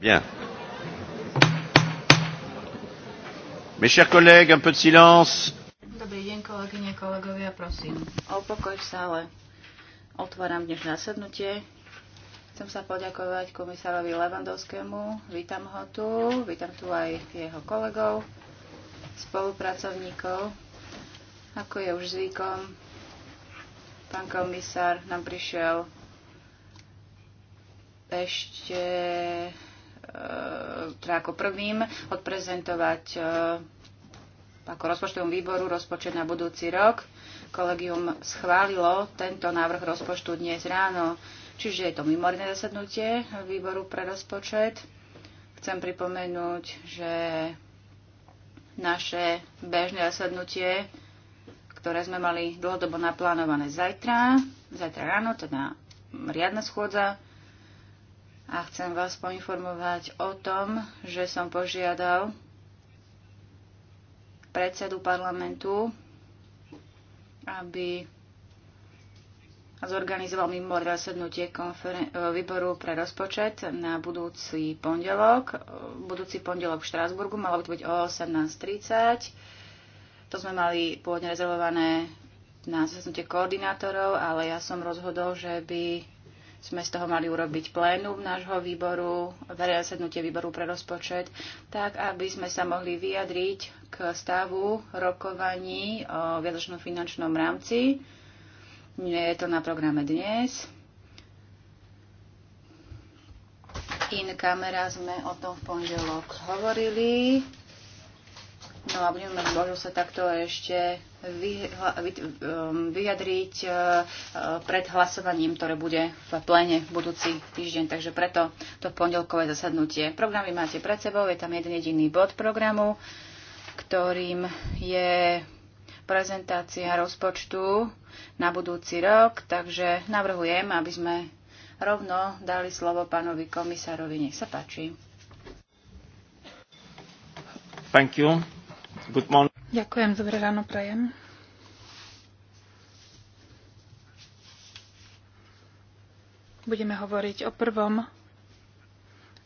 Bien. Mes chers collègues, un peu de silence. Dobrý deň, kolegyne, kolegovia, prosím. O pokoj v sále. Otváram dnešné zasadnutie. Chcem sa poďakovať komisárovi Levandovskému. Vítam ho tu, vítam tu aj jeho kolegov, spolupracovníkov. Ako je už zvykom, pán komisár nám prišiel ešte E, teda ako prvým odprezentovať e, ako rozpočtovom výboru rozpočet na budúci rok. Kolegium schválilo tento návrh rozpočtu dnes ráno, čiže je to mimoriadne zasadnutie výboru pre rozpočet. Chcem pripomenúť, že naše bežné zasadnutie, ktoré sme mali dlhodobo naplánované zajtra, zajtra ráno, teda riadna schôdza, a chcem vás poinformovať o tom, že som požiadal predsedu parlamentu, aby zorganizoval mimo rozhodnutie e, výboru pre rozpočet na budúci pondelok. Budúci pondelok v Štrásburgu malo by to byť o 18.30. To sme mali pôvodne rezervované na zasadnutie koordinátorov, ale ja som rozhodol, že by sme z toho mali urobiť plénum nášho výboru, verejné sednutie výboru pre rozpočet, tak aby sme sa mohli vyjadriť k stavu rokovaní o viadočnom finančnom rámci. Nie je to na programe dnes. In kamera sme o tom v pondelok hovorili. No a budeme mať možnosť sa takto ešte um, vyjadriť uh, uh, pred hlasovaním, ktoré bude v plene budúci týždeň. Takže preto to pondelkové zasadnutie. Programy máte pred sebou, je tam jeden jediný bod programu, ktorým je prezentácia rozpočtu na budúci rok. Takže navrhujem, aby sme rovno dali slovo pánovi komisárovi. Nech sa páči. Thank you. Ďakujem, dobré ráno prajem. Budeme hovoriť o prvom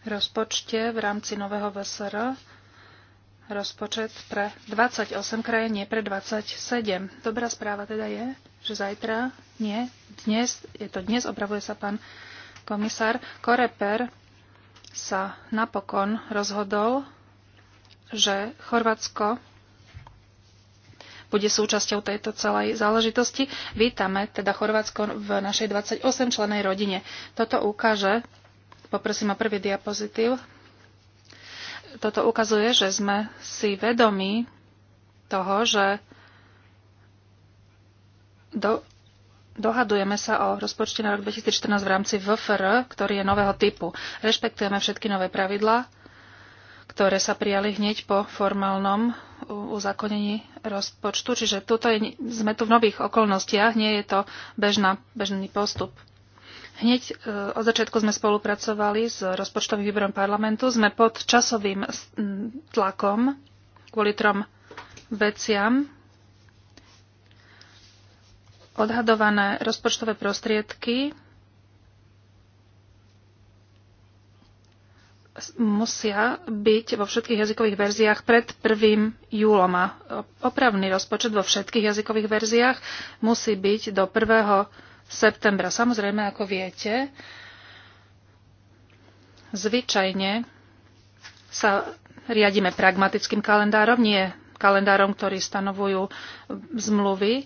rozpočte v rámci nového VSR. Rozpočet pre 28 krajín, nie pre 27. Dobrá správa teda je, že zajtra, nie, dnes, je to dnes, opravuje sa pán komisár, Koreper sa napokon rozhodol, že Chorvátsko bude súčasťou tejto celej záležitosti. Vítame teda Chorvátsko v našej 28-členej rodine. Toto ukáže, poprosím o prvý diapozitív, toto ukazuje, že sme si vedomi toho, že do, dohadujeme sa o rozpočte na rok 2014 v rámci VFR, ktorý je nového typu. Rešpektujeme všetky nové pravidlá, ktoré sa prijali hneď po formálnom uh, uzakonení rozpočtu. Čiže tuto je, sme tu v nových okolnostiach, nie je to bežná, bežný postup. Hneď uh, od začiatku sme spolupracovali s rozpočtovým výborom parlamentu. Sme pod časovým tlakom kvôli trom veciam. Odhadované rozpočtové prostriedky musia byť vo všetkých jazykových verziách pred 1. júlom a opravný rozpočet vo všetkých jazykových verziách musí byť do 1. septembra. Samozrejme, ako viete, zvyčajne sa riadíme pragmatickým kalendárom, nie kalendárom, ktorý stanovujú zmluvy.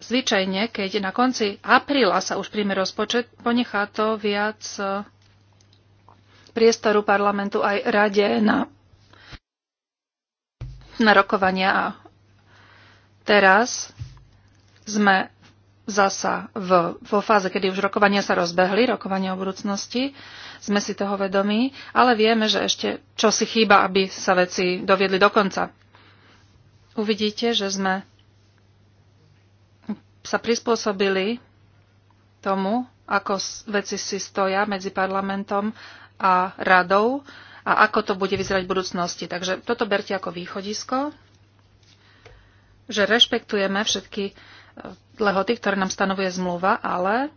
Zvyčajne, keď na konci apríla sa už príjme rozpočet, ponechá to viac priestoru parlamentu aj rade na, na rokovania. A teraz sme zasa v, vo fáze, kedy už rokovania sa rozbehli, rokovania o budúcnosti, sme si toho vedomí, ale vieme, že ešte čo si chýba, aby sa veci doviedli do konca. Uvidíte, že sme sa prispôsobili tomu, ako veci si stoja medzi parlamentom a radou a ako to bude vyzerať v budúcnosti. Takže toto berte ako východisko, že rešpektujeme všetky e, lehoty, ktoré nám stanovuje zmluva, ale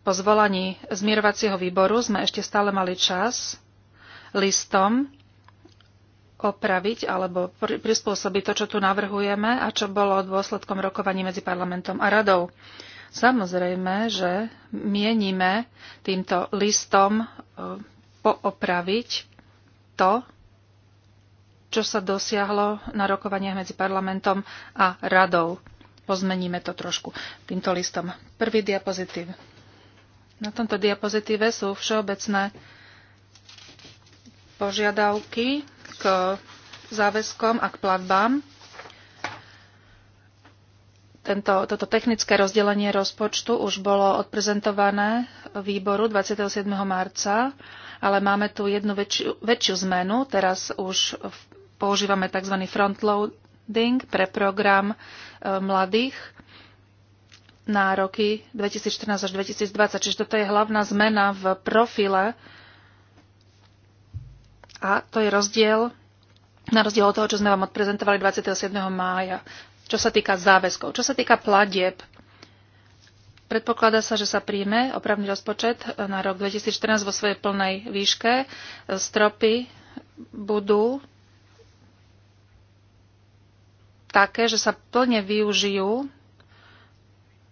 po zvolaní zmierovacieho výboru sme ešte stále mali čas listom opraviť alebo prispôsobiť to, čo tu navrhujeme a čo bolo dôsledkom rokovaní medzi parlamentom a radou. Samozrejme, že mienime týmto listom e, poopraviť to, čo sa dosiahlo na rokovaniach medzi parlamentom a radou. Pozmeníme to trošku týmto listom. Prvý diapozitív. Na tomto diapozitíve sú všeobecné požiadavky k záväzkom a k platbám. Tento, toto technické rozdelenie rozpočtu už bolo odprezentované výboru 27. marca ale máme tu jednu väčšiu, väčšiu zmenu. Teraz už používame tzv. frontloading pre program e, mladých na roky 2014 až 2020. Čiže toto je hlavná zmena v profile a to je rozdiel na rozdiel od toho, čo sme vám odprezentovali 27. mája, čo sa týka záväzkov. Čo sa týka pladieb, Predpokladá sa, že sa príjme opravný rozpočet na rok 2014 vo svojej plnej výške. Stropy budú také, že sa plne využijú,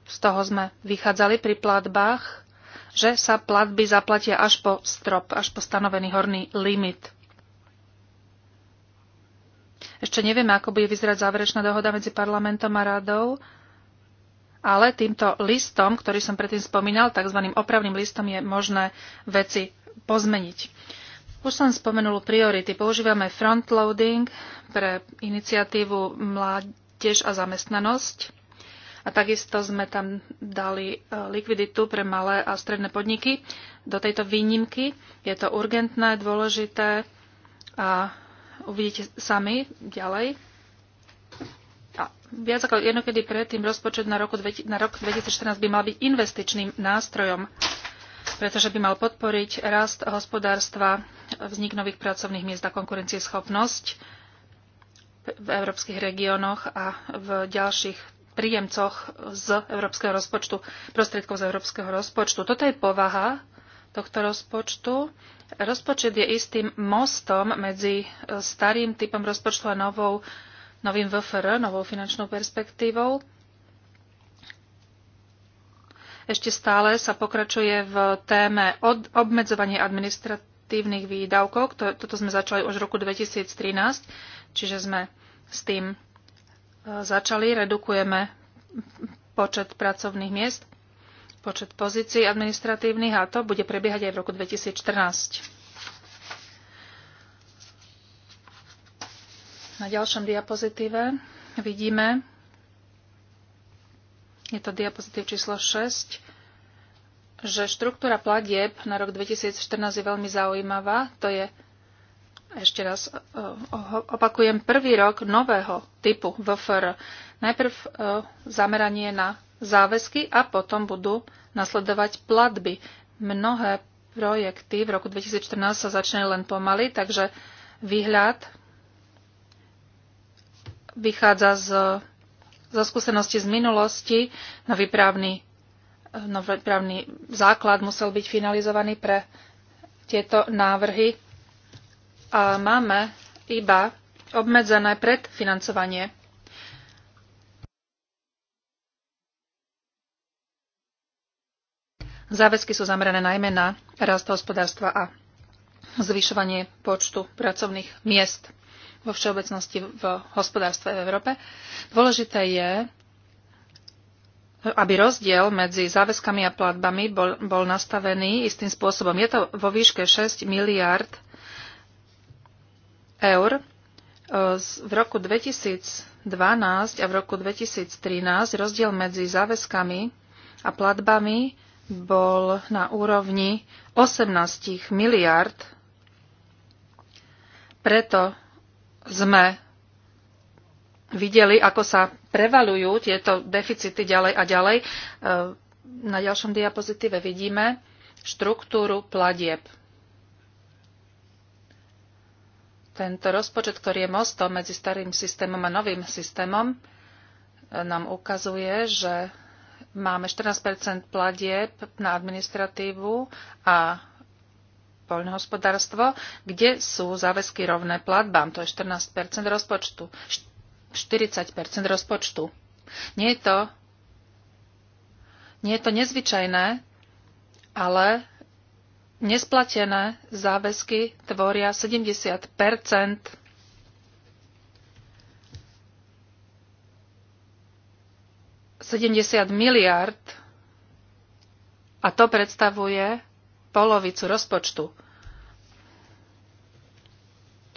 z toho sme vychádzali pri platbách, že sa platby zaplatia až po strop, až po stanovený horný limit. Ešte nevieme, ako bude vyzerať záverečná dohoda medzi parlamentom a radou, ale týmto listom, ktorý som predtým spomínal, tzv. opravným listom, je možné veci pozmeniť. Už som spomenul priority. Používame frontloading pre iniciatívu Mládež a zamestnanosť. A takisto sme tam dali e, likviditu pre malé a stredné podniky do tejto výnimky. Je to urgentné, dôležité a uvidíte sami ďalej a viac ako jednokedy predtým rozpočet na, roku, na rok 2014 by mal byť investičným nástrojom, pretože by mal podporiť rast hospodárstva, vznik nových pracovných miest a konkurencieschopnosť v európskych regiónoch a v ďalších príjemcoch z európskeho rozpočtu, prostriedkov z európskeho rozpočtu. Toto je povaha tohto rozpočtu. Rozpočet je istým mostom medzi starým typom rozpočtu a novou novým VFR, novou finančnou perspektívou. Ešte stále sa pokračuje v téme od obmedzovanie administratívnych výdavkov. Toto sme začali už v roku 2013, čiže sme s tým e, začali. Redukujeme počet pracovných miest, počet pozícií administratívnych a to bude prebiehať aj v roku 2014. Na ďalšom diapozitíve vidíme, je to diapozitív číslo 6, že štruktúra platieb na rok 2014 je veľmi zaujímavá. To je, ešte raz e, opakujem, prvý rok nového typu VFR. Najprv e, zameranie na záväzky a potom budú nasledovať platby. Mnohé projekty v roku 2014 sa začne len pomaly, takže výhľad vychádza z, zo skúsenosti z minulosti. Nový právny, eh, nový právny základ musel byť finalizovaný pre tieto návrhy a máme iba obmedzené predfinancovanie. Záväzky sú zamerané najmä na rast hospodárstva a zvyšovanie počtu pracovných miest vo všeobecnosti v hospodárstve v Európe. Dôležité je, aby rozdiel medzi záväzkami a platbami bol, bol nastavený istým spôsobom. Je to vo výške 6 miliard eur. E, v roku 2012 a v roku 2013 rozdiel medzi záväzkami a platbami bol na úrovni 18 miliard. Preto sme videli, ako sa prevalujú tieto deficity ďalej a ďalej. E, na ďalšom diapozitíve vidíme štruktúru pladieb. Tento rozpočet, ktorý je mostom medzi starým systémom a novým systémom, e, nám ukazuje, že máme 14 pladieb na administratívu a poľnohospodárstvo, kde sú záväzky rovné platbám, to je 14 rozpočtu, 40 rozpočtu. Nie je to, nie je to nezvyčajné, ale nesplatené záväzky tvoria 70 70 miliard a to predstavuje polovicu rozpočtu.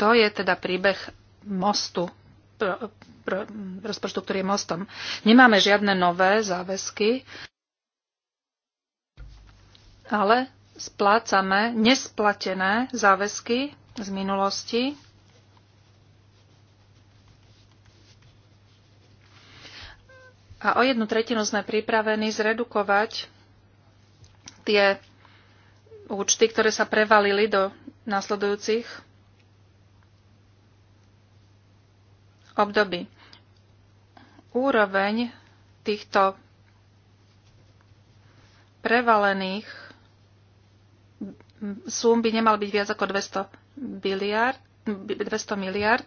To je teda príbeh mostu, pro, pro, rozpočtu, ktorý je mostom. Nemáme žiadne nové záväzky, ale splácame nesplatené záväzky z minulosti. A o jednu tretinu sme pripravení zredukovať tie účty, ktoré sa prevalili do nasledujúcich období. Úroveň týchto prevalených sum by nemal byť viac ako 200, biliard, 200 miliard,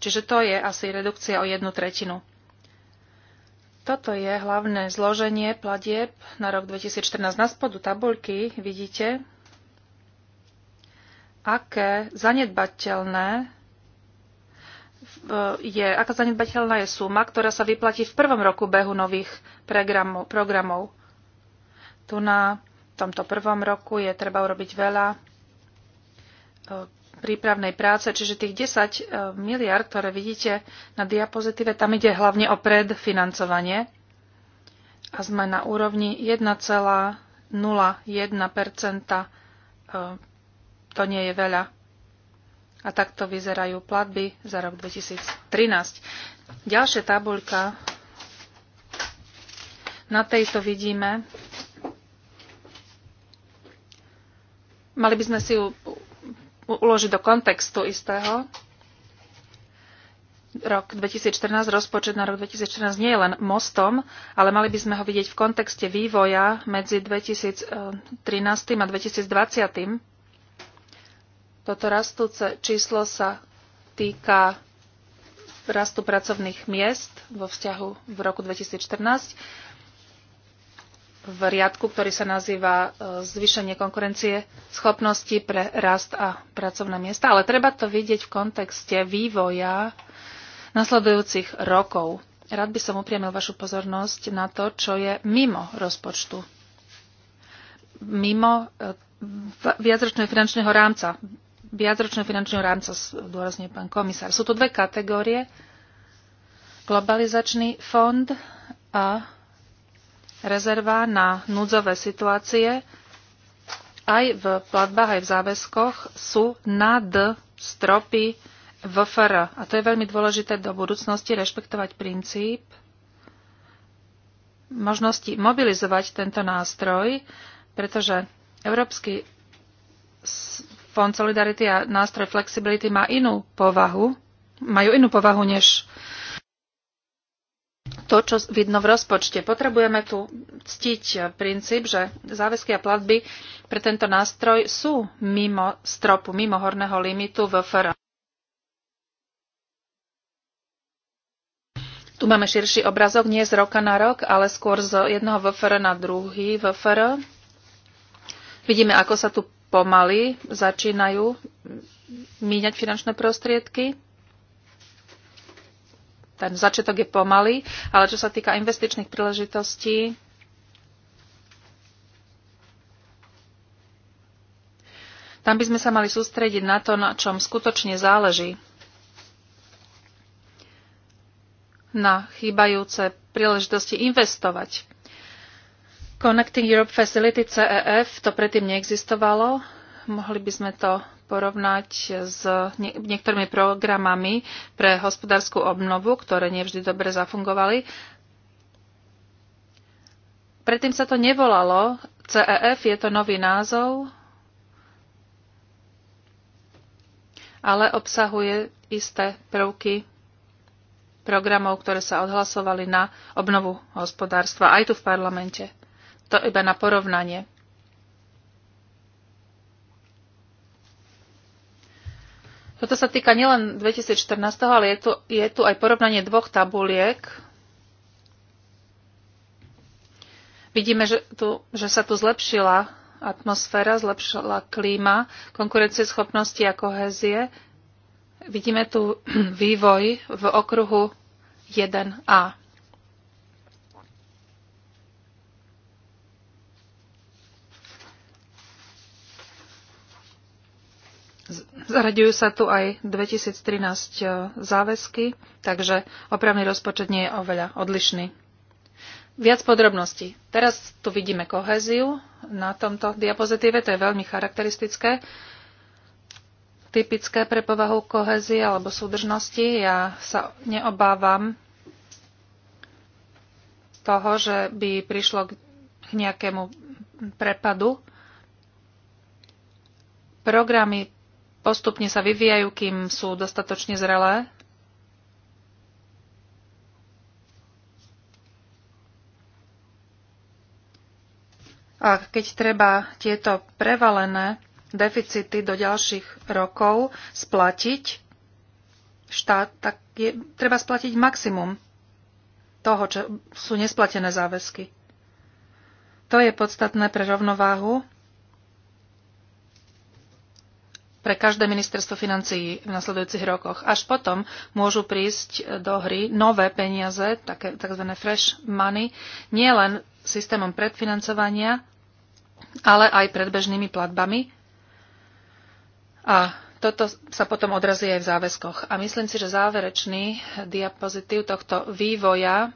čiže to je asi redukcia o jednu tretinu. Toto je hlavné zloženie platieb na rok 2014. Na spodu tabuľky vidíte, aké zanedbateľné je, aká zanedbateľná je suma, ktorá sa vyplatí v prvom roku behu nových programov. programov. Tu na tomto prvom roku je treba urobiť veľa e, prípravnej práce, čiže tých 10 e, miliard, ktoré vidíte na diapozitíve, tam ide hlavne o predfinancovanie a sme na úrovni 1,01%. E, to nie je veľa. A takto vyzerajú platby za rok 2013. Ďalšia tabuľka. Na tejto vidíme Mali by sme si ju uložiť do kontextu istého. Rok 2014, rozpočet na rok 2014 nie je len mostom, ale mali by sme ho vidieť v kontexte vývoja medzi 2013 a 2020. Toto rastúce číslo sa týka rastu pracovných miest vo vzťahu v roku 2014 v riadku, ktorý sa nazýva e, zvýšenie konkurencie schopnosti pre rast a pracovné miesta, ale treba to vidieť v kontexte vývoja nasledujúcich rokov. Rád by som upriamil vašu pozornosť na to, čo je mimo rozpočtu. Mimo e, viacročného finančného rámca. Viacročného finančného rámca, dôrazne pán komisár. Sú tu dve kategórie. Globalizačný fond a rezerva na núdzové situácie aj v platbách, aj v záväzkoch sú nad stropy VFR. A to je veľmi dôležité do budúcnosti rešpektovať princíp možnosti mobilizovať tento nástroj, pretože Európsky fond Solidarity a nástroj Flexibility má inú povahu, majú inú povahu než to, čo vidno v rozpočte. Potrebujeme tu ctiť eh, princíp, že záväzky a platby pre tento nástroj sú mimo stropu, mimo horného limitu v FR. Tu máme širší obrazok, nie z roka na rok, ale skôr z jednoho VFR na druhý VFR. Vidíme, ako sa tu pomaly začínajú míňať finančné prostriedky ten začiatok je pomalý, ale čo sa týka investičných príležitostí, tam by sme sa mali sústrediť na to, na čom skutočne záleží. Na chýbajúce príležitosti investovať. Connecting Europe Facility CEF to predtým neexistovalo. Mohli by sme to porovnať s niektorými programami pre hospodárskú obnovu, ktoré nevždy dobre zafungovali. Predtým sa to nevolalo CEF, je to nový názov, ale obsahuje isté prvky programov, ktoré sa odhlasovali na obnovu hospodárstva aj tu v parlamente. To iba na porovnanie. Toto sa týka nielen 2014, ale je tu, je tu aj porovnanie dvoch tabuliek. Vidíme, že, tu, že sa tu zlepšila atmosféra, zlepšila klíma, konkurencieschopnosti a kohézie. Vidíme tu vývoj v okruhu 1A. Zaraďujú sa tu aj 2013 e, záväzky, takže opravný rozpočet nie je oveľa odlišný. Viac podrobností. Teraz tu vidíme koheziu na tomto diapozitíve, to je veľmi charakteristické, typické pre povahu kohezie alebo súdržnosti. Ja sa neobávam toho, že by prišlo k nejakému prepadu. Programy postupne sa vyvíjajú, kým sú dostatočne zrelé. A keď treba tieto prevalené deficity do ďalších rokov splatiť, štát, tak je, treba splatiť maximum toho, čo sú nesplatené záväzky. To je podstatné pre rovnováhu pre každé ministerstvo financií v nasledujúcich rokoch. Až potom môžu prísť do hry nové peniaze, také, tzv. fresh money, nie len systémom predfinancovania, ale aj predbežnými platbami. A toto sa potom odrazí aj v záväzkoch. A myslím si, že záverečný diapozitív tohto vývoja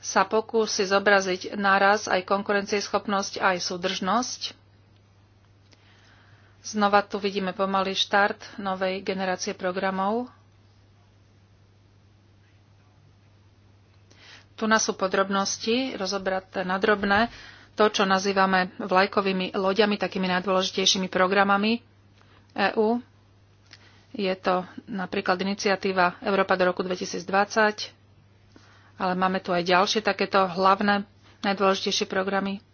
sa pokúsi zobraziť naraz aj konkurencieschopnosť, aj súdržnosť Znova tu vidíme pomaly štart novej generácie programov. Tu nás sú podrobnosti rozobrať na drobné. To, čo nazývame vlajkovými loďami, takými najdôležitejšími programami EÚ, je to napríklad iniciatíva Európa do roku 2020, ale máme tu aj ďalšie takéto hlavné, najdôležitejšie programy.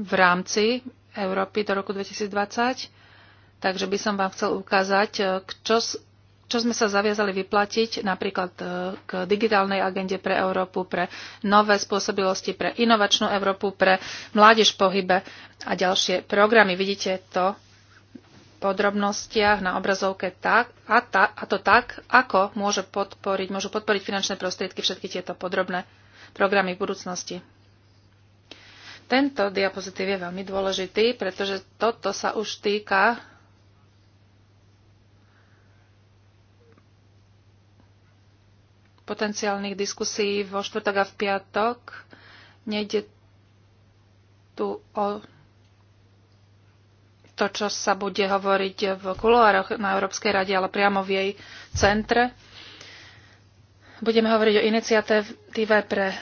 v rámci Európy do roku 2020. Takže by som vám chcel ukázať, e, čo, čo sme sa zaviazali vyplatiť napríklad e, k digitálnej agende pre Európu, pre nové spôsobilosti, pre inovačnú Európu, pre mládež pohybe a ďalšie programy. Vidíte to podrobnostiach na obrazovke tak, a, ta, a to tak, ako môže podporiť, môžu podporiť finančné prostriedky všetky tieto podrobné programy v budúcnosti. Tento diapozitív je veľmi dôležitý, pretože toto sa už týka potenciálnych diskusí vo štvrtok a v piatok. Nejde tu o to, čo sa bude hovoriť v kuloároch na Európskej rade, ale priamo v jej centre. Budeme hovoriť o iniciatíve pre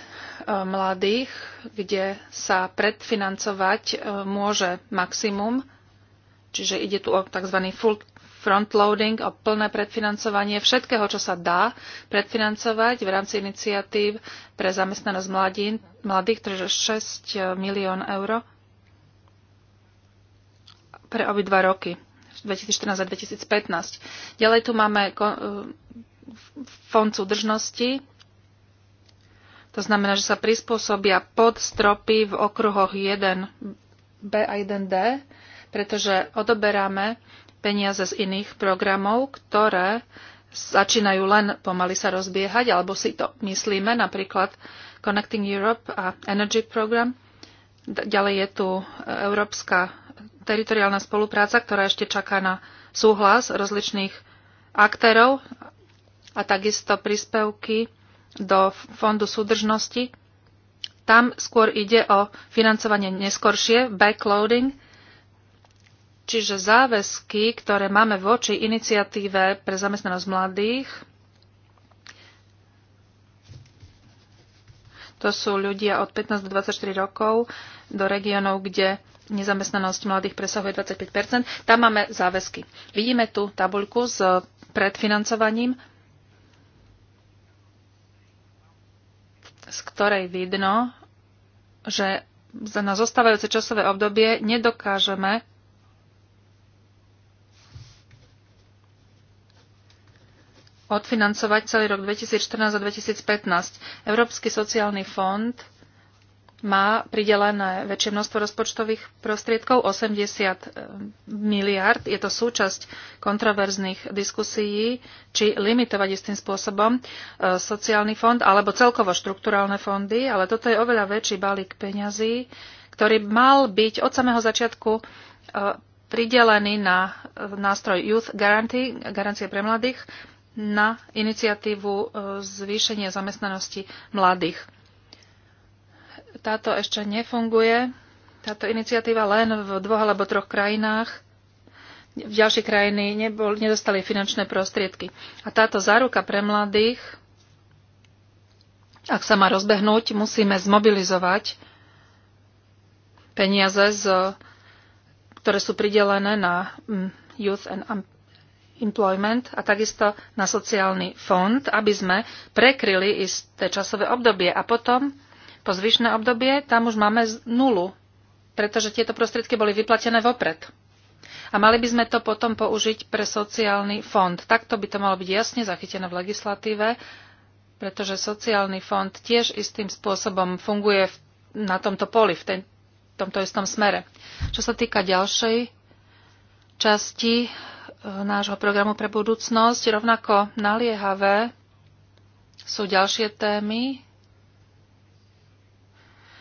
E, mladých, kde sa predfinancovať e, môže maximum, čiže ide tu o tzv. full frontloading, o plné predfinancovanie všetkého, čo sa dá predfinancovať v rámci iniciatív pre zamestnanosť mladých, mladých, je 6 milión eur pre dva roky, 2014 a 2015. Ďalej tu máme e, fond súdržnosti, to znamená, že sa prispôsobia pod stropy v okruhoch 1B a 1D, pretože odoberáme peniaze z iných programov, ktoré začínajú len pomaly sa rozbiehať, alebo si to myslíme, napríklad Connecting Europe a Energy Program. Ďalej je tu Európska teritoriálna spolupráca, ktorá ešte čaká na súhlas rozličných aktérov a takisto príspevky do Fondu súdržnosti. Tam skôr ide o financovanie neskoršie, backloading, čiže záväzky, ktoré máme voči iniciatíve pre zamestnanosť mladých. To sú ľudia od 15 do 24 rokov do regiónov, kde nezamestnanosť mladých presahuje 25 Tam máme záväzky. Vidíme tu tabuľku s predfinancovaním z ktorej vidno, že za na zostávajúce časové obdobie nedokážeme odfinancovať celý rok 2014 a 2015. Európsky sociálny fond má pridelené väčšie množstvo rozpočtových prostriedkov, 80 eh, miliard. Je to súčasť kontroverzných diskusií, či limitovať istým spôsobom eh, sociálny fond alebo celkovo štrukturálne fondy, ale toto je oveľa väčší balík peňazí, ktorý mal byť od samého začiatku eh, pridelený na nástroj Youth Guarantee, garancie pre mladých, na iniciatívu zvýšenia zamestnanosti mladých. Táto ešte nefunguje, táto iniciatíva len v dvoch alebo troch krajinách. V ďalšie krajiny nebol, nedostali finančné prostriedky. A táto záruka pre mladých, ak sa má rozbehnúť, musíme zmobilizovať peniaze, z, ktoré sú pridelené na mm, Youth and employment a takisto na sociálny fond, aby sme prekryli isté časové obdobie a potom po zvyšné obdobie tam už máme nulu, pretože tieto prostriedky boli vyplatené vopred. A mali by sme to potom použiť pre sociálny fond. Takto by to malo byť jasne zachytené v legislatíve, pretože sociálny fond tiež istým spôsobom funguje na tomto poli, v ten, tomto istom smere. Čo sa týka ďalšej časti e, nášho programu pre budúcnosť, rovnako naliehavé sú ďalšie témy,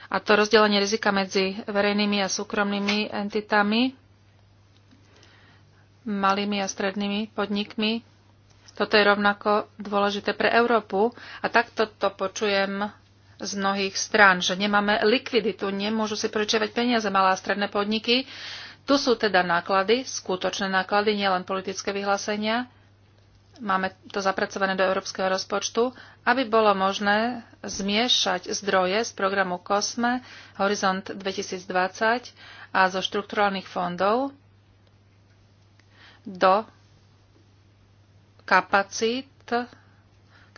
a to rozdelenie rizika medzi verejnými a súkromnými entitami, malými a strednými podnikmi. Toto je rovnako dôležité pre Európu a takto to počujem z mnohých strán, že nemáme likviditu, nemôžu si požičiavať peniaze malé a stredné podniky. Tu sú teda náklady, skutočné náklady, nielen politické vyhlásenia, máme to zapracované do európskeho rozpočtu, aby bolo možné zmiešať zdroje z programu COSME Horizont 2020 a zo štrukturálnych fondov do kapacít,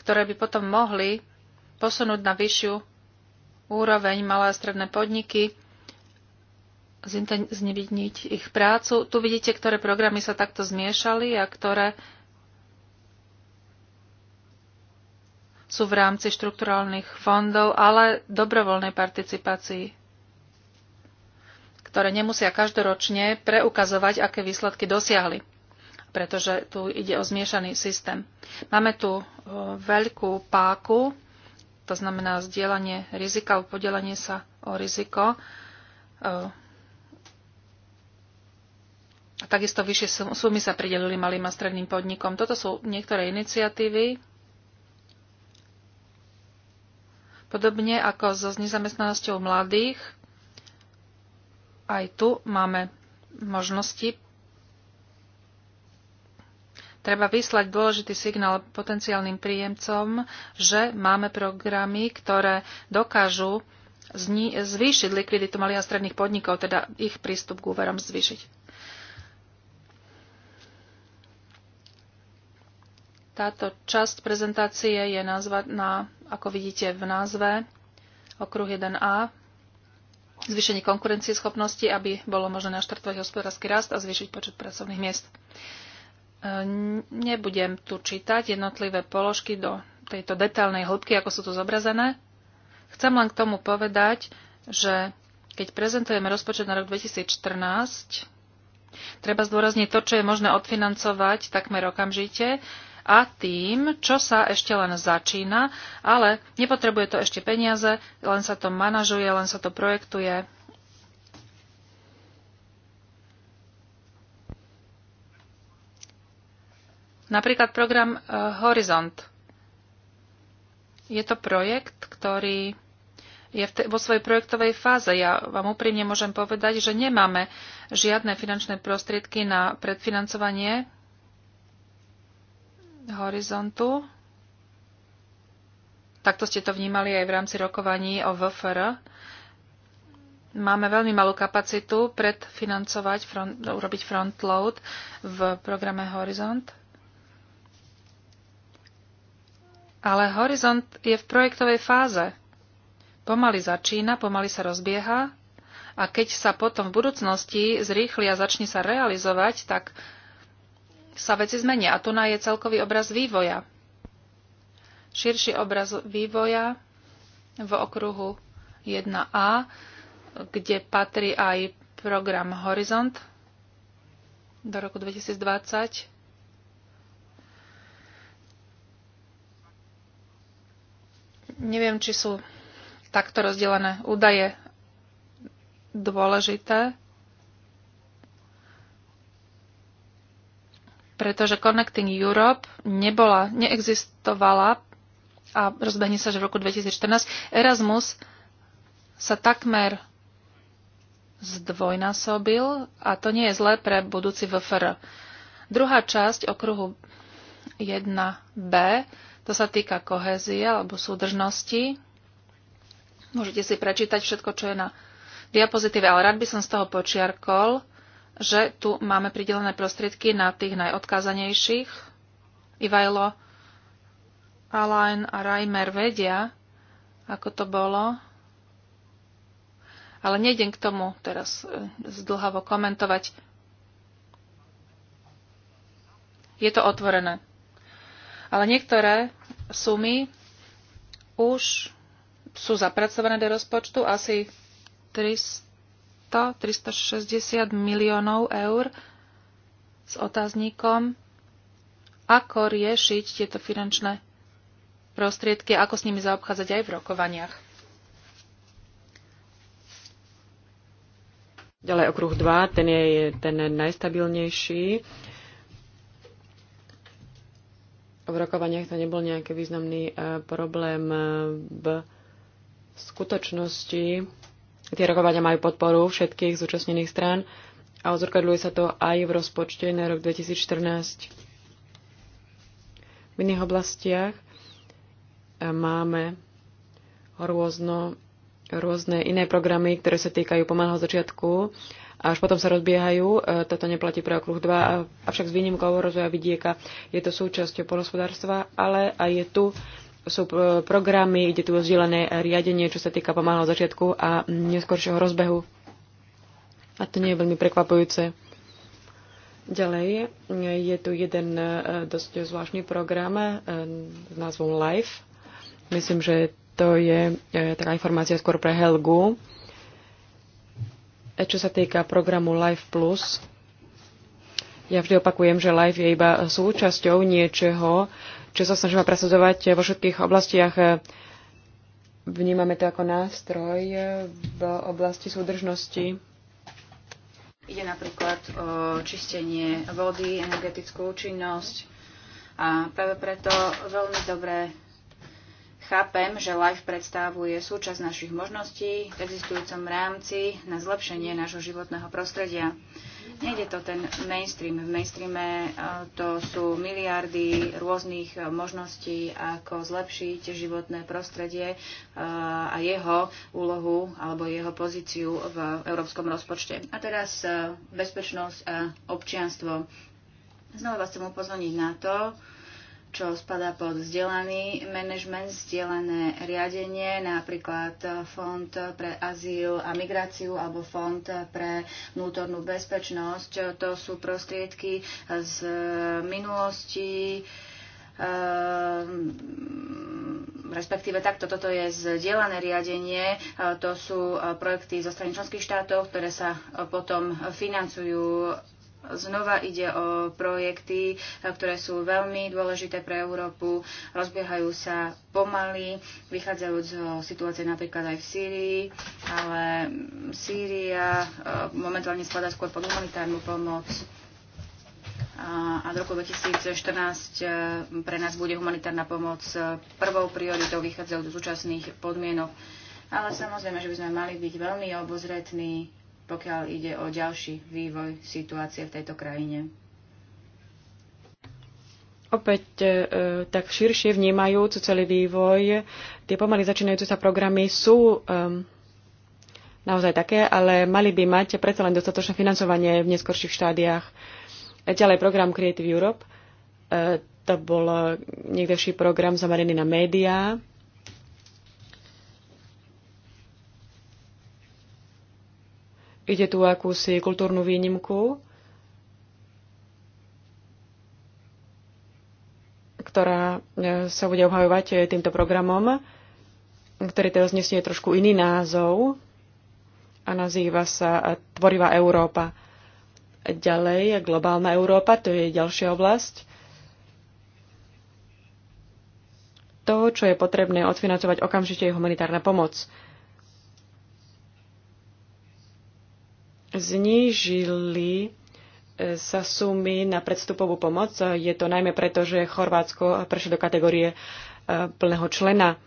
ktoré by potom mohli posunúť na vyššiu úroveň malé a stredné podniky, zintenzívniť ich prácu. Tu vidíte, ktoré programy sa takto zmiešali a ktoré sú v rámci štrukturálnych fondov, ale dobrovoľnej participácii, ktoré nemusia každoročne preukazovať, aké výsledky dosiahli pretože tu ide o zmiešaný systém. Máme tu veľkú páku, to znamená zdieľanie rizika, podelenie sa o riziko, a takisto vyššie sumy sa pridelili malým a stredným podnikom. Toto sú niektoré iniciatívy, Podobne ako so nezamestnanosťou mladých, aj tu máme možnosti. Treba vyslať dôležitý signál potenciálnym príjemcom, že máme programy, ktoré dokážu zvýšiť likviditu malých a stredných podnikov, teda ich prístup k úverom zvýšiť. Táto časť prezentácie je nazvaná ako vidíte v názve, okruh 1a, zvýšenie schopnosti, aby bolo možné naštartovať hospodársky rast a zvýšiť počet pracovných miest. E, nebudem tu čítať jednotlivé položky do tejto detálnej hĺbky, ako sú tu zobrazené. Chcem len k tomu povedať, že keď prezentujeme rozpočet na rok 2014, treba zdôrazniť to, čo je možné odfinancovať takmer okamžite a tým, čo sa ešte len začína, ale nepotrebuje to ešte peniaze, len sa to manažuje, len sa to projektuje. Napríklad program eh, Horizont. Je to projekt, ktorý je vo svojej projektovej fáze. Ja vám úprimne môžem povedať, že nemáme žiadne finančné prostriedky na predfinancovanie horizontu. Takto ste to vnímali aj v rámci rokovaní o VFR. Máme veľmi malú kapacitu predfinancovať, front, urobiť frontload v programe Horizont. Ale Horizont je v projektovej fáze. Pomaly začína, pomaly sa rozbieha a keď sa potom v budúcnosti zrýchli a začne sa realizovať, tak sa veci zmenia. A tu je celkový obraz vývoja. Širší obraz vývoja v okruhu 1A, kde patrí aj program Horizont do roku 2020. Neviem, či sú takto rozdelené údaje dôležité. pretože Connecting Europe nebola, neexistovala a rozbehne sa, že v roku 2014 Erasmus sa takmer zdvojnásobil a to nie je zlé pre budúci VFR. Druhá časť okruhu 1b, to sa týka kohézie alebo súdržnosti. Môžete si prečítať všetko, čo je na diapozitíve, ale rád by som z toho počiarkol, že tu máme pridelené prostriedky na tých najodkázanejších. Ivajlo, Alain a Reimer vedia, ako to bolo. Ale nejdem k tomu teraz e, zdlhavo komentovať. Je to otvorené. Ale niektoré sumy už sú zapracované do rozpočtu, asi 300 360 miliónov eur s otáznikom, ako riešiť tieto finančné prostriedky, ako s nimi zaobchádzať aj v rokovaniach. Ďalej okruh 2, ten je ten najstabilnejší. V rokovaniach to nebol nejaký významný eh, problém eh, v skutočnosti Tie rokovania majú podporu všetkých zúčastnených strán a odzrkadľuje sa to aj v rozpočte na rok 2014. V iných oblastiach eh, máme rôzno, rôzne iné programy, ktoré sa týkajú pomalého začiatku a až potom sa rozbiehajú. Eh, toto neplatí pre okruh 2, avšak s výnimkou rozvoja vidieka je to súčasťou polospodárstva, ale aj je tu sú e, programy, ide tu o zdieľané riadenie, čo sa týka pomáhal začiatku a neskôršieho rozbehu. A to nie je veľmi prekvapujúce. Ďalej je tu jeden e, dosť zvláštny program e, s názvom LIFE. Myslím, že to je taká informácia skôr pre Helgu. Čo sa týka programu Life Plus, ja vždy opakujem, že Life je iba súčasťou niečoho, čo sa snažíme presadzovať vo všetkých oblastiach. Vnímame to ako nástroj v oblasti súdržnosti. Ide napríklad o čistenie vody, energetickú účinnosť a práve preto veľmi dobré. Chápem, že live predstavuje súčasť našich možností v existujúcom rámci na zlepšenie nášho životného prostredia. Nejde to ten mainstream. V mainstreame e, to sú miliardy rôznych e, možností, ako zlepšiť životné prostredie e, a jeho úlohu alebo jeho pozíciu v európskom rozpočte. A teraz bezpečnosť a občianstvo. Znova vás chcem upozorniť na to, čo spadá pod vzdelaný manažment, vzdelané riadenie, napríklad Fond pre azyl a migráciu alebo Fond pre vnútornú bezpečnosť. To sú prostriedky z minulosti, ehm, respektíve takto, toto je zdieľané riadenie, to sú projekty zo strany členských štátov, ktoré sa potom financujú Znova ide o projekty, ktoré sú veľmi dôležité pre Európu, rozbiehajú sa pomaly, vychádzajú z situácie napríklad aj v Sýrii, ale Sýria eh, momentálne spadá skôr pod humanitárnu pomoc a do roku 2014 eh, pre nás bude humanitárna pomoc eh, prvou prioritou vychádzajú do súčasných podmienok. Ale samozrejme, že by sme mali byť veľmi obozretní pokiaľ ide o ďalší vývoj situácie v tejto krajine. Opäť e, e, tak širšie vnímajúc celý vývoj, tie pomaly začínajúce sa programy sú e, naozaj také, ale mali by mať predsa len dostatočné financovanie v neskorších štádiách. E, ďalej program Creative Europe, to bol niekdejší program zameraný na médiá, Ide tu akúsi kultúrnu výnimku, ktorá e, sa bude obhajovať e, týmto programom, ktorý teraz nesie trošku iný názov a nazýva sa e, Tvorivá Európa. Ďalej je globálna Európa, to je ďalšia oblasť. To, čo je potrebné odfinancovať okamžite, je humanitárna pomoc. znížili e, sa sumy na predstupovú pomoc. Je to najmä preto, že Chorvátsko prešlo do kategórie e, plného člena.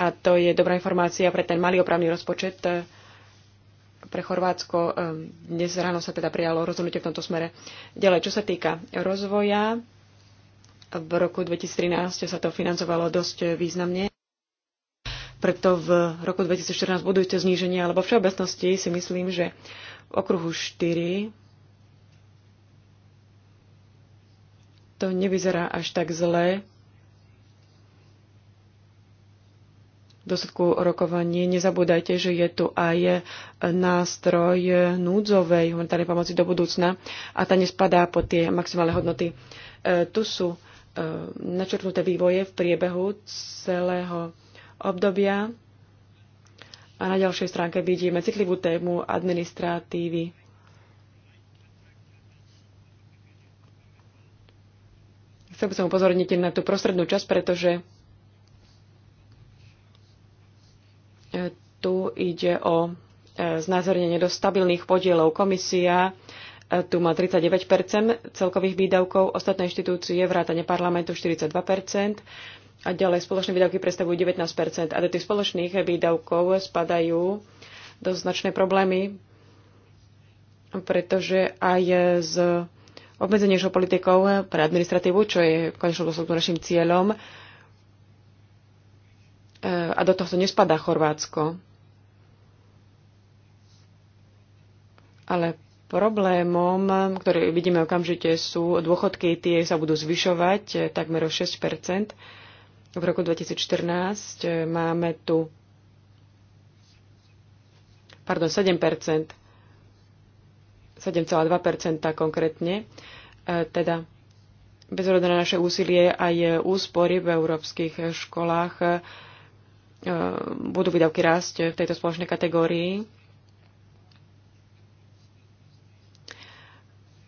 A to je dobrá informácia pre ten malý opravný rozpočet e, pre Chorvátsko. Dnes ráno sa teda prijalo rozhodnutie v tomto smere. Ďalej, čo sa týka rozvoja, v roku 2013 sa to financovalo dosť významne. Preto v roku 2014 budujte zníženie, alebo všeobecnosti si myslím, že v okruhu 4 to nevyzerá až tak zle. V dosledku rokovaní nezabúdajte, že je tu aj nástroj núdzovej humanitárnej pomoci do budúcna a tá nespadá pod tie maximálne hodnoty. E, tu sú e, načrtnuté vývoje v priebehu celého obdobia. A na ďalšej stránke vidíme citlivú tému administratívy. Chcel by som upozorniť na tú prostrednú časť, pretože e, tu ide o e, znázornenie do stabilných podielov. Komisia e, tu má 39 celkových výdavkov, ostatné inštitúcie vrátane parlamentu 42 a ďalej spoločné výdavky predstavujú 19 a do tých spoločných výdavkov spadajú do značné problémy, pretože aj z obmedzenejšou politikou pre administratívu, čo je v konečnom dôsledku našim cieľom, e, a do tohto nespadá Chorvátsko. Ale problémom, ktorý vidíme okamžite, sú dôchodky, tie sa budú zvyšovať takmer o 6 v roku 2014 e, máme tu pardon, 7 7,2 konkrétne. E, teda bez ohľadu na naše úsilie aj úspory v európskych školách e, budú výdavky rásť v tejto spoločnej kategórii.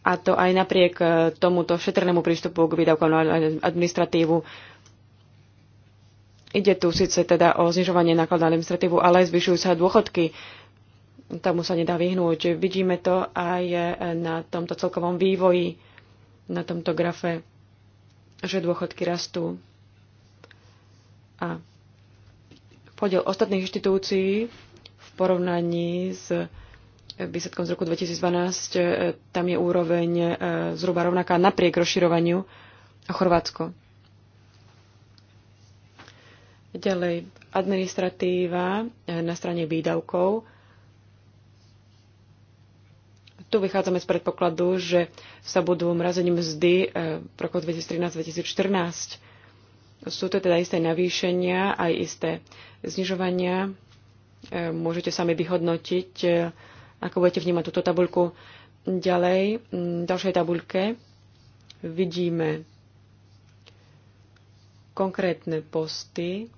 A to aj napriek tomuto šetrnému prístupu k výdavkom na administratívu. Ide tu síce teda o znižovanie nákladov na administratívu, ale zvyšujú sa dôchodky. Tomu sa nedá vyhnúť. Vidíme to aj na tomto celkovom vývoji, na tomto grafe, že dôchodky rastú. A podiel ostatných inštitúcií v porovnaní s výsledkom z roku 2012, eh, tam je úroveň eh, zhruba rovnaká napriek rozširovaniu Chorvátsko. Ďalej, administratíva eh, na strane výdavkov. Tu vychádzame z predpokladu, že sa budú mrazením mzdy eh, v roku 2013-2014. Sú to teda isté navýšenia, aj isté znižovania. Eh, môžete sami vyhodnotiť, ako budete vnímať túto tabuľku. Ďalej, v mm, ďalšej tabuľke vidíme konkrétne posty,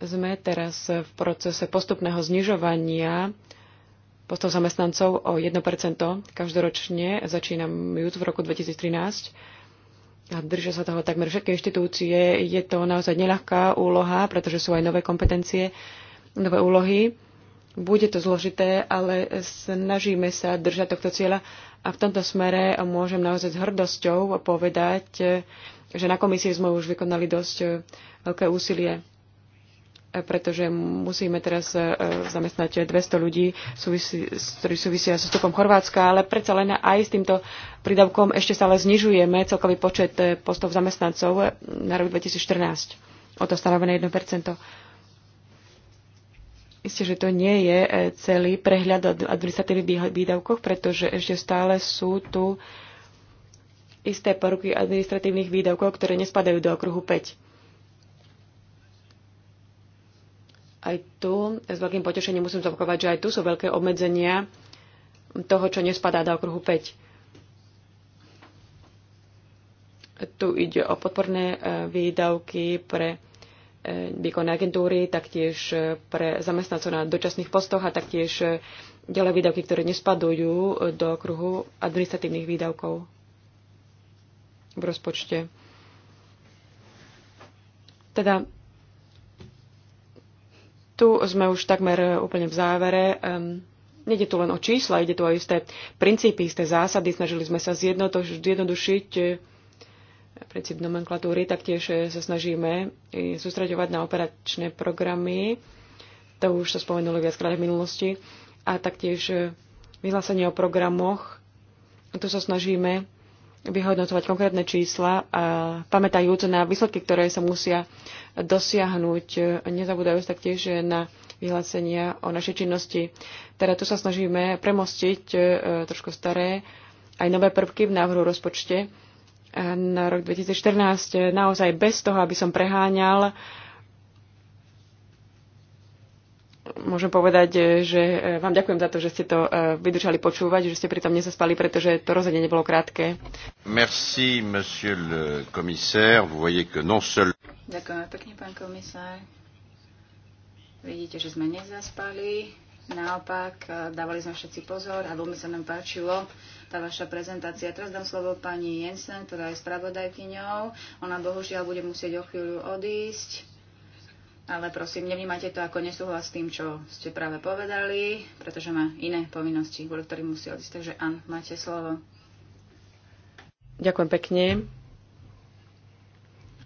Sme teraz v procese postupného znižovania postov zamestnancov o 1% každoročne. Začínam ju v roku 2013 a držia sa toho takmer všetky inštitúcie. Je to naozaj neľahká úloha, pretože sú aj nové kompetencie, nové úlohy. Bude to zložité, ale snažíme sa držať tohto cieľa a v tomto smere môžem naozaj s hrdosťou povedať, že na komisii sme už vykonali dosť veľké úsilie pretože musíme teraz e, zamestnať 200 ľudí, ktorí súvisia so vstupom Chorvátska, ale predsa len aj s týmto prídavkom ešte stále znižujeme celkový počet e, postov zamestnancov e, na rok 2014 o to stanovené 1%. Isté, že to nie je celý prehľad o administratívnych výdavkoch, pretože ešte stále sú tu isté poruky administratívnych výdavkov, ktoré nespadajú do okruhu 5 Aj tu s veľkým potešením musím zopakovať, že aj tu sú veľké obmedzenia toho, čo nespadá do okruhu 5. Tu ide o podporné e, výdavky pre e, výkonné agentúry, taktiež e, pre zamestnancov na dočasných postoch a taktiež ďalej výdavky, ktoré nespadujú do kruhu administratívnych výdavkov v rozpočte. Teda tu sme už takmer e, úplne v závere. Nede tu len o čísla, ide tu o isté princípy, isté zásady. Snažili sme sa zjednodušiť e, princíp nomenklatúry, taktiež e, sa snažíme sústreďovať na operačné programy. To už sa spomenulo viackrát v minulosti. A taktiež vyhlásenie o programoch. Tu sa snažíme vyhodnocovať konkrétne čísla, a pamätajúc na výsledky, ktoré sa musia dosiahnuť. Nezabúdajú sa taktiež na vyhlásenia o našej činnosti. Teda tu sa snažíme premostiť e, trošku staré aj nové prvky v návrhu rozpočte na rok 2014. Naozaj bez toho, aby som preháňal, môžem povedať, e, že e, vám ďakujem za to, že ste to e, vydržali počúvať, že ste pritom nezaspali, pretože to rozhodne nebolo krátke. Merci, monsieur le commissaire. Vous voyez que non seul... Ďakujem pekne, pán komisár. Vidíte, že sme nezaspali. Naopak, dávali sme všetci pozor a veľmi sa nám páčilo tá vaša prezentácia. Teraz dám slovo pani Jensen, ktorá je spravodajkyňou. Ona bohužiaľ bude musieť o chvíľu odísť ale prosím, nevnímajte to ako nesúhlas s tým, čo ste práve povedali, pretože má iné povinnosti, kvôli ktorým musí odísť. Takže An, máte slovo. Ďakujem pekne.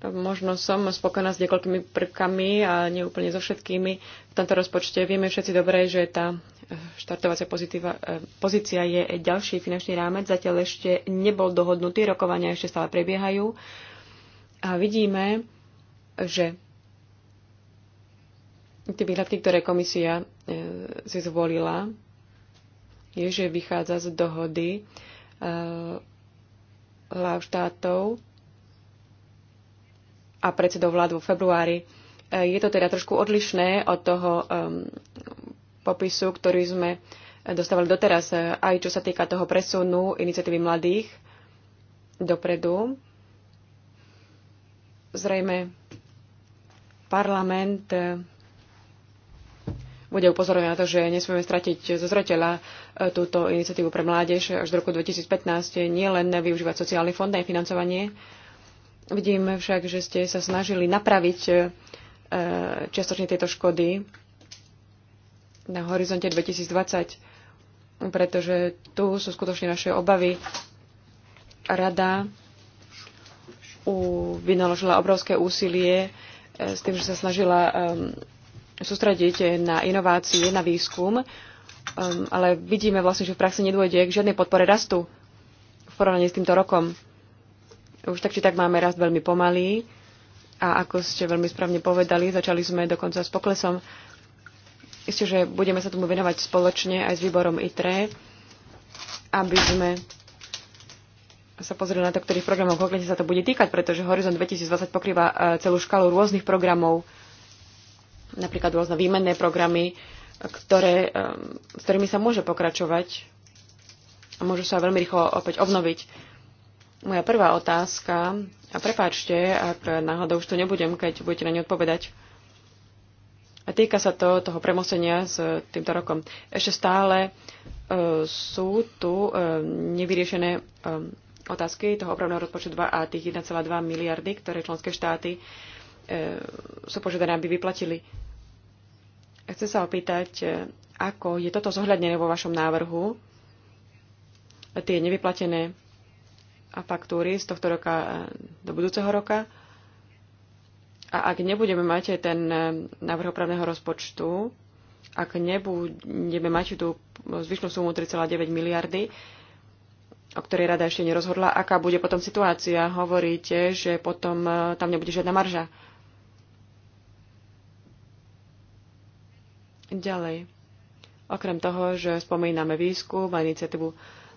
Možno som spokojná s niekoľkými prvkami a neúplne so všetkými v tomto rozpočte. Vieme všetci dobre, že tá štartovacia pozitíva, e, pozícia je ďalší finančný rámec. Zatiaľ ešte nebol dohodnutý, rokovania ešte stále prebiehajú. A vidíme, že tie výhľadky, ktoré komisia e, si zvolila, je, že vychádza z dohody e, hlav štátov a predsedov vlád vo februári. E, je to teda trošku odlišné od toho e, popisu, ktorý sme dostávali doteraz, e, aj čo sa týka toho presunu iniciatívy mladých dopredu. Zrejme parlament e, bude upozorňovať na to, že nesmieme stratiť zo zreteľa e, túto iniciatívu pre mládež až do roku 2015, nie len využívať sociálny fond na financovanie. Vidím však, že ste sa snažili napraviť e, čiastočne tieto škody na horizonte 2020, pretože tu sú skutočne naše obavy. Rada vynaložila obrovské úsilie e, s tým, že sa snažila sústrediť na inovácie, na výskum, um, ale vidíme vlastne, že v praxi nedôjde k žiadnej podpore rastu v porovnaní s týmto rokom. Už tak či tak máme rast veľmi pomalý a ako ste veľmi správne povedali, začali sme dokonca s poklesom. Isté, že budeme sa tomu venovať spoločne aj s výborom ITRE, aby sme sa pozreli na to, ktorých programov konkrétne sa to bude týkať, pretože Horizon 2020 pokrýva e, celú škálu rôznych programov, napríklad rôzne výmenné programy, ktoré, s ktorými sa môže pokračovať a môžu sa veľmi rýchlo opäť obnoviť. Moja prvá otázka, a prepáčte, ak náhodou už to nebudem, keď budete na ňu odpovedať, a týka sa to toho premosenia s týmto rokom. Ešte stále e, sú tu e, nevyriešené e, otázky toho opravného rozpočtu 2 a tých 1,2 miliardy, ktoré členské štáty E, sú požiadané, aby vyplatili. Chcem sa opýtať, e, ako je toto zohľadnené vo vašom návrhu, tie nevyplatené faktúry z tohto roka e, do budúceho roka. A ak nebudeme mať ten návrh opravného rozpočtu, ak nebudeme mať tú zvyšnú sumu 3,9 miliardy, o ktorej rada ešte nerozhodla, aká bude potom situácia. Hovoríte, že potom tam nebude žiadna marža. Ďalej. Okrem toho, že spomíname výskum a iniciatívu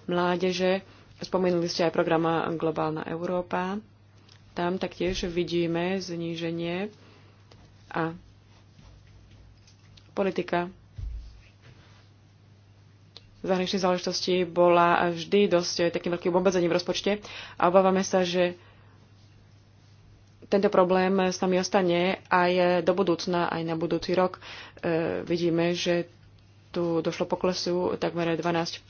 mládeže, spomínali ste aj program Globálna Európa. Tam taktiež vidíme zníženie a politika zahraničných záležitostí bola vždy dosť takým veľkým obmedzením v rozpočte a obávame sa, že tento problém s nami ostane aj do budúcna, aj na budúci rok. E, vidíme, že tu došlo poklesu takmer 12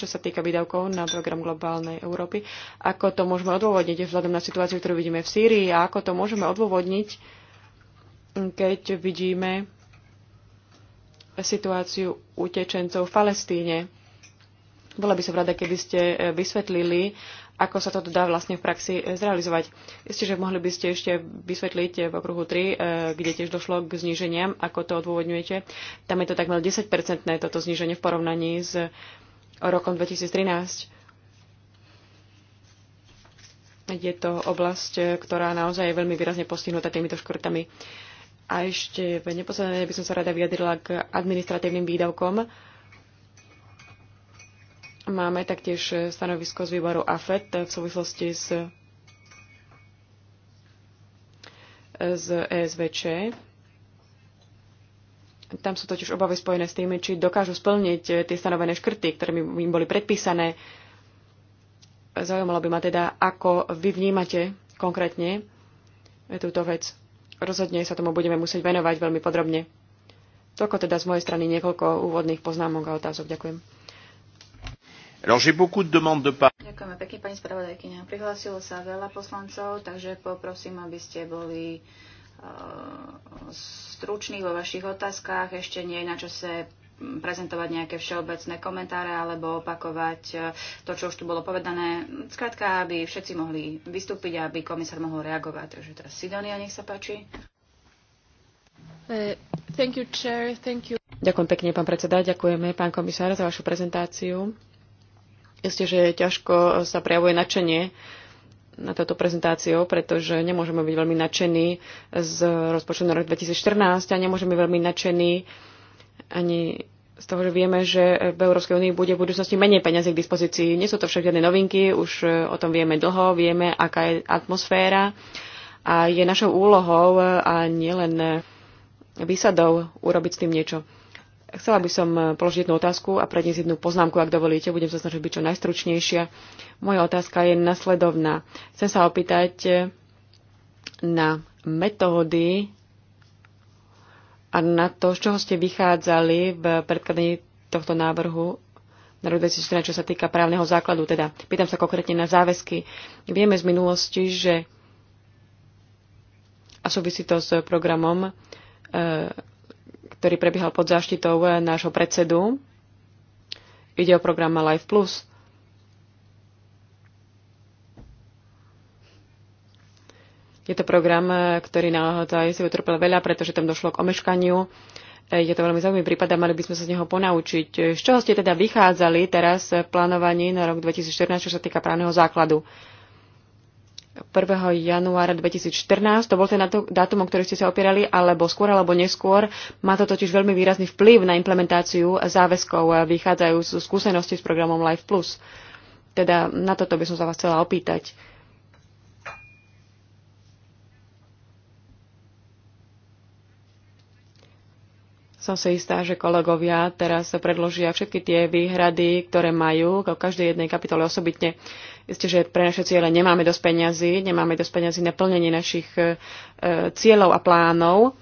čo sa týka výdavkov na program globálnej Európy. Ako to môžeme odôvodniť vzhľadom na situáciu, ktorú vidíme v Sýrii a ako to môžeme odôvodniť, keď vidíme situáciu utečencov v Palestíne. Bola by som rada, keby ste e, vysvetlili ako sa to dá vlastne v praxi e, zrealizovať. Isté, že mohli by ste ešte vysvetliť e, v okruhu 3, e, kde tiež došlo k zníženiam, ako to odôvodňujete. Tam je to takmer 10-percentné toto zníženie v porovnaní s rokom 2013. Je to oblasť, ktorá naozaj je veľmi výrazne postihnutá týmito škrtami. A ešte v neposlednej by som sa rada vyjadrila k administratívnym výdavkom Máme taktiež e, stanovisko z výboru AFET v súvislosti s, e, e s ESVČ. Tam sú totiž obavy spojené s tým, či dokážu splniť tie stanovené škrty, ktoré im boli predpísané. Zaujímalo by ma teda, ako vy vnímate konkrétne túto vec. Rozhodne sa tomu budeme musieť venovať veľmi podrobne. Toľko teda z mojej strany niekoľko úvodných poznámok a otázok. Ďakujem. Alors j'ai beaucoup de demandes de part. Ďakujeme pekne, pani spravodajkyňa. Prihlásilo sa veľa poslancov, takže poprosím, aby ste boli uh, struční vo vašich otázkach. Ešte nie je na čase prezentovať nejaké všeobecné komentáre alebo opakovať eh, to, čo už tu bolo povedané. Skrátka, aby všetci mohli vystúpiť a aby komisár mohol reagovať. Takže teraz Sidonia, nech sa páči. Uh, thank you, chair. Thank you. Ďakujem pekne, pán predseda. Ďakujeme, pán komisár, za vašu prezentáciu. Jasne, že ťažko sa prejavuje nadšenie na toto prezentáciou, pretože nemôžeme byť veľmi nadšení z rozpočtu na rok 2014 a nemôžeme byť veľmi nadšení ani z toho, že vieme, že v Európskej únii bude v budúcnosti menej peniazy k dispozícii. Nie sú to však žiadne novinky, už e, o tom vieme dlho, vieme, aká je atmosféra a je našou úlohou e, a nielen výsadou urobiť s tým niečo. Chcela by som eh, položiť jednu otázku a predniesť jednu poznámku, ak dovolíte. Budem sa snažiť byť čo najstručnejšia. Moja otázka je nasledovná. Chcem sa opýtať eh, na metódy a na to, z čoho ste vychádzali v predkladaní tohto návrhu na rok 2014, čo sa týka právneho základu. Teda pýtam sa konkrétne na záväzky. Vieme z minulosti, že a súvisí to s programom eh, ktorý prebiehal pod záštitou eh, nášho predsedu. Ide o program Life Plus. Je to program, eh, ktorý naozaj si utrpel veľa, pretože tam došlo k omeškaniu. Eh, je to veľmi zaujímavý prípad a mali by sme sa z neho ponaučiť. Z čoho ste teda vychádzali teraz v plánovaní na rok 2014, čo sa týka právneho základu? 1. januára 2014, to bol ten dátum, o ktorý ste sa opierali, alebo skôr alebo neskôr. Má to totiž veľmi výrazný vplyv na implementáciu záväzkov, vychádzajú z skúseností s programom Life Plus. Teda na toto by som sa vás chcela opýtať. Som si istá, že kolegovia teraz predložia všetky tie výhrady, ktoré majú k každej jednej kapitole osobitne. Isté, že pre naše ciele nemáme dosť peňazí, nemáme dosť peňazí na plnenie našich e, cieľov a plánov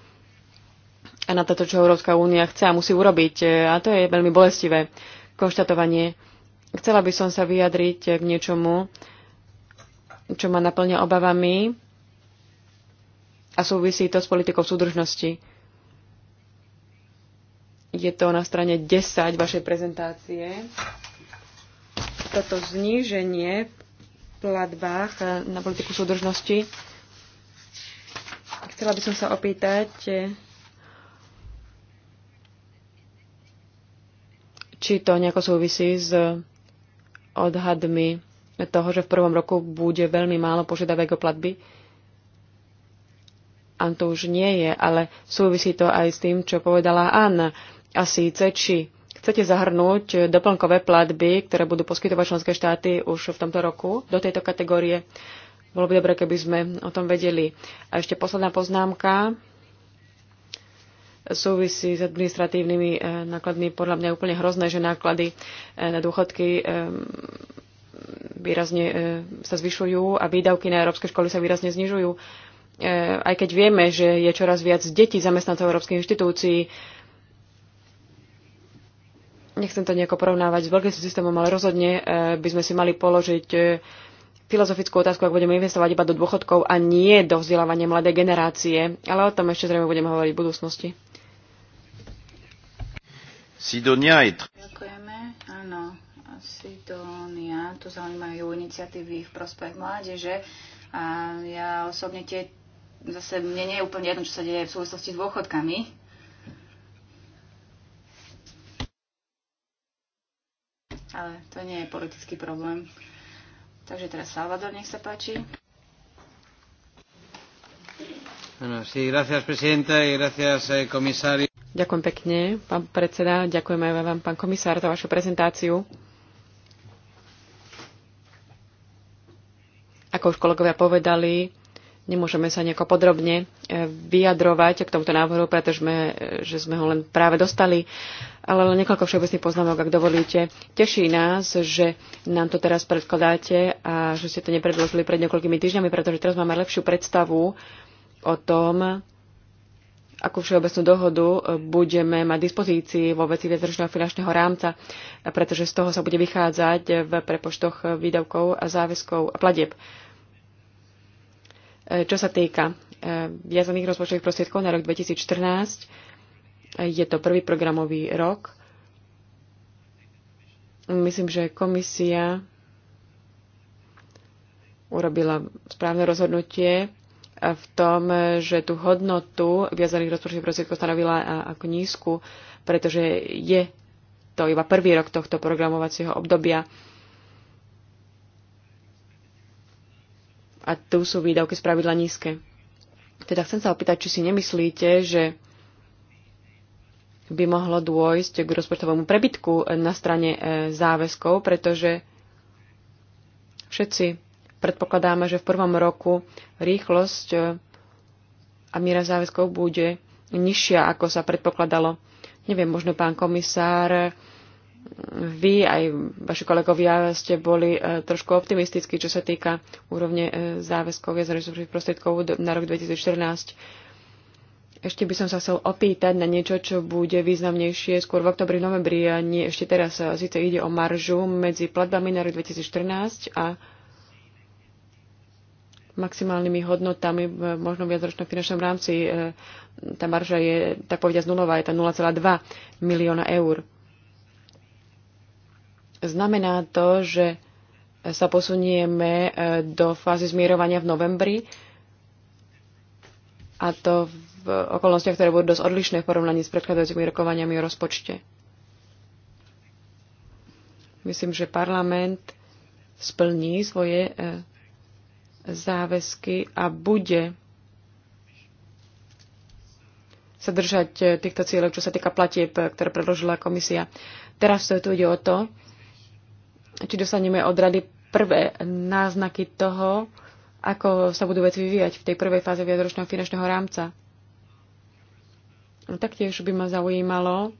a na toto, čo Európska únia chce a musí urobiť. E, a to je veľmi bolestivé konštatovanie. Chcela by som sa vyjadriť k niečomu, čo ma naplňa obavami a súvisí to s politikou súdržnosti je to na strane 10 vašej prezentácie. Toto zníženie v platbách eh, na politiku súdržnosti. Chcela by som sa opýtať, eh, či to nejako súvisí s odhadmi toho, že v prvom roku bude veľmi málo požiadavek o platby a to už nie je, ale súvisí to aj s tým, čo povedala Anna. A síce, či chcete zahrnúť doplnkové platby, ktoré budú poskytovať členské štáty už v tomto roku do tejto kategórie. Bolo by dobre, keby sme o tom vedeli. A ešte posledná poznámka súvisí s administratívnymi eh, nákladmi. Podľa mňa je úplne hrozné, že náklady eh, na dôchodky eh, výrazne sa zvyšujú a výdavky na európske školy sa výrazne znižujú. Aj keď vieme, že je čoraz viac detí zamestnancov európskych inštitúcií, Nechcem to nejako porovnávať s belgickým systémom, ale rozhodne e, by sme si mali položiť e, filozofickú otázku, ak budeme investovať iba do dôchodkov a nie do vzdelávania mladej generácie. Ale o tom ešte zrejme budeme hovoriť v budúcnosti. Sidonia je... Ďakujeme, áno. Sidonia, tu zaujímajú iniciatívy v prospech mládeže. A ja osobne tie, zase mne nie je úplne jedno, čo sa deje v súvislosti s dôchodkami, ale to nie je politický problém. Takže teraz Salvador, nech sa páči. Eh, Ďakujem pekne, pán predseda. Ďakujem aj vám, pán komisár, za vašu prezentáciu. Ako už kolegovia povedali, Nemôžeme sa nejako podrobne e, vyjadrovať k tomuto návrhu, pretože sme, e, že sme ho len práve dostali, ale len niekoľko všeobecných poznámok, ak dovolíte. Teší nás, že nám to teraz predkladáte a že ste to nepredložili pred niekoľkými týždňami, pretože teraz máme lepšiu predstavu o tom, akú všeobecnú dohodu e, budeme mať dispozícii vo veci viedržného finančného rámca, pretože z toho sa bude vychádzať v prepočtoch výdavkov a záväzkov a platieb. E, čo sa týka e, viazaných rozpočtových prostriedkov na rok 2014, je to prvý programový rok. Myslím, že komisia urobila správne rozhodnutie v tom, že tú hodnotu viazaných rozpočtových prostriedkov stanovila ako nízku, pretože je to iba prvý rok tohto programovacieho obdobia. a tu sú výdavky spravidla nízke. Teda chcem sa opýtať, či si nemyslíte, že by mohlo dôjsť k rozpočtovému prebytku na strane e, záväzkov, pretože všetci predpokladáme, že v prvom roku rýchlosť e, a miera záväzkov bude nižšia, ako sa predpokladalo. Neviem, možno pán komisár vy aj vaši kolegovia ste boli e, trošku optimistickí, čo sa týka úrovne e, záväzkov viazaných prostriedkov na rok 2014. Ešte by som sa chcel opýtať na niečo, čo bude významnejšie skôr v oktobri, novembri a nie ešte teraz. Zice e, ide o maržu medzi platbami na rok 2014 a maximálnymi hodnotami v možnom viacročnom finančnom rámci. Tá marža je, tak povediať, nulová, je tá 0,2 milióna eur. Znamená to, že sa posunieme e, do fázy zmierovania v novembri a to v okolnostiach, ktoré budú dosť odlišné v porovnaní s predchádzajúcimi rokovaniami o rozpočte. Myslím, že parlament splní svoje e, záväzky a bude sa držať e, týchto cieľov, čo sa týka platieb, ktoré predložila komisia. Teraz tu ide o to, či dosadneme od rady prvé náznaky toho, ako sa budú veci vyvíjať v tej prvej fáze viacročného finančného rámca. Taktiež by ma zaujímalo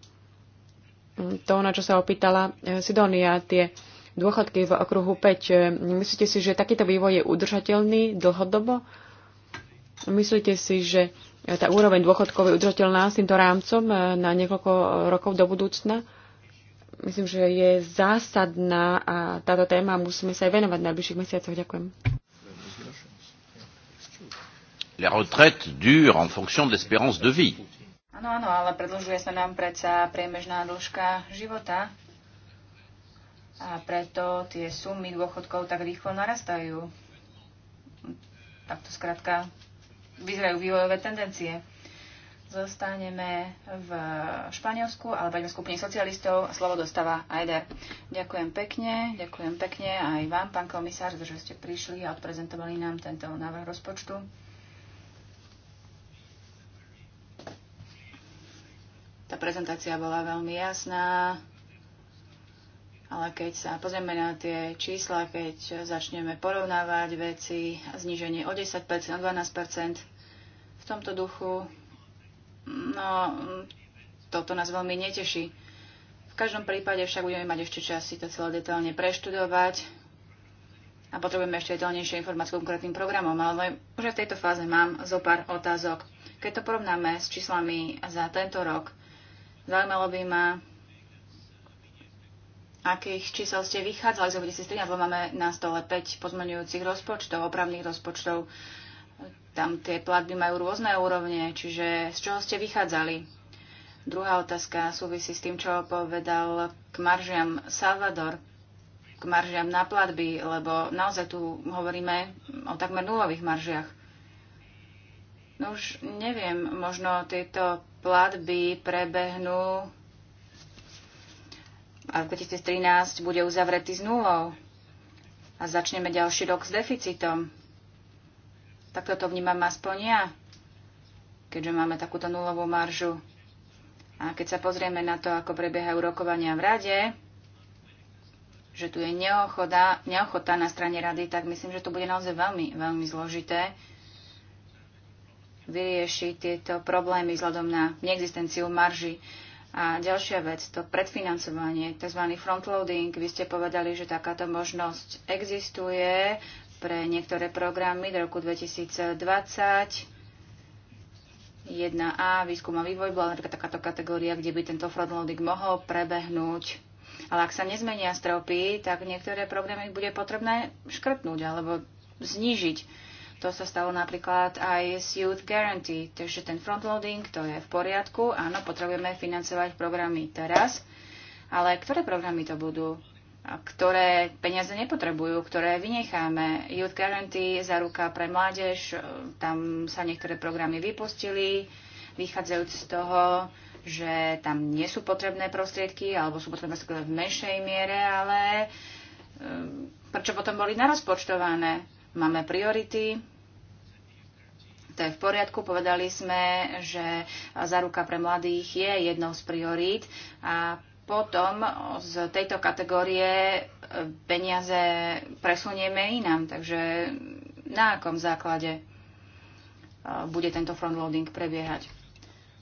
to, na čo sa opýtala Sidonia, tie dôchodky v okruhu 5. Myslíte si, že takýto vývoj je udržateľný dlhodobo? Myslíte si, že tá úroveň dôchodkov je udržateľná s týmto rámcom na niekoľko rokov do budúcna? myslím, že je zásadná a táto téma musíme sa aj venovať v najbližších mesiacoch. Ďakujem. Les retraite dure en fonction de l'espérance de vie. Áno, áno, ale predlžuje sa nám predsa priemežná dĺžka života a preto tie sumy dôchodkov tak rýchlo narastajú. Takto skrátka vyzerajú vývojové tendencie zostaneme v Španielsku, ale poďme skupine socialistov a slovo dostáva Ajder. Ďakujem pekne, ďakujem pekne aj vám, pán komisár, že ste prišli a odprezentovali nám tento návrh rozpočtu. Tá prezentácia bola veľmi jasná, ale keď sa pozrieme na tie čísla, keď začneme porovnávať veci, zniženie o 10%, o 12%, v tomto duchu No, toto nás veľmi neteší. V každom prípade však budeme mať ešte čas si to celé detailne preštudovať a potrebujeme ešte detailnejšie informácie konkrétnym programom, ale už v tejto fáze mám zo pár otázok. Keď to porovnáme s číslami za tento rok, zaujímalo by ma, akých čísel ste vychádzali z 2013, lebo máme na stole 5 pozmeňujúcich rozpočtov, opravných rozpočtov tam tie platby majú rôzne úrovne, čiže z čoho ste vychádzali? Druhá otázka súvisí s tým, čo povedal k maržiam Salvador, k maržiam na platby, lebo naozaj tu hovoríme o takmer nulových maržiach. No už neviem, možno tieto platby prebehnú a v 2013 bude uzavretý s nulou a začneme ďalší rok s deficitom. Takto to vnímam aspoň ja, keďže máme takúto nulovú maržu. A keď sa pozrieme na to, ako prebiehajú rokovania v rade, že tu je neochoda, neochota na strane rady, tak myslím, že to bude naozaj veľmi, veľmi zložité vyriešiť tieto problémy vzhľadom na neexistenciu marži. A ďalšia vec, to predfinancovanie, tzv. frontloading. Vy ste povedali, že takáto možnosť existuje, pre niektoré programy do roku 2020. 1A, výskum a vývoj, bola napríklad takáto kategória, kde by tento frontloading mohol prebehnúť. Ale ak sa nezmenia stropy, tak niektoré programy bude potrebné škrtnúť alebo znížiť. To sa stalo napríklad aj s Youth Guarantee, takže ten frontloading, to je v poriadku, áno, potrebujeme financovať programy teraz, ale ktoré programy to budú? ktoré peniaze nepotrebujú, ktoré vynecháme. Youth Guarantee, ruka pre mládež, e, tam sa niektoré programy vypustili, vychádzajúc z toho, že tam nie sú potrebné prostriedky, alebo sú potrebné v menšej miere, ale e, prečo potom boli narozpočtované? Máme priority, to je v poriadku. Povedali sme, že záruka pre mladých je jednou z priorít a potom z tejto kategórie e, peniaze presunieme inám. Takže na akom základe e, bude tento frontloading prebiehať?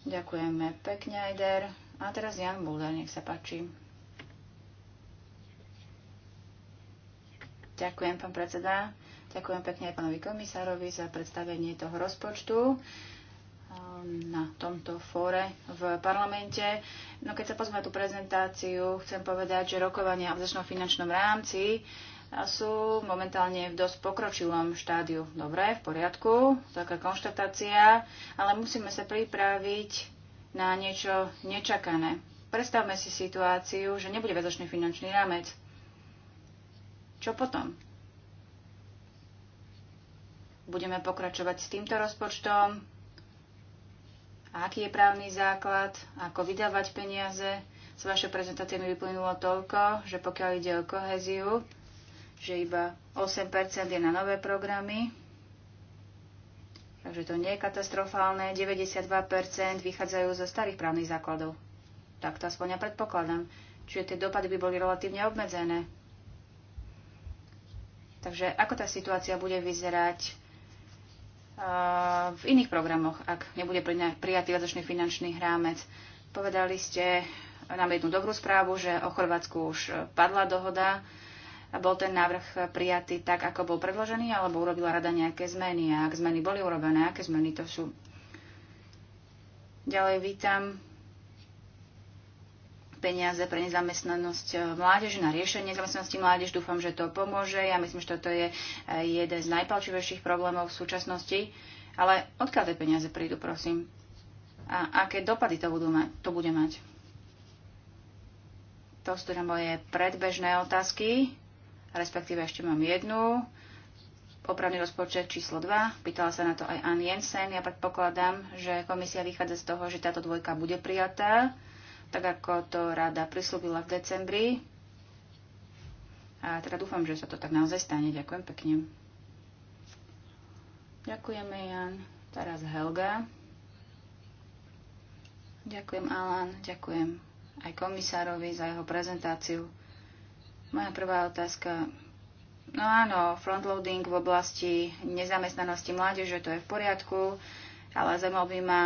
Ďakujeme pekne, Ajder. A teraz Jan Bulder, nech sa páči. Ďakujem, pán predseda. Ďakujem pekne aj pánovi komisárovi za predstavenie toho rozpočtu na tomto fóre v parlamente. No keď sa pozme tú prezentáciu, chcem povedať, že rokovania v začnom finančnom rámci sú momentálne v dosť pokročilom štádiu. Dobre, v poriadku, taká konštatácia, ale musíme sa pripraviť na niečo nečakané. Predstavme si situáciu, že nebude väzočný finančný rámec. Čo potom? Budeme pokračovať s týmto rozpočtom, a aký je právny základ, ako vydávať peniaze. Z vašej prezentácie mi vyplynulo toľko, že pokiaľ ide o koheziu, že iba 8% je na nové programy, takže to nie je katastrofálne, 92% vychádzajú zo starých právnych základov. Tak to aspoň ja predpokladám. Čiže tie dopady by boli relatívne obmedzené. Takže ako tá situácia bude vyzerať Eh, v iných programoch, ak nebude prijatý viacročný finančný rámec. Povedali ste nám jednu dobrú správu, že o Chorvátsku už eh, padla dohoda. a Bol ten návrh prijatý tak, ako bol predložený, alebo urobila rada nejaké zmeny? A ak zmeny boli urobené, aké zmeny to sú? Ďalej vítam peniaze pre nezamestnanosť eh, mládeže na riešenie nezamestnanosti mládež. Dúfam, že to pomôže. Ja myslím, že toto je eh, jeden z najpalčivejších problémov v súčasnosti. Ale odkiaľ tie peniaze prídu, prosím? A aké dopady to, budú ma- to bude mať? To sú teda moje predbežné otázky, respektíve ešte mám jednu. Opravný rozpočet číslo 2. Pýtala sa na to aj Ann Jensen. Ja predpokladám, že komisia vychádza z toho, že táto dvojka bude prijatá tak ako to rada prislúbila v decembri. A teda dúfam, že sa to tak naozaj stane. Ďakujem pekne. Ďakujeme, Jan. Teraz Helga. Ďakujem, Alan. Ďakujem aj komisárovi za jeho prezentáciu. Moja prvá otázka. No áno, frontloading v oblasti nezamestnanosti mládeže, to je v poriadku, ale zaujímal by ma,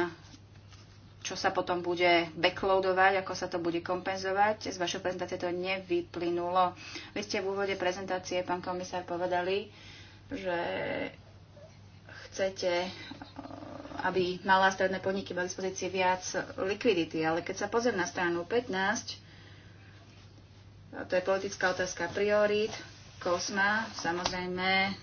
čo sa potom bude backloadovať, ako sa to bude kompenzovať. Z vašej prezentácie to nevyplynulo. Vy ste v úvode prezentácie, pán komisár, povedali, že chcete, eh, aby malé a stredné podniky mali dispozícii viac likvidity. Ale keď sa pozriem na stranu 15, to je politická otázka priorít, Kosma, samozrejme,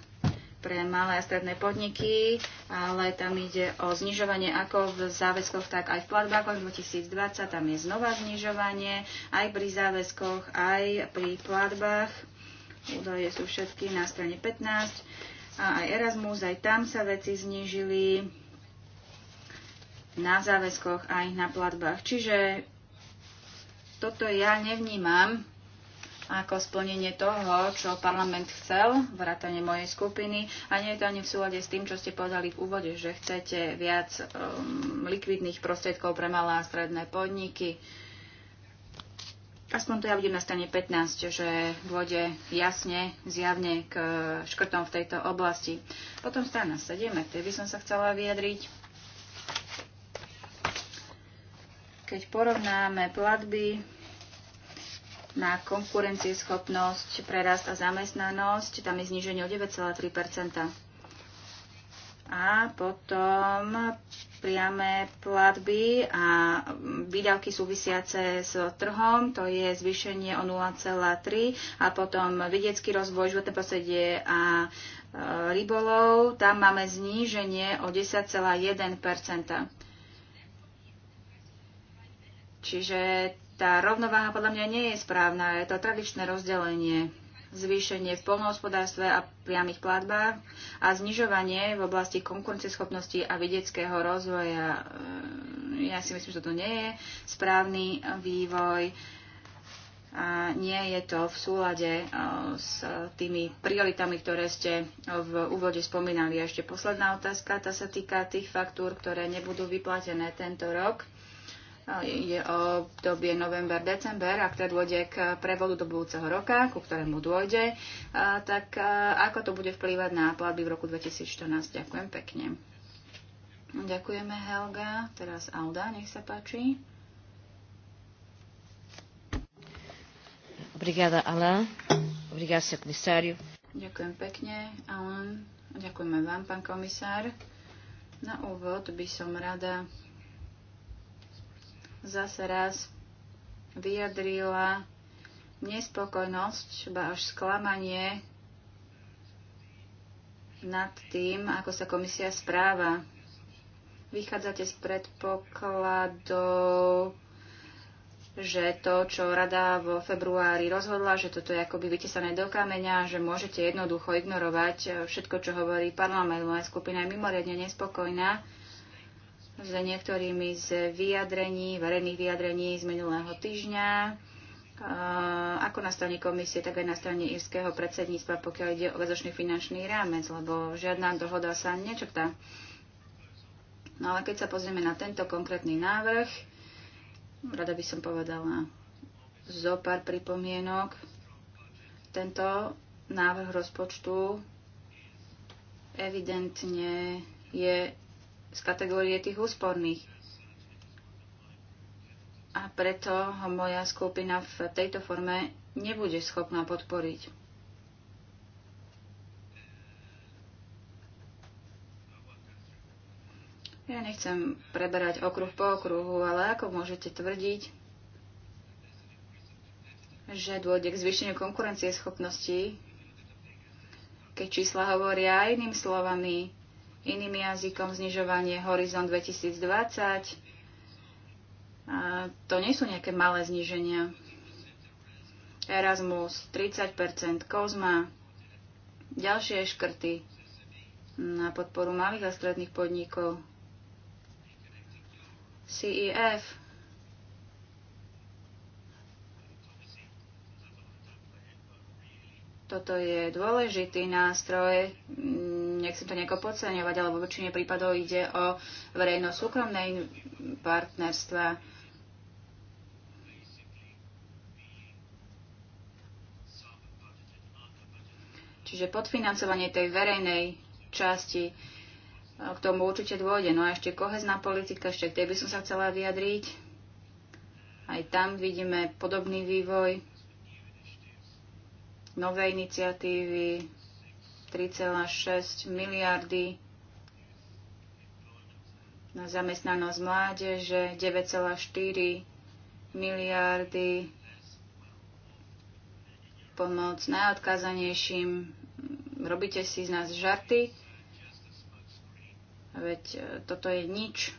pre malé a stredné podniky, ale tam ide o znižovanie ako v záväzkoch, tak aj v platbách 2020, tam je znova znižovanie, aj pri záväzkoch, aj pri platbách. Údaje sú všetky na strane 15. A aj Erasmus, aj tam sa veci znížili na záväzkoch aj na platbách. Čiže toto ja nevnímam ako splnenie toho, čo parlament chcel, vrátane mojej skupiny. A nie je to ani v súlade s tým, čo ste povedali v úvode, že chcete viac um, likvidných prostriedkov pre malé a stredné podniky. Aspoň to ja vidím na strane 15, že vode jasne, zjavne k škrtom v tejto oblasti. Potom strana 7, tej by som sa chcela vyjadriť. Keď porovnáme platby na konkurencieschopnosť, prerast a zamestnanosť, tam je zníženie o 9,3 A potom priame platby a výdavky súvisiace s trhom, to je zvýšenie o 0,3 a potom vidiecký rozvoj, životné prostredie a e, rybolov, tam máme zníženie o 10,1 Čiže tá rovnováha podľa mňa nie je správna. Je to tradičné rozdelenie zvýšenie v polnohospodárstve a priamých platbách a znižovanie v oblasti konkurencieschopnosti a vedeckého rozvoja. Ehm, ja si myslím, že to nie je správny vývoj a nie je to v súlade eh, s tými prioritami, ktoré ste v úvode spomínali. A ešte posledná otázka, tá sa týka tých faktúr, ktoré nebudú vyplatené tento rok je o obdobie november-december, ak teda dôjde k prevodu do budúceho roka, ku ktorému dôjde, tak ako to bude vplývať na platby v roku 2014. Ďakujem pekne. Ďakujeme Helga. Teraz Alda, nech sa páči. Obrigada, Alain. Obrigada, senhor Ďakujem pekne, Alain. Ďakujeme vám, pán komisár. Na úvod by som rada zase raz vyjadrila nespokojnosť, ba až sklamanie nad tým, ako sa komisia správa. Vychádzate z predpokladov, že to, čo rada vo februári rozhodla, že toto je akoby vytesané do kameňa, že môžete jednoducho ignorovať všetko, čo hovorí parlament. Moja skupina je mimoriadne nespokojná s niektorými z vyjadrení, verejných vyjadrení z minulého týždňa, ako na strane komisie, tak aj na strane írskeho predsedníctva, pokiaľ ide o väzočný finančný rámec, lebo žiadna dohoda sa nečrtá. No ale keď sa pozrieme na tento konkrétny návrh, rada by som povedala zo pár pripomienok. Tento návrh rozpočtu evidentne je z kategórie tých úsporných. A preto ho moja skupina v tejto forme nebude schopná podporiť. Ja nechcem preberať okruh po okruhu, ale ako môžete tvrdiť, že dôjde k zvýšeniu konkurencie schopností, keď čísla hovoria iným slovami, iným jazykom, znižovanie Horizon 2020. A to nie sú nejaké malé zniženia. Erasmus 30%, Kozma, ďalšie škrty na podporu malých a stredných podnikov, CEF, Toto je dôležitý nástroj, nechcem to nejako podceňovať, ale vo väčšine prípadov ide o verejno-súkromné partnerstva. Čiže podfinancovanie tej verejnej časti e, k tomu určite dôjde. No a ešte kohezná politika, ešte k tej by som sa chcela vyjadriť. Aj tam vidíme podobný vývoj, nové iniciatívy, 3,6 miliardy na zamestnanosť mládeže, 9,4 miliardy pomoc najodkázanejším. Robíte si z nás žarty, veď e, toto je nič.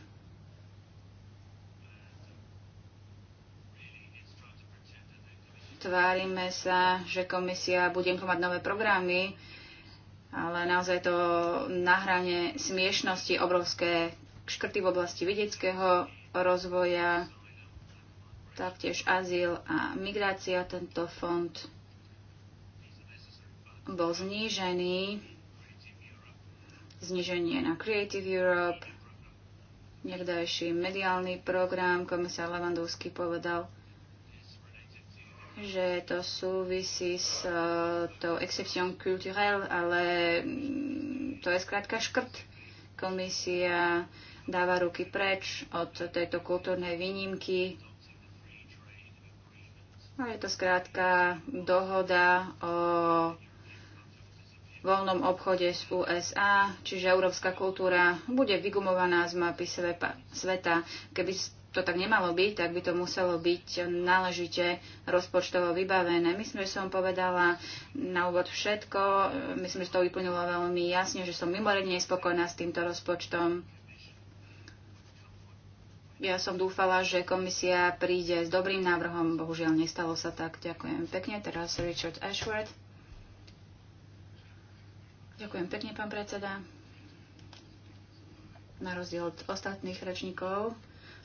Tvárime sa, že komisia bude implementovať nové programy, ale naozaj to na hrane smiešnosti obrovské škrty v oblasti vedeckého rozvoja, taktiež azyl a migrácia. Tento fond bol znížený, zníženie na Creative Europe, niekdajší mediálny program, komisár Levandovský povedal, že to súvisí s e, tou exception culturelle, ale mm, to je skrátka škrt. Komisia dáva ruky preč od tejto kultúrnej výnimky. A je to skrátka dohoda o voľnom obchode s USA, čiže európska kultúra bude vygumovaná z mapy sveta. Keby to tak nemalo byť, tak by to muselo byť náležite rozpočtovo vybavené. Myslím, že som povedala na úvod všetko. Myslím, že to vyplnilo veľmi jasne, že som mimoriadne spokojná s týmto rozpočtom. Ja som dúfala, že komisia príde s dobrým návrhom, bohužiaľ nestalo sa tak. Ďakujem pekne. Teraz Richard Ashworth. Ďakujem pekne, pán predseda. Na rozdiel od ostatných rečníkov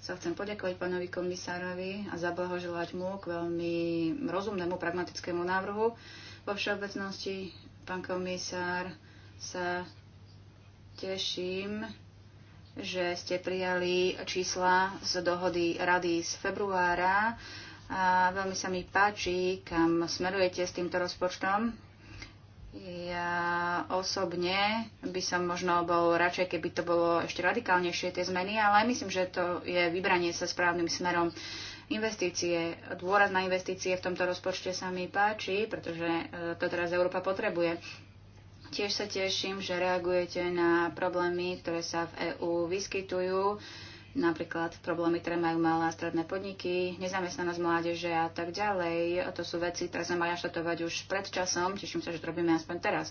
sa chcem poďakovať pánovi komisárovi a zablahoželať mu k veľmi rozumnému, pragmatickému návrhu. Vo všeobecnosti, pán komisár, sa teším, že ste prijali čísla z dohody rady z februára. A veľmi sa mi páči, kam smerujete s týmto rozpočtom ja osobne by som možno bol radšej, keby to bolo ešte radikálnejšie tie zmeny, ale myslím, že to je vybranie sa správnym smerom investície. Dôraz na investície v tomto rozpočte sa mi páči, pretože e, to teraz Európa potrebuje. Tiež sa teším, že reagujete na problémy, ktoré sa v EÚ vyskytujú. Uh, napríklad problémy, ktoré majú malé a stredné podniky, nezamestnanosť mládeže a tak ďalej. To sú veci, ktoré sme mali naštatovať už pred časom. Teším sa, že to robíme aspoň teraz.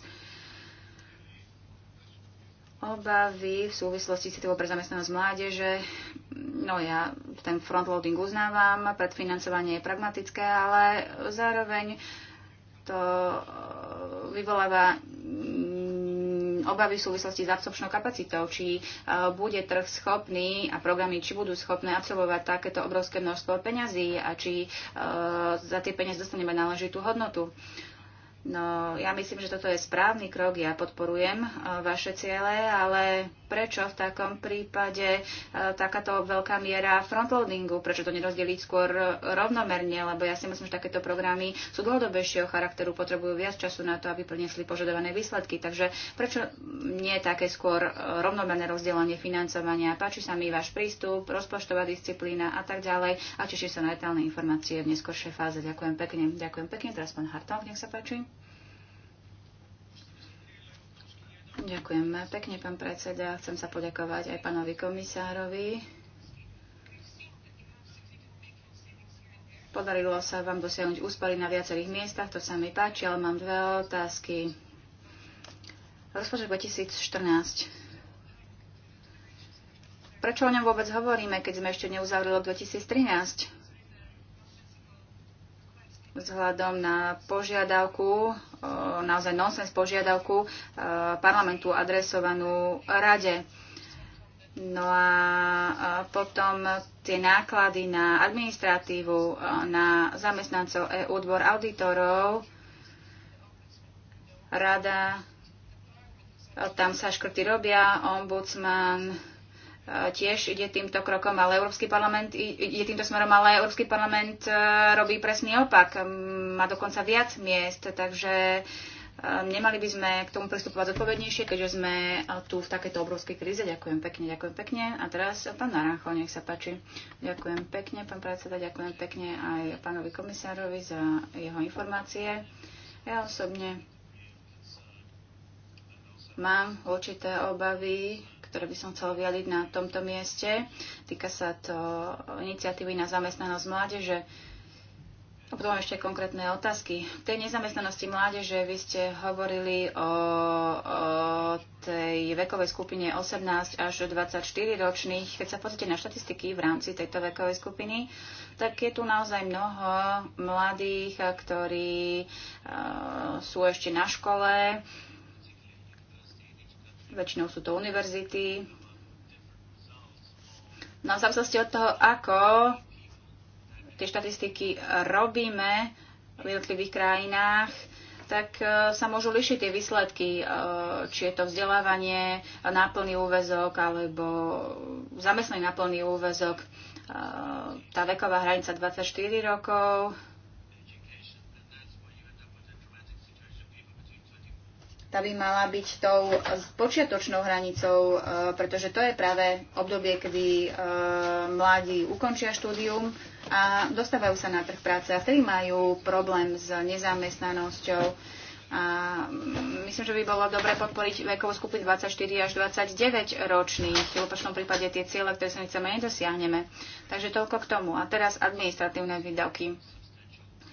Obavy v súvislosti s pre zamestnanosť mládeže. No ja ten frontloading uznávam, predfinancovanie je pragmatické, ale zároveň to vyvoláva obavy v súvislosti s absorpčnou kapacitou, či e, bude trh schopný a programy, či budú schopné absorbovať takéto obrovské množstvo peňazí a či e, za tie peniaze dostaneme náležitú hodnotu. No, ja myslím, že toto je správny krok, ja podporujem e, vaše ciele, ale prečo v takom prípade e, takáto veľká miera frontloadingu, prečo to nerozdeliť skôr e, rovnomerne, lebo ja si myslím, že takéto programy sú dlhodobejšieho charakteru, potrebujú viac času na to, aby priniesli požadované výsledky. Takže prečo nie také skôr rovnomerné rozdelenie financovania? Páči sa mi váš prístup, rozpočtová disciplína a tak ďalej a teším sa na detálne informácie v neskôršej fáze. Ďakujem pekne. Ďakujem pekne. Teraz pán Hartong, nech sa páči. Ďakujem pekne, pán predseda. Chcem sa poďakovať aj pánovi komisárovi. Podarilo sa vám dosiahnuť úspory na viacerých miestach, to sa mi páči, ale mám dve otázky. Rozpočet 2014. Prečo o ňom vôbec hovoríme, keď sme ešte neuzavreli 2013? vzhľadom na požiadavku, naozaj nonsens požiadavku parlamentu adresovanú rade. No a potom tie náklady na administratívu, na zamestnancov EU dvor auditorov, rada, tam sa škrty robia, ombudsman, E, tiež ide týmto krokom, ale Európsky parlament ide týmto smerom, ale Európsky parlament e, robí presný opak. Má dokonca viac miest, takže e, nemali by sme k tomu pristupovať zodpovednejšie, keďže sme tu v takejto obrovskej kríze. Ďakujem pekne, ďakujem pekne. A teraz pán Narancho, nech sa páči. Ďakujem pekne, pán predseda, ďakujem pekne aj pánovi komisárovi za jeho informácie. Ja osobne mám určité obavy ktoré by som chcel vyjadriť na tomto mieste. Týka sa to iniciatívy na zamestnanosť mládeže. A potom ešte konkrétne otázky. V tej nezamestnanosti mládeže vy ste hovorili o, o tej vekovej skupine 18 až 24 ročných. Keď sa pozrite na štatistiky v rámci tejto vekovej skupiny, tak je tu naozaj mnoho mladých, ktorí e, sú ešte na škole, väčšinou sú to univerzity. No a v závislosti od toho, ako tie štatistiky robíme v jednotlivých krajinách, tak e, sa môžu lišiť tie výsledky, e, či je to vzdelávanie na plný úvezok alebo zamestnanie na plný úvezok. E, tá veková hranica 24 rokov, tá by mala byť tou počiatočnou hranicou, e, pretože to je práve obdobie, kedy e, mladí ukončia štúdium a dostávajú sa na trh práce a vtedy majú problém s nezamestnanosťou. A mm, myslím, že by bolo dobre podporiť vekovú skupinu 24 až 29 ročných. V opačnom prípade tie cieľe, ktoré sa nechceme, nedosiahneme. Takže toľko k tomu. A teraz administratívne výdavky.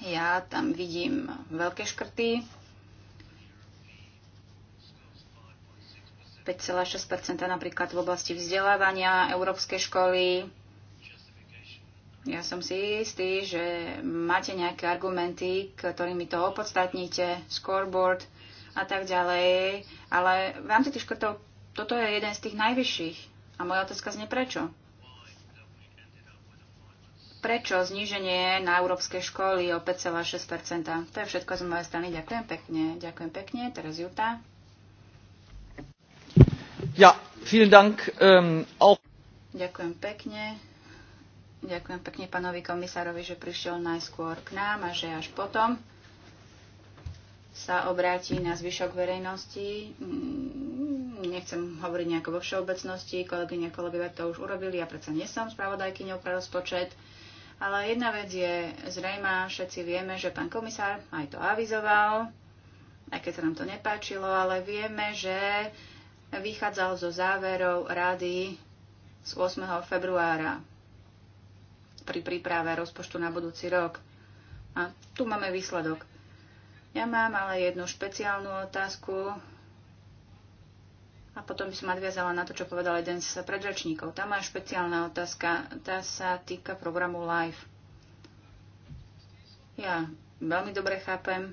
Ja tam vidím veľké škrty, 5,6 napríklad v oblasti vzdelávania európskej školy. Ja som si istý, že máte nejaké argumenty, ktorými to opodstatníte, scoreboard a tak ďalej, ale v rámci tých škrtov toto je jeden z tých najvyšších. A moja otázka znie prečo? Prečo zníženie na európskej školy o 5,6 To je všetko z mojej strany. Ďakujem pekne. Ďakujem pekne. Teraz Juta. Ja, vielen Dank. Ähm, Ďakujem pekne. Ďakujem pekne pánovi komisárovi, že prišiel najskôr k nám a že až potom sa obráti na zvyšok verejnosti. Mm, nechcem hovoriť nejako vo všeobecnosti, kolegyne a kolegovia to už urobili, ja predsa nie som spravodajkyňou pre rozpočet, ale jedna vec je zrejma, všetci vieme, že pán komisár aj to avizoval, aj keď sa nám to nepáčilo, ale vieme, že vychádzal zo záverov rady z 8. februára pri príprave rozpočtu na budúci rok. A tu máme výsledok. Ja mám ale jednu špeciálnu otázku a potom by som nadviazala na to, čo povedal jeden z predrečníkov. Tam má špeciálna otázka, tá sa týka programu LIFE. Ja veľmi dobre chápem,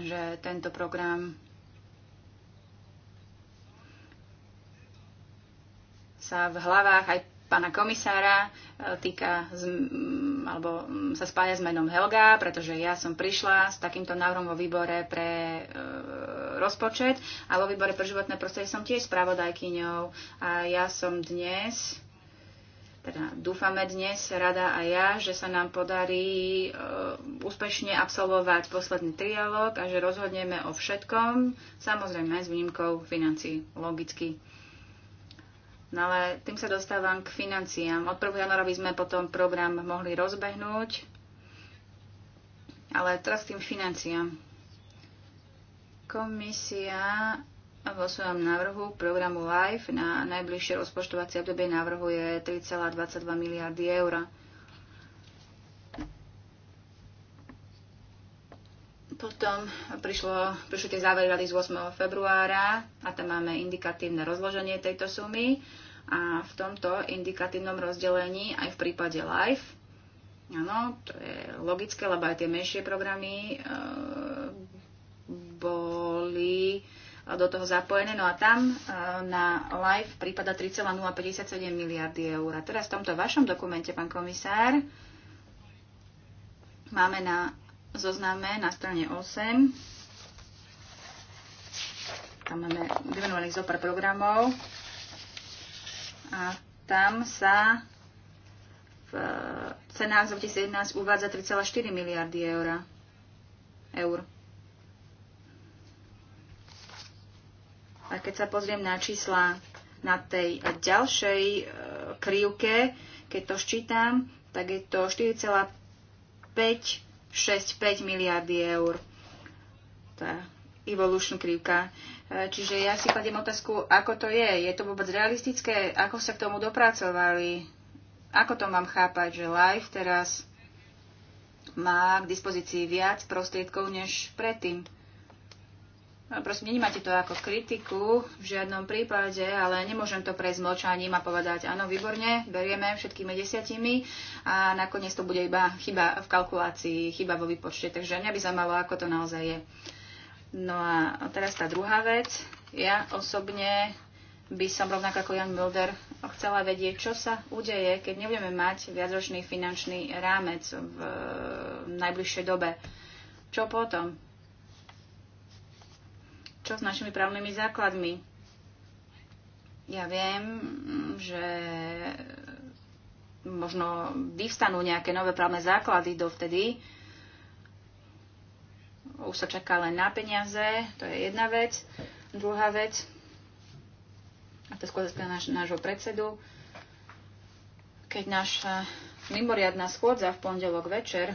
že tento program sa v hlavách aj pána komisára e, týka, alebo sa spája s menom Helga, pretože ja som prišla s takýmto návrhom vo výbore pre e, rozpočet a vo výbore pre životné prostredie som tiež spravodajkyňou a ja som dnes teda dúfame dnes, rada a ja, že sa nám podarí e, úspešne absolvovať posledný trialog a že rozhodneme o všetkom, samozrejme s výnimkou financií, logicky. No ale tým sa dostávam k financiám. Od 1. januára by sme potom program mohli rozbehnúť, ale teraz k tým financiám. Komisia vo svojom návrhu programu LIFE na najbližšie rozpočtovacie obdobie navrhuje 3,22 miliardy eur. Potom prišlo, prišli tie závery rady z 8. februára a tam máme indikatívne rozloženie tejto sumy. A v tomto indikatívnom rozdelení, aj v prípade LIFE, áno, to je logické, lebo aj tie menšie programy e, boli do toho zapojené. No a tam e, na live prípada 3,057 miliardy eur. A teraz v tomto vašom dokumente, pán komisár, máme na zozname na strane 8 tam máme vymenovaných zo pár programov, a tam sa v cenách z 2011 uvádza 3,4 miliardy eur. eur. A keď sa pozriem na čísla na tej ďalšej e, krivke, keď to ščítam, tak je to 4,565 miliardy eur. Tá Evolution krivka. E, čiže ja si kladiem otázku, ako to je. Je to vôbec realistické? Ako sa k tomu dopracovali? Ako to mám chápať, že live teraz má k dispozícii viac prostriedkov než predtým? No, prosím, nenímate to ako kritiku v žiadnom prípade, ale nemôžem to prejsť mlčaním a povedať, áno, výborne, berieme všetkými desiatimi a nakoniec to bude iba chyba v kalkulácii, chyba vo výpočte. Takže mňa by zaujímalo, ako to naozaj je. No a teraz tá druhá vec. Ja osobne by som rovnako ako Jan Mulder chcela vedieť, čo sa udeje, keď nebudeme mať viacročný finančný rámec v najbližšej dobe. Čo potom? Čo s našimi právnymi základmi? Ja viem, že možno vyvstanú nejaké nové právne základy dovtedy, už sa čaká len na peniaze, to je jedna vec. Druhá vec, a to skôr zase náš, nášho predsedu, keď naša mimoriadná schôdza v pondelok večer,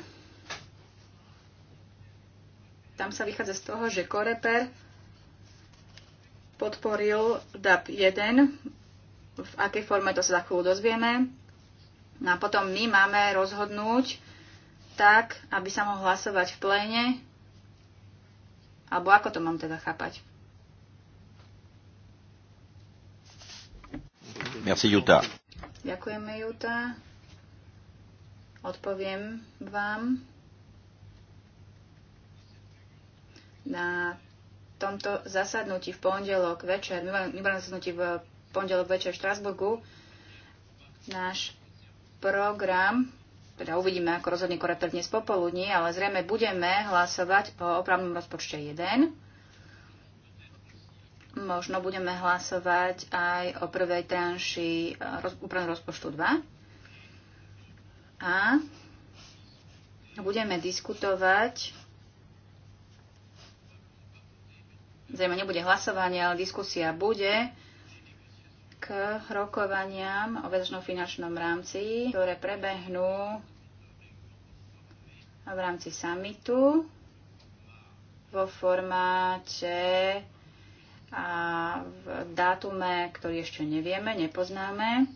tam sa vychádza z toho, že Koreper podporil DAP 1, v akej forme to sa za chvíľu dozvieme. No a potom my máme rozhodnúť tak, aby sa mohol hlasovať v pléne alebo ako to mám teda chápať? Merci, Juta. Ďakujeme, Juta. Odpoviem vám na tomto zasadnutí v pondelok večer, mimoriadne zasadnutí v pondelok večer v Štrasburgu, náš program teda uvidíme, ako rozhodne koreper dnes popoludní, ale zrejme budeme hlasovať o opravnom rozpočte 1. Možno budeme hlasovať aj o prvej tranši úpravnom eh, úpravného rozpočtu 2. A budeme diskutovať zrejme nebude hlasovanie, ale diskusia bude k rokovaniam o väznom finančnom rámci, ktoré prebehnú v rámci summitu vo formáte a v dátume, ktorý ešte nevieme, nepoznáme.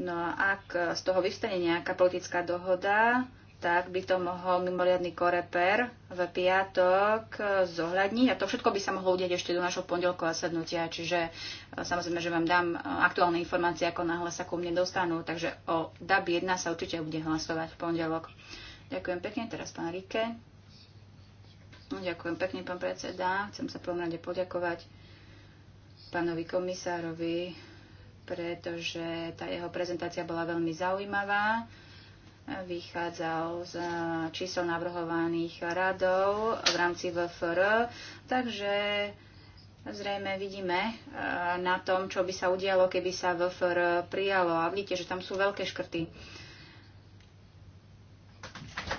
No a ak z toho vyvstane nejaká politická dohoda, tak by to mohol mimoriadný koreper v piatok zohľadniť. A to všetko by sa mohlo udieť ešte do našho pondelkového sednutia. Čiže e, samozrejme, že vám dám e, aktuálne informácie, ako náhle sa ku mne dostanú. Takže o DAB 1 sa určite bude hlasovať v pondelok. Ďakujem pekne, teraz pán Rike. Ďakujem pekne, pán predseda. Chcem sa prvom rade poďakovať pánovi komisárovi, pretože tá jeho prezentácia bola veľmi zaujímavá vychádzal z čísel navrhovaných radov v rámci VFR, takže zrejme vidíme e, na tom, čo by sa udialo, keby sa VFR prijalo. A vidíte, že tam sú veľké škrty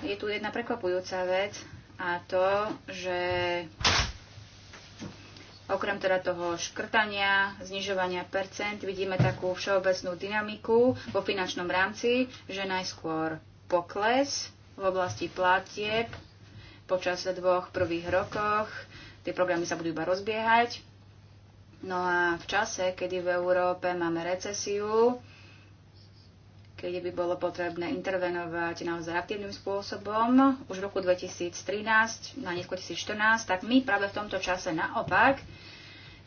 je tu jedna prekvapujúca vec a to, že okrem teda toho škrtania, znižovania percent, vidíme takú všeobecnú dynamiku vo finančnom rámci, že najskôr pokles v oblasti platieb počas dvoch prvých rokoch. Tie programy sa budú iba rozbiehať. No a v čase, kedy v Európe máme recesiu, keď by bolo potrebné intervenovať naozaj aktívnym spôsobom už v roku 2013 na neskôr 2014, tak my práve v tomto čase naopak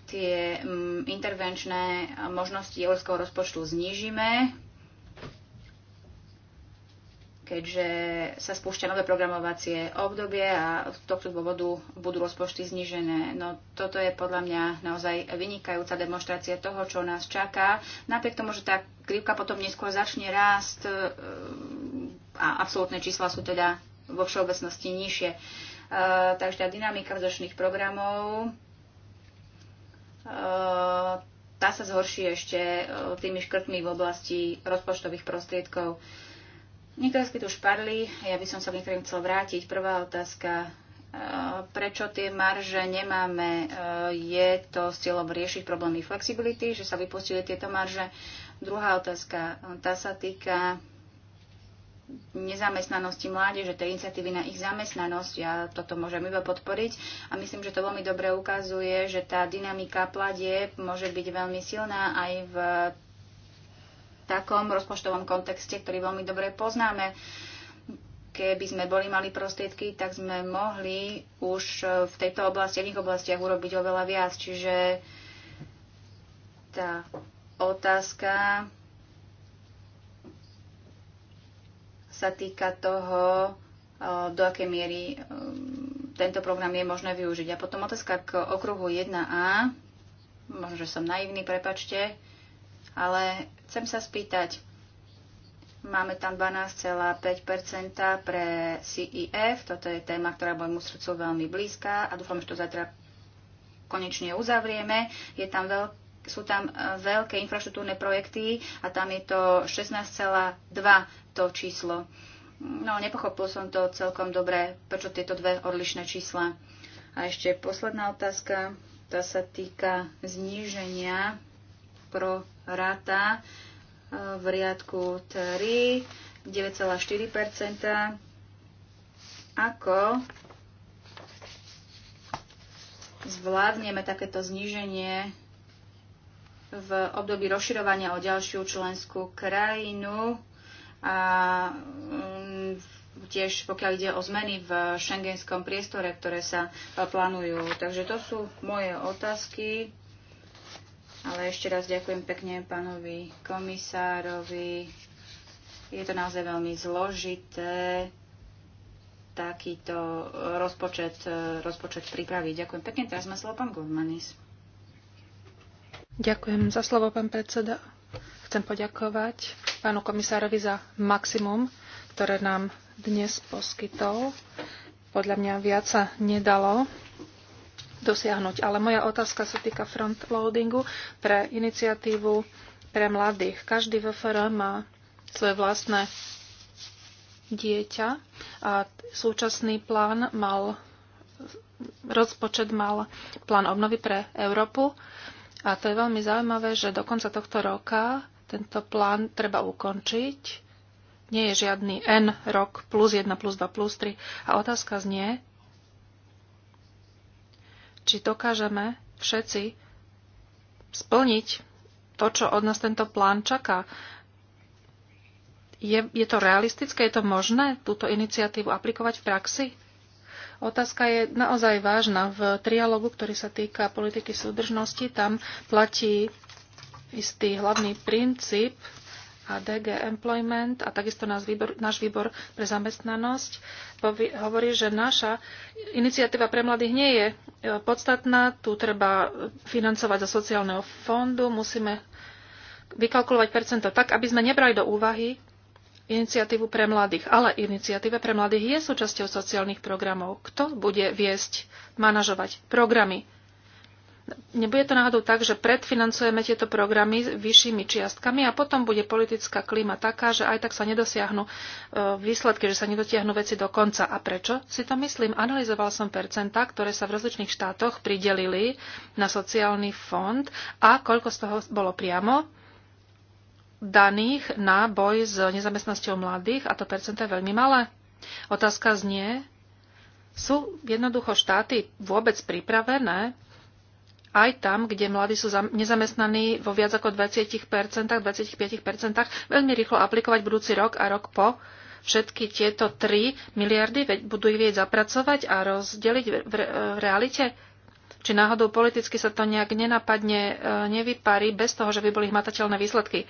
tie mm, intervenčné možnosti európskeho rozpočtu znížime keďže sa spúšťa nové programovacie obdobie a z tohto dôvodu budú rozpočty znižené. No toto je podľa mňa naozaj vynikajúca demonstrácia toho, čo nás čaká. Napriek tomu, že tá krivka potom neskôr začne rásť ehm, a absolútne čísla sú teda vo všeobecnosti nižšie. Ehm, takže tá dynamika vzdušných programov ehm, tá sa zhorší ešte tými škrtmi v oblasti rozpočtových prostriedkov. Uh, Niektoré sme tu už padli, ja by som sa niektorým chcel vrátiť. Prvá otázka, e, prečo tie marže nemáme, e, je to s cieľom riešiť problémy flexibility, že sa vypustili tieto marže. Druhá otázka, e, tá sa týka nezamestnanosti mládeže, tej iniciatívy na ich zamestnanosť. Ja toto môžem iba podporiť a myslím, že to veľmi dobre ukazuje, že tá dynamika pladie môže byť veľmi silná aj v takom rozpočtovom kontexte, ktorý veľmi dobre poznáme. Keby sme boli mali prostriedky, tak sme mohli už v tejto oblasti v iných oblastiach urobiť oveľa viac. Čiže tá otázka sa týka toho, e, do akej miery e, tento program je možné využiť. A potom otázka k okruhu 1a. Možno, že som naivný, prepačte, ale Chcem sa spýtať, máme tam 12,5% pre CEF, toto je téma, ktorá môjmu srdcu veľmi blízka a dúfam, že to zajtra konečne uzavrieme. Je tam veľký sú tam e, veľké infraštruktúrne projekty a tam je to 16,2 to číslo. No, nepochopil som to celkom dobre, prečo tieto dve odlišné čísla. A ešte posledná otázka, tá sa týka zníženia proráta e, v riadku 3 9,4 Ako zvládneme takéto zníženie v období rozširovania o ďalšiu členskú krajinu a mm, tiež pokiaľ ide o zmeny v šengenskom priestore, ktoré sa e, plánujú. Takže to sú moje otázky. Ale ešte raz ďakujem pekne pánovi komisárovi. Je to naozaj veľmi zložité takýto rozpočet, e, rozpočet pripraviť. Ďakujem pekne. Teraz má slovo pán Gulmanis. Ďakujem za slovo, pán predseda. Chcem poďakovať pánu komisárovi za maximum, ktoré nám dnes poskytol. Podľa mňa viac sa nedalo dosiahnuť. Ale moja otázka sa týka frontloadingu pre iniciatívu pre mladých. Každý VFR má svoje vlastné dieťa a súčasný plán mal rozpočet mal plán obnovy pre Európu a to je veľmi zaujímavé, že do konca tohto roka tento plán treba ukončiť. Nie je žiadny N rok plus 1 plus 2 plus 3 a otázka znie, či dokážeme všetci splniť to, čo od nás tento plán čaká. Je, je to realistické? Je to možné túto iniciatívu aplikovať v praxi? Otázka je naozaj vážna. V trialogu, ktorý sa týka politiky súdržnosti, tam platí istý hlavný princíp, a DG Employment a takisto náš výbor, náš výbor pre zamestnanosť hovorí, že naša iniciatíva pre mladých nie je e, podstatná. Tu treba financovať zo sociálneho fondu. Musíme vykalkulovať percento tak, aby sme nebrali do úvahy iniciatívu pre mladých. Ale iniciatíva pre mladých je súčasťou sociálnych programov. Kto bude viesť, manažovať programy Nebude to náhodou tak, že predfinancujeme tieto programy vyššími čiastkami a potom bude politická klíma taká, že aj tak sa nedosiahnu e, výsledky, že sa nedotiahnu veci do konca. A prečo si to myslím? Analyzoval som percentá, ktoré sa v rozličných štátoch pridelili na sociálny fond a koľko z toho bolo priamo daných na boj s nezamestnosťou mladých a to percento je veľmi malé. Otázka znie, sú jednoducho štáty vôbec pripravené aj tam, kde mladí sú nezamestnaní vo viac ako 20%, 25%, veľmi rýchlo aplikovať budúci rok a rok po všetky tieto 3 miliardy, budú ich vieť zapracovať a rozdeliť v, realite? Či náhodou politicky sa to nejak nenapadne, e, nevyparí bez toho, že by boli hmatateľné výsledky.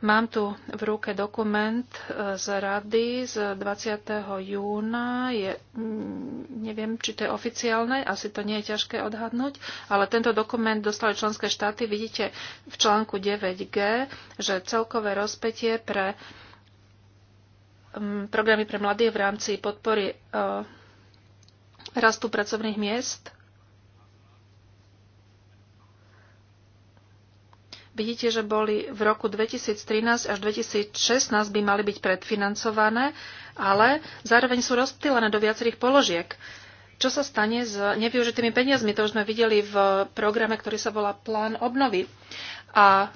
Mám tu v ruke dokument e, z rady z 20. júna. Je, mm, neviem, či to je oficiálne, asi to nie je ťažké odhadnúť, ale tento dokument dostali členské štáty. Vidíte v článku 9G, že celkové rozpetie pre mm, programy pre mladých v rámci podpory e, rastu pracovných miest Vidíte, že boli v roku 2013 až 2016 by mali byť predfinancované, ale zároveň sú rozptýlené do viacerých položiek. Čo sa stane s nevyužitými peniazmi? To už sme videli v programe, ktorý sa volá Plán obnovy. A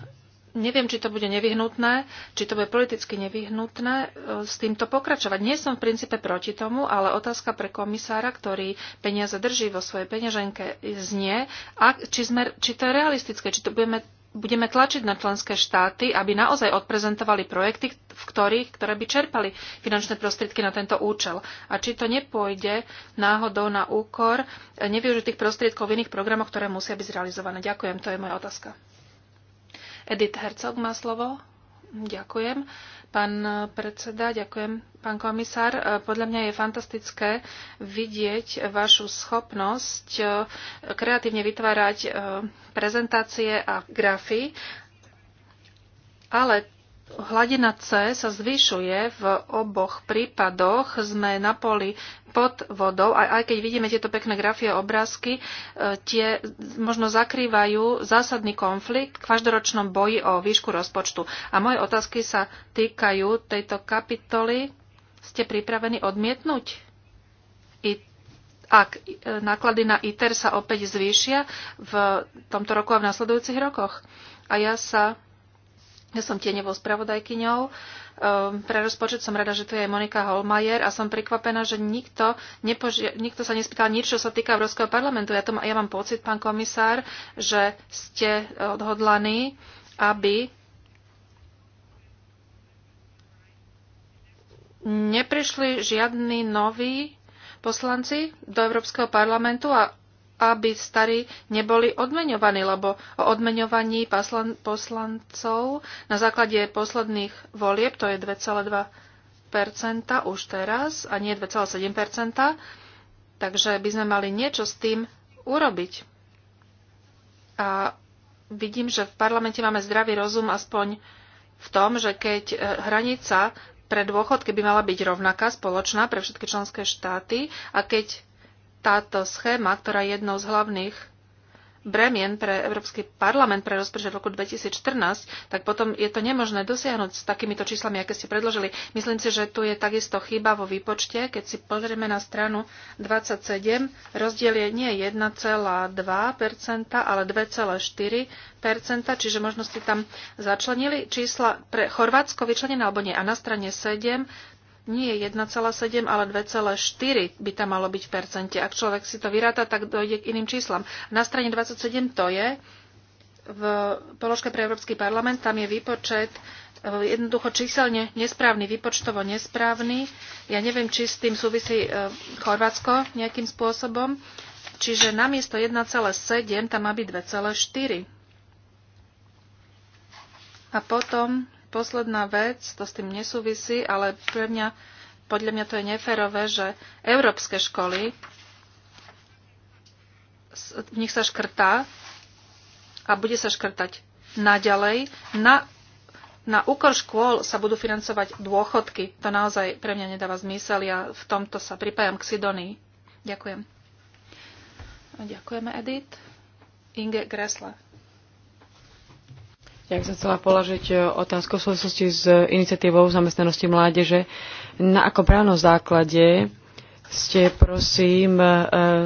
neviem, či to bude nevyhnutné, či to bude politicky nevyhnutné e, s týmto pokračovať. Nie som v princípe proti tomu, ale otázka pre komisára, ktorý peniaze drží vo svojej peňaženke, znie, a či, sme, či to je realistické, či to budeme budeme tlačiť na členské štáty, aby naozaj odprezentovali projekty, v ktorých, ktoré by čerpali finančné prostriedky na tento účel. A či to nepôjde náhodou na úkor nevyužitých prostriedkov v iných programoch, ktoré musia byť zrealizované. Ďakujem, to je moja otázka. Edith Herzog má slovo. Ďakujem. Pán predseda, ďakujem. Pán komisár, e, podľa mňa je fantastické vidieť vašu schopnosť e, kreatívne vytvárať e, prezentácie a grafy, ale Hladina C sa zvyšuje v oboch prípadoch. Sme na poli pod vodou aj aj keď vidíme tieto pekné grafie a obrázky, e, tie možno zakrývajú zásadný konflikt v každoročnom boji o výšku rozpočtu. A moje otázky sa týkajú tejto kapitoly. Ste pripravení odmietnúť? I ak e, náklady na ITER sa opäť zvýšia v tomto roku a v nasledujúcich rokoch. A ja sa ja som tieňovou spravodajkyňou. Ehm, pre rozpočet som rada, že tu je aj Monika Holmajer a som prekvapená, že nikto, nepoži- nikto sa nespýtal nič, čo sa týka Európskeho parlamentu. Ja, tom, ja mám pocit, pán komisár, že ste odhodlaní, aby neprišli žiadni noví poslanci do Európskeho parlamentu a aby starí neboli odmeňovaní, lebo o odmeňovaní poslancov na základe posledných volieb, to je 2,2 už teraz a nie 2,7 takže by sme mali niečo s tým urobiť. A vidím, že v parlamente máme zdravý rozum aspoň v tom, že keď e, hranica pre dôchodky by mala byť rovnaká, spoločná pre všetky členské štáty a keď táto schéma, ktorá je jednou z hlavných bremien pre Európsky parlament pre rozpočet roku 2014, tak potom je to nemožné dosiahnuť s takýmito číslami, aké ste predložili. Myslím si, že tu je takisto chyba vo výpočte. Keď si pozrieme na stranu 27, rozdiel je nie 1,2%, ale 2,4%, čiže možno ste tam začlenili čísla pre Chorvátsko vyčlenené alebo nie. A na strane 7 nie 1,7, ale 2,4 by tam malo byť v percente. Ak človek si to vyráta, tak dojde k iným číslam. Na strane 27 to je, v položke pre Európsky parlament, tam je výpočet eh, jednoducho číselne nesprávny, výpočtovo nesprávny. Ja neviem, či s tým súvisí eh, Chorvátsko nejakým spôsobom. Čiže namiesto 1,7 tam má byť 2,4. A potom posledná vec, to s tým nesúvisí, ale pre mňa, podľa mňa to je neférové, že európske školy, v nich sa škrtá a bude sa škrtať naďalej. Na, na úkor škôl sa budú financovať dôchodky. To naozaj pre mňa nedáva zmysel. Ja v tomto sa pripájam k Sidonii. Ďakujem. Ďakujeme, Edith. Inge Gressler. Ja by som chcela položiť e, otázku v súvislosti s e, iniciatívou zamestnanosti mládeže. Na ako právnom základe ste, prosím, e,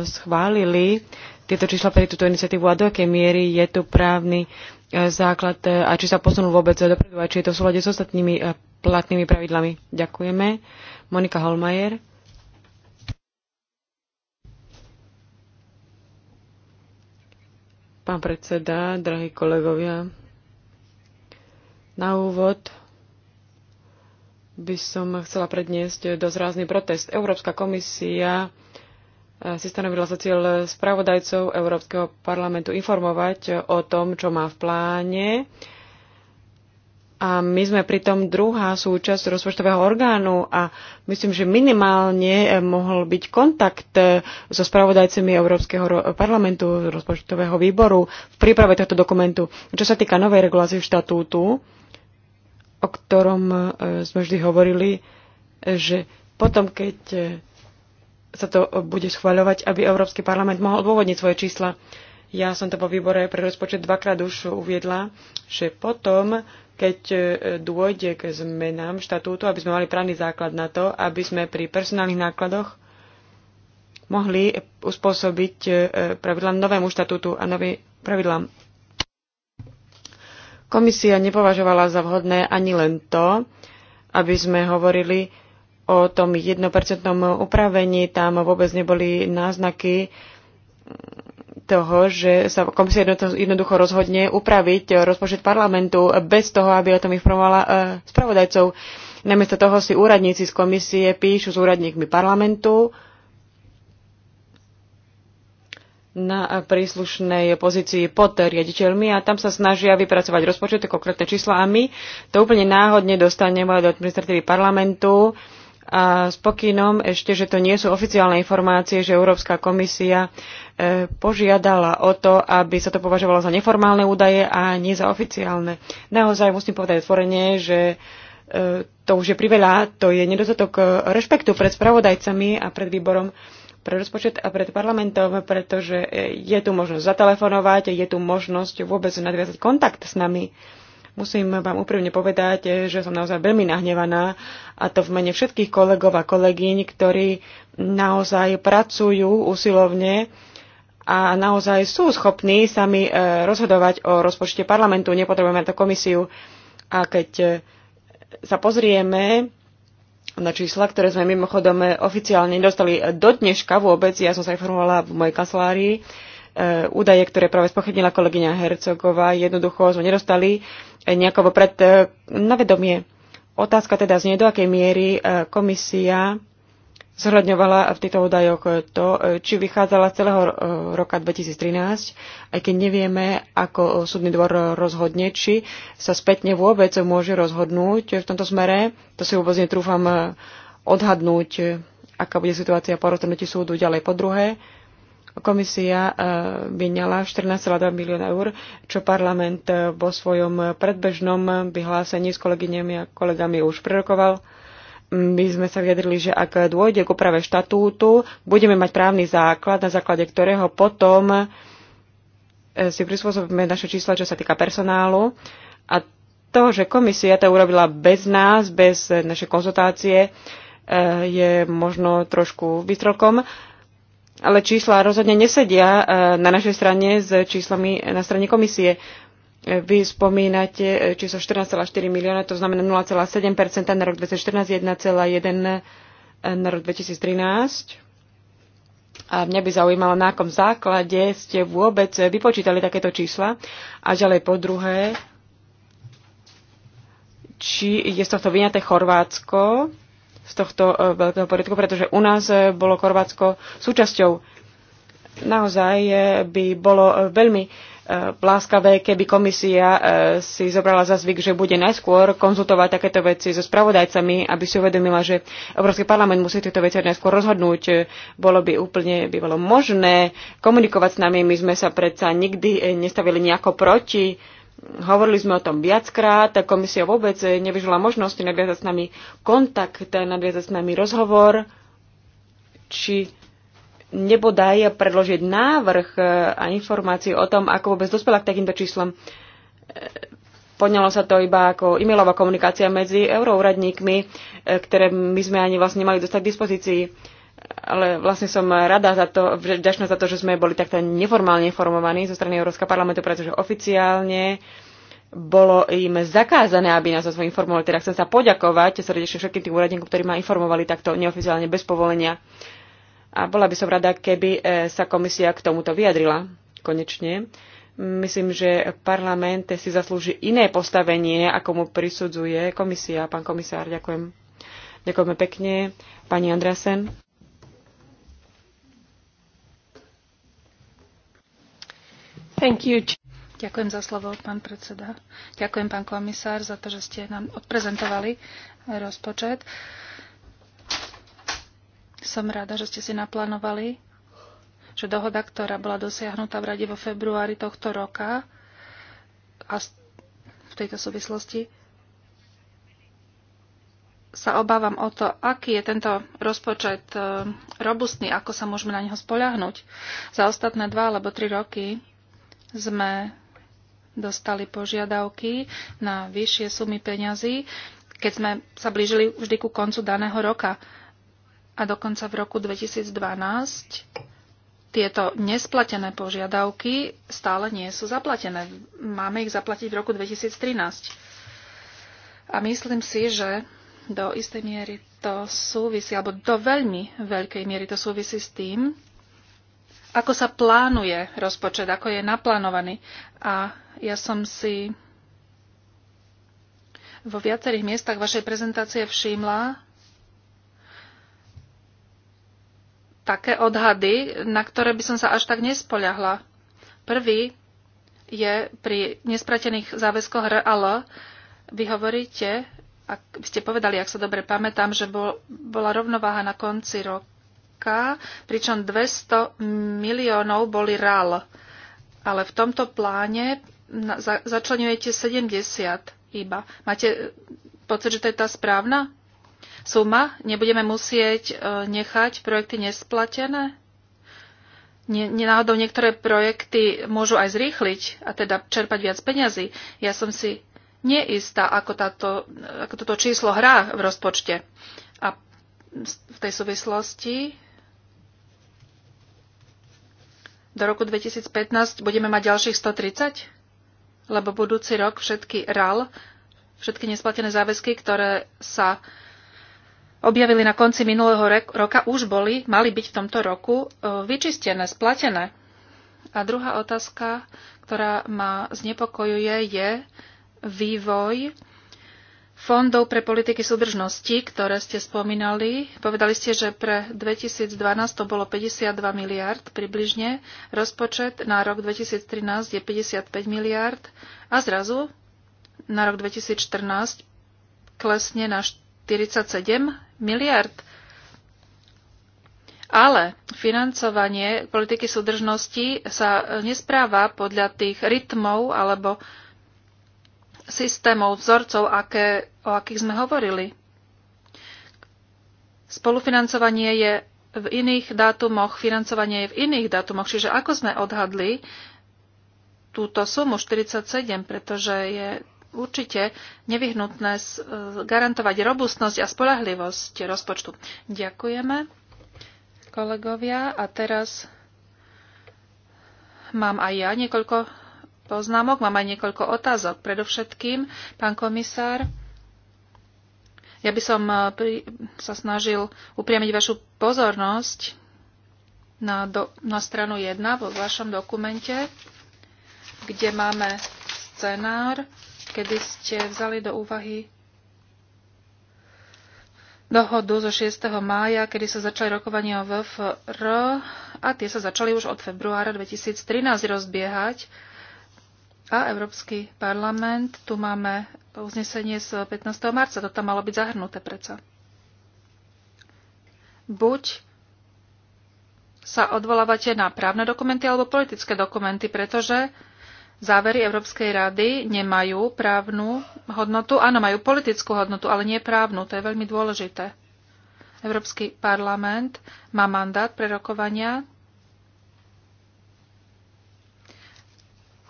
schválili tieto čísla pre túto iniciatívu a do akej miery je tu právny základ a či sa posunú vôbec dopredu a či je to v súlade s ostatnými platnými pravidlami. Ďakujeme. Monika Holmajer. Pán predseda, drahí kolegovia, na úvod by som chcela predniesť dosť rázny protest. Európska komisia eh, si stanovila za cieľ spravodajcov Európskeho parlamentu informovať o tom, čo má v pláne. A my sme pritom druhá súčasť rozpočtového orgánu a myslím, že minimálne eh, mohol byť kontakt eh, so spravodajcami Európskeho parlamentu, rozpočtového výboru v príprave tohto dokumentu. Čo sa týka novej regulácie štatútu, o ktorom e, sme vždy hovorili, že potom, keď e, sa to bude schváľovať, aby Európsky parlament mohol dôvodniť svoje čísla. Ja som to po výbore pre rozpočet dvakrát už uviedla, že potom, keď e, dôjde k zmenám štatútu, aby sme mali právny základ na to, aby sme pri personálnych nákladoch mohli uspôsobiť pravidlám novému štatútu a novým pravidlám Komisia nepovažovala za vhodné ani len to, aby sme hovorili o tom jednopercentnom upravení. Tam vôbec neboli náznaky toho, že sa komisia jednoducho rozhodne upraviť rozpočet parlamentu bez toho, aby o tom informovala eh, spravodajcov. Namiesto toho si úradníci z komisie píšu s úradníkmi parlamentu na príslušnej pozícii pod riaditeľmi a tam sa snažia vypracovať rozpočet, konkrétne čísla a my to úplne náhodne dostaneme do administratívy parlamentu a s pokynom ešte, že to nie sú oficiálne informácie, že Európska komisia e, požiadala o to, aby sa to považovalo za neformálne údaje a nie za oficiálne. Naozaj musím povedať otvorene, že e, to už je priveľa, to je nedostatok rešpektu pred spravodajcami a pred výborom pre rozpočet a pred parlamentom, pretože e, je tu možnosť zatelefonovať, je tu možnosť vôbec nadviazať kontakt s nami. Musím vám úprimne povedať, e, že som naozaj veľmi nahnevaná a to v mene všetkých kolegov a kolegyň, ktorí naozaj pracujú usilovne a naozaj sú schopní sami e, rozhodovať o rozpočte parlamentu. Nepotrebujeme to komisiu. A keď sa pozrieme na čísla, ktoré sme mimochodom eh, oficiálne nedostali do dneška vôbec. Ja som sa informovala v mojej kancelárii. Eh, údaje, ktoré práve spochybnila kolegyňa Hercogová, jednoducho sme nedostali eh, nejako vopred na vedomie. Otázka teda znie, do akej miery komisia Zhľadňovala v týchto údajoch to, či vychádzala z celého roka 2013, aj keď nevieme, ako súdny dvor rozhodne, či sa spätne vôbec môže rozhodnúť v tomto smere. To si vôbec netrúfam eh, odhadnúť, aká bude situácia po rozhodnutí súdu ďalej. Po druhé, komisia vyňala eh, 14,2 milióna eur, čo parlament eh, vo svojom predbežnom vyhlásení s kolegyňami a kolegami už prerokoval my sme sa vyjadrili, že ak dôjde k úprave štatútu, budeme mať právny základ, na základe ktorého potom e, si prispôsobíme naše čísla, čo sa týka personálu. A to, že komisia to urobila bez nás, bez našej konzultácie, e, je možno trošku výstrelkom, ale čísla rozhodne nesedia e, na našej strane s číslami na strane komisie. Vy spomínate e, číslo 14,4 milióna, to znamená 0,7 na rok 2014, 1,1 e, na rok 2013. A mňa by zaujímalo, na akom základe ste vôbec vypočítali takéto čísla. A ďalej po druhé, či je z tohto vyňaté Chorvátsko, z tohto e, veľkého poriadku, pretože u nás bolo Chorvátsko súčasťou. Naozaj by bolo veľmi Eh, láskavé, keby komisia eh, si zobrala za zvyk, že bude najskôr konzultovať takéto veci so spravodajcami, aby si uvedomila, že Európsky parlament musí tieto veciach najskôr rozhodnúť. Eh, bolo by úplne bývalo možné komunikovať s nami. My sme sa predsa nikdy nestavili nejako proti. Hovorili sme o tom viackrát, a komisia vôbec nevyžila možnosti nadviazať s nami kontakt, nadviazať s nami rozhovor, či nebodaj predložiť návrh e, a informáciu o tom, ako vôbec dospela k takýmto číslom. E, Podňalo sa to iba ako e-mailová komunikácia medzi euroúradníkmi, e, ktoré my sme ani vlastne nemali dostať k dispozícii. Ale vlastne som rada za to, vďačná za to, že sme boli takto neformálne informovaní zo strany Európskeho parlamentu, pretože oficiálne bolo im zakázané, aby nás o tom informovali. Teda chcem sa poďakovať srdečne všetkým tým úradníkom, ktorí ma informovali takto neoficiálne bez povolenia. Uh, a bola by som rada, keby e, sa komisia k tomuto vyjadrila konečne. Myslím, že parlament si zaslúži iné postavenie, ako mu prisudzuje komisia. Pán komisár, ďakujem. Ďakujeme pekne. Pani Andrasen. Thank you. Ďakujem za slovo, pán predseda. Ďakujem, pán komisár, za to, že ste nám odprezentovali rozpočet. Som rada, že ste si naplánovali, že dohoda, ktorá bola dosiahnutá v rade vo februári tohto roka a v tejto súvislosti sa obávam o to, aký je tento rozpočet e, robustný, ako sa môžeme na neho spoľahnúť. Za ostatné dva alebo tri roky sme dostali požiadavky na vyššie sumy peňazí, keď sme sa blížili vždy ku koncu daného roka a dokonca v roku 2012 tieto nesplatené požiadavky stále nie sú zaplatené. Máme ich zaplatiť v roku 2013. A myslím si, že do istej miery to súvisí, alebo do veľmi veľkej miery to súvisí s tým, ako sa plánuje rozpočet, ako je naplánovaný. A ja som si vo viacerých miestach vašej prezentácie všimla, také odhady, na ktoré by som sa až tak nespoľahla. Prvý je pri nespratených záväzkoch RAL. Vy hovoríte, ak ste povedali, ak sa dobre pamätám, že bol, bola rovnováha na konci roka, pričom 200 miliónov boli RAL. Ale v tomto pláne za, začlenujete 70 iba. Máte pocit, že to je tá správna suma? Nebudeme musieť e, nechať projekty nesplatené? Nenáhodou niektoré projekty môžu aj zrýchliť a teda čerpať viac peňazí. Ja som si neistá, ako, táto, ako toto číslo hrá v rozpočte. A v tej súvislosti do roku 2015 budeme mať ďalších 130, lebo budúci rok všetky RAL, všetky nesplatené záväzky, ktoré sa uh, objavili na konci minulého roka, už boli, mali byť v tomto roku e, vyčistené, splatené. A druhá otázka, ktorá ma znepokojuje, je vývoj fondov pre politiky súdržnosti, ktoré ste spomínali. Povedali ste, že pre 2012 to bolo 52 miliard približne. Rozpočet na rok 2013 je 55 miliard a zrazu na rok 2014 klesne na 47 miliard. Ale financovanie politiky súdržnosti sa nespráva podľa tých rytmov alebo systémov, vzorcov, aké, o akých sme hovorili. Spolufinancovanie je v iných dátumoch, financovanie je v iných dátumoch. Čiže ako sme odhadli túto sumu 47, pretože je určite nevyhnutné e, garantovať robustnosť a spolahlivosť rozpočtu. Ďakujeme, kolegovia. A teraz mám aj ja niekoľko poznámok, mám aj niekoľko otázok. Predovšetkým, pán komisár, ja by som e, pri, sa snažil upriamiť vašu pozornosť na, do, na stranu 1 vo vašom dokumente, kde máme scenár kedy ste vzali do úvahy dohodu zo 6. mája, kedy sa začali rokovania o VFR a tie sa začali už od februára 2013 rozbiehať. A Európsky parlament, tu máme uznesenie z 15. marca, to tam malo byť zahrnuté predsa. Buď sa odvolávate na právne dokumenty alebo politické dokumenty, pretože závery Európskej rady nemajú právnu hodnotu. Áno, majú politickú hodnotu, ale nie právnu. To je veľmi dôležité. Európsky parlament má mandát pre rokovania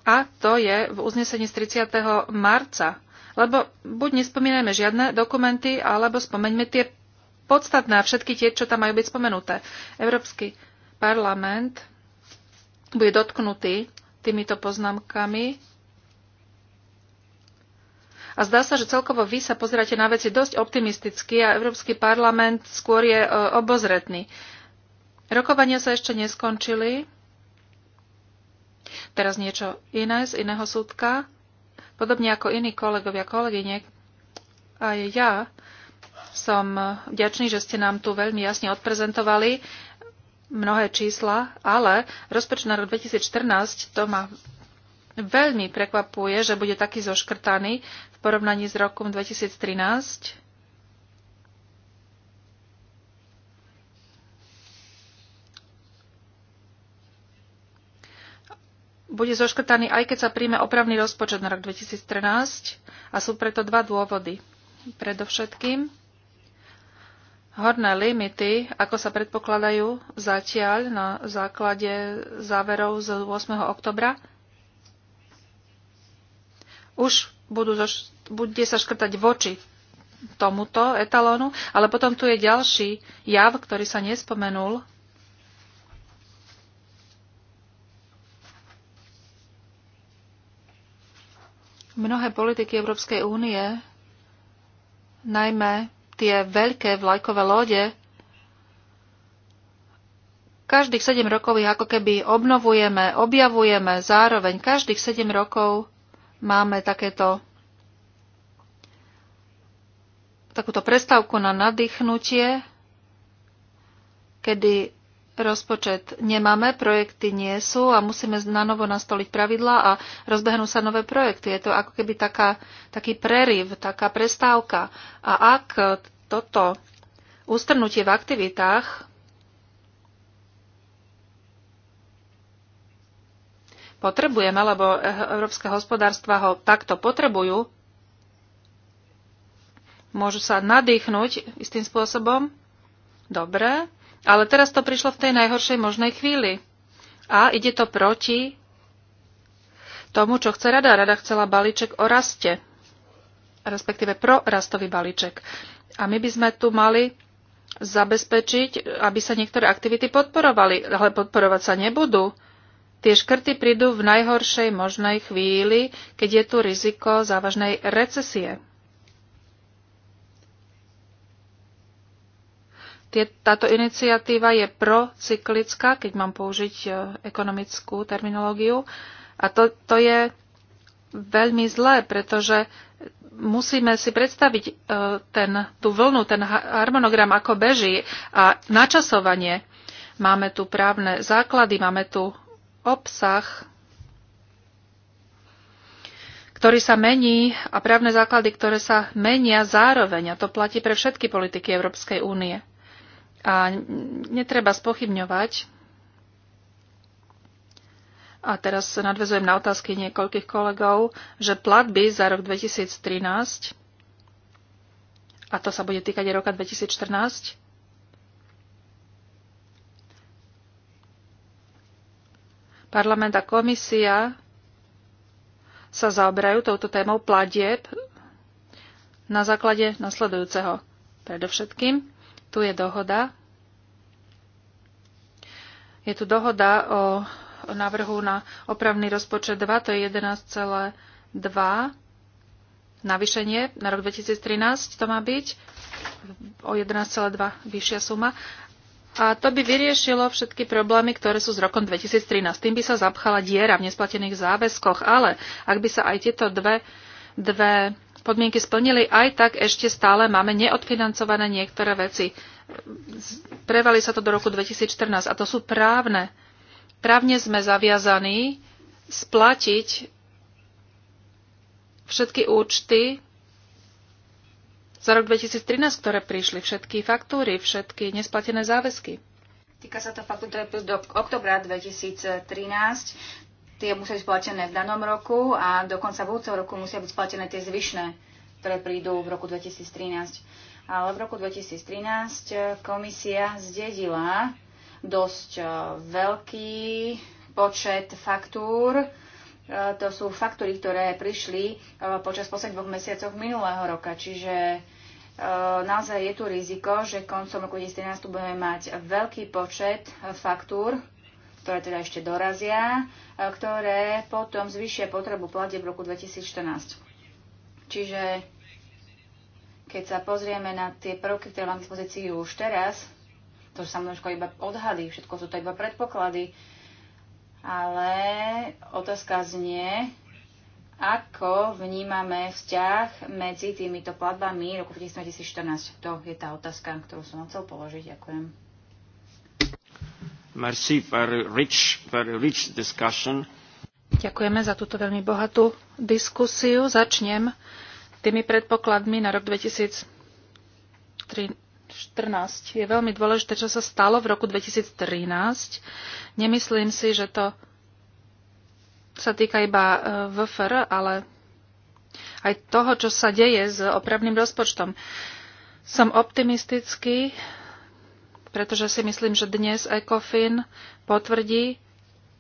a to je v uznesení z 30. marca. Lebo buď nespomínajme žiadne dokumenty, alebo spomeňme tie podstatné a všetky tie, čo tam majú byť spomenuté. Európsky parlament bude dotknutý týmito poznámkami. A zdá sa, že celkovo vy sa pozeráte na veci dosť optimisticky a Európsky parlament skôr je e, obozretný. Rokovania sa ešte neskončili. Teraz niečo iné z iného súdka. Podobne ako iní kolegovia, kolegyne, aj ja som vďačný, že ste nám tu veľmi jasne odprezentovali mnohé čísla, ale rozpočet na rok 2014 to ma veľmi prekvapuje, že bude taký zoškrtaný v porovnaní s rokom 2013. Bude zoškrtaný aj keď sa príjme opravný rozpočet na rok 2013 a sú preto dva dôvody. Predovšetkým, horné limity, ako sa predpokladajú zatiaľ na základe záverov z 8. oktobra, už budú, bude sa škrtať voči tomuto etalónu, ale potom tu je ďalší jav, ktorý sa nespomenul. Mnohé politiky Európskej únie, najmä tie veľké vlajkové lode každých 7 rokov ich ako keby obnovujeme, objavujeme zároveň. Každých 7 rokov máme takéto takúto prestávku na nadýchnutie, kedy rozpočet nemáme, projekty nie sú a musíme na novo nastoliť pravidlá a rozbehnú sa nové projekty. Je to ako keby taká, taký preriv, taká prestávka. A ak toto ústrnutie v aktivitách potrebujeme, lebo európske hospodárstva ho takto potrebujú, môžu sa nadýchnuť istým spôsobom. Dobre, ale teraz to prišlo v tej najhoršej možnej chvíli. A ide to proti tomu, čo chce rada. Rada chcela balíček o raste, respektíve prorastový balíček. A my by sme tu mali zabezpečiť, aby sa niektoré aktivity podporovali, ale podporovať sa nebudú. Tie škrty prídu v najhoršej možnej chvíli, keď je tu riziko závažnej recesie. táto iniciatíva je procyklická, keď mám použiť e, ekonomickú terminológiu. A to, to je veľmi zlé, pretože musíme si predstaviť e, ten, tú vlnu, ten harmonogram, ako beží a načasovanie. Máme tu právne základy, máme tu obsah, ktorý sa mení a právne základy, ktoré sa menia zároveň. A to platí pre všetky politiky Európskej únie. A netreba spochybňovať. A teraz nadvezujem na otázky niekoľkých kolegov, že platby za rok 2013, a to sa bude týkať aj roka 2014, parlament a komisia sa zaoberajú touto témou platieb na základe nasledujúceho. Predovšetkým tu je dohoda. Je tu dohoda o návrhu na opravný rozpočet 2, to je 11,2 navýšenie na rok 2013 to má byť o 11,2 vyššia suma. A to by vyriešilo všetky problémy, ktoré sú z rokom 2013. Tým by sa zapchala diera v nesplatených záväzkoch, ale ak by sa aj tieto dve, dve podmienky splnili, aj tak ešte stále máme neodfinancované niektoré veci. Prevali sa to do roku 2014 a to sú právne. Právne sme zaviazaní splatiť všetky účty za rok 2013, ktoré prišli, všetky faktúry, všetky nesplatené záväzky. Týka sa to faktúry ktoré do oktobra 2013 tie musia byť splatené v danom roku a do konca budúceho roku musia byť splatené tie zvyšné, ktoré prídu v roku 2013. Ale v roku 2013 komisia zdedila dosť e, veľký počet faktúr. E, to sú faktúry, ktoré prišli e, počas posledných dvoch mesiacov minulého roka, čiže naozaj je tu riziko, že koncom roku 2013 budeme mať veľký počet faktúr, ktoré teda ešte dorazia, e, ktoré potom zvyšia potrebu platie v roku 2014. Čiže keď sa pozrieme na tie prvky, ktoré mám v dispozícii už teraz, to sú samozrejme iba odhady, všetko sú to iba predpoklady, ale otázka znie, ako vnímame vzťah medzi týmito platbami roku 2014. To je tá otázka, ktorú som chcel položiť. Ďakujem. Ďakujeme za túto veľmi bohatú diskusiu. Začnem tými predpokladmi na rok 2014. Je veľmi dôležité, čo sa stalo v roku 2013. Nemyslím si, že to sa týka iba e, VFR, er, ale aj toho, čo sa deje s opravným rozpočtom. Som optimistický, pretože si myslím, že dnes ECOFIN potvrdí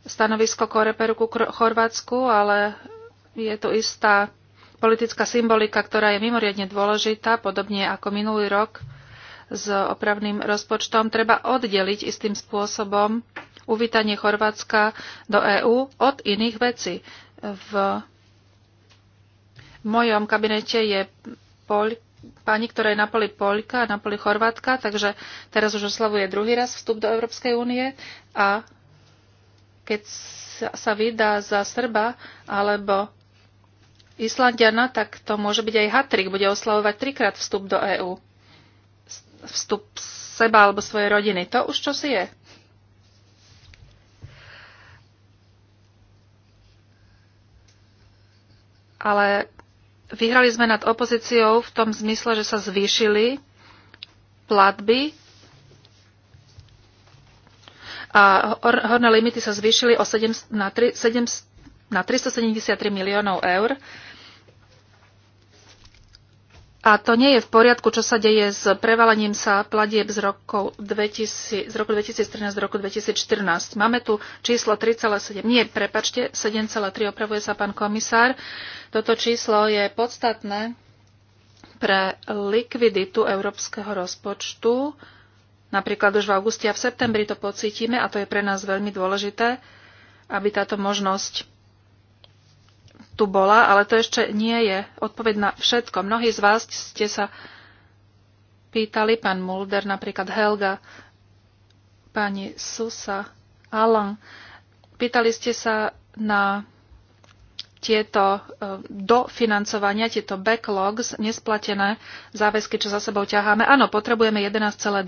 stanovisko Koreperu ku Chorvátsku, ale je to istá politická symbolika, ktorá je mimoriadne dôležitá, podobne ako minulý rok s opravným rozpočtom. Treba oddeliť istým spôsobom uvítanie Chorvátska do EÚ od iných vecí. V mojom kabinete je Poľ pani, ktorá je na poli Polka a na poli Chorvátka, takže teraz už oslavuje druhý raz vstup do Európskej únie a keď sa vydá za Srba alebo Islandiana, tak to môže byť aj hatrik, bude oslavovať trikrát vstup do EÚ. Vstup seba alebo svojej rodiny. To už čo si je. Ale Vyhrali sme nad opozíciou v tom zmysle, že sa zvýšili platby a horné limity sa zvýšili o 7, na, 3, 7, na 373 miliónov eur a to nie je v poriadku, čo sa deje s prevalením sa platieb z, roku 2000, z roku 2013 do roku 2014. Máme tu číslo 3,7. Nie, prepačte, 7,3 opravuje sa pán komisár. Toto číslo je podstatné pre likviditu európskeho rozpočtu. Napríklad už v auguste a v septembri to pocítime a to je pre nás veľmi dôležité, aby táto možnosť tu bola, ale to ešte nie je odpoveď na všetko. Mnohí z vás ste sa pýtali, pán Mulder, napríklad Helga, pani Susa, Alan, pýtali ste sa na tieto e, dofinancovania, tieto backlogs, nesplatené záväzky, čo za sebou ťaháme. Áno, potrebujeme 11,2,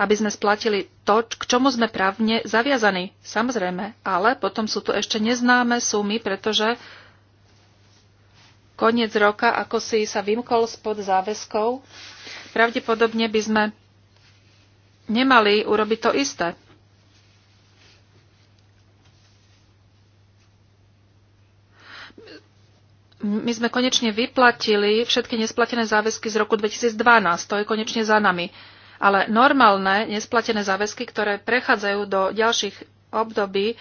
aby sme splatili to, k čomu sme právne zaviazaní. Samozrejme, ale potom sú tu ešte neznáme sumy, pretože koniec roka, ako si sa vymkol spod záväzkov, pravdepodobne by sme nemali urobiť to isté. my sme konečne vyplatili všetky nesplatené záväzky z roku 2012. To je konečne za nami. Ale normálne nesplatené záväzky, ktoré prechádzajú do ďalších období,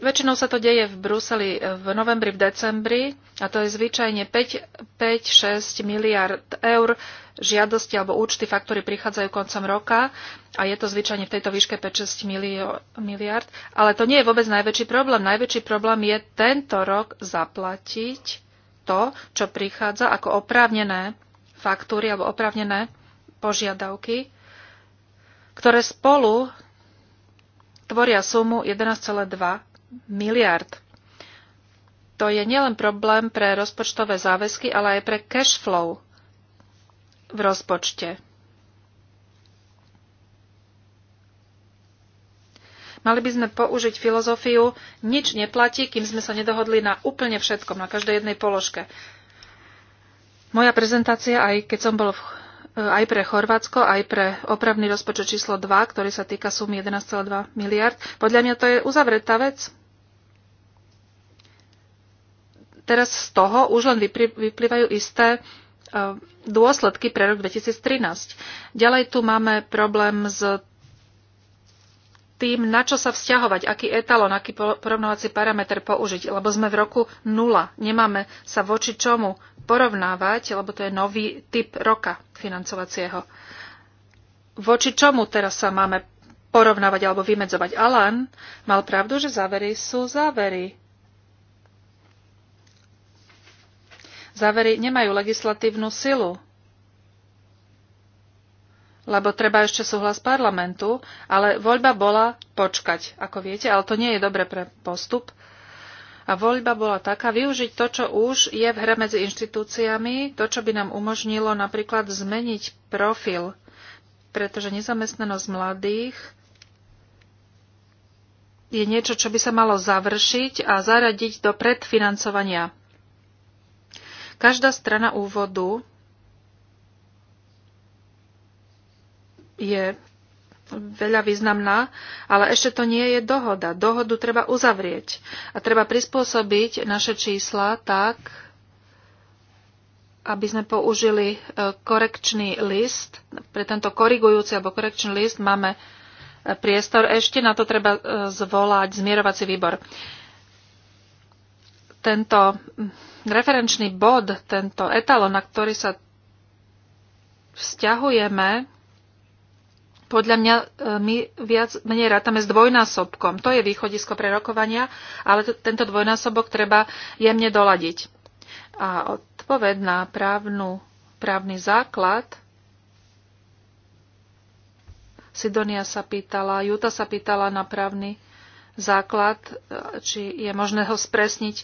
Väčšinou sa to deje v Bruseli e, v novembri, v decembri a to je zvyčajne 5-6 miliard eur žiadosti alebo účty, faktory prichádzajú koncom roka a je to zvyčajne v tejto výške 5-6 miliard. Ale to nie je vôbec najväčší problém. Najväčší problém je tento rok zaplatiť to, čo prichádza ako oprávnené faktúry alebo oprávnené požiadavky, ktoré spolu tvoria sumu 11,2 miliard. To je nielen problém pre rozpočtové záväzky, ale aj pre cash flow v rozpočte. Mali by sme použiť filozofiu nič neplatí, kým sme sa nedohodli na úplne všetkom, na každej jednej položke. Moja prezentácia, aj keď som bol v, e, aj pre Chorvátsko, aj pre opravný rozpočet číslo 2, ktorý sa týka sumy 11,2 miliard, podľa mňa to je uzavretá vec. teraz z toho už len vyplývajú isté e, dôsledky pre rok 2013. Ďalej tu máme problém s tým, na čo sa vzťahovať, aký etalon, aký porovnávací parameter použiť, lebo sme v roku nula. Nemáme sa voči čomu porovnávať, lebo to je nový typ roka financovacieho. Voči čomu teraz sa máme porovnávať alebo vymedzovať? Alan mal pravdu, že závery sú závery. závery nemajú legislatívnu silu, lebo treba ešte súhlas parlamentu, ale voľba bola počkať, ako viete, ale to nie je dobre pre postup. A voľba bola taká využiť to, čo už je v hre medzi inštitúciami, to, čo by nám umožnilo napríklad zmeniť profil, pretože nezamestnanosť mladých je niečo, čo by sa malo završiť a zaradiť do predfinancovania Každá strana úvodu je veľa významná, ale ešte to nie je dohoda. Dohodu treba uzavrieť a treba prispôsobiť naše čísla tak, aby sme použili e, korekčný list. Pre tento korigujúci alebo korekčný list máme e, priestor ešte, na to treba e, zvolať zmierovací výbor tento referenčný bod, tento etalon, na ktorý sa vzťahujeme, podľa mňa e, my viac menej rátame s dvojnásobkom. To je východisko pre rokovania, ale tento dvojnásobok treba jemne doladiť. A odpoved na právnu, právny základ Sidonia sa pýtala, Juta sa pýtala na právny základ, e, či je možné ho spresniť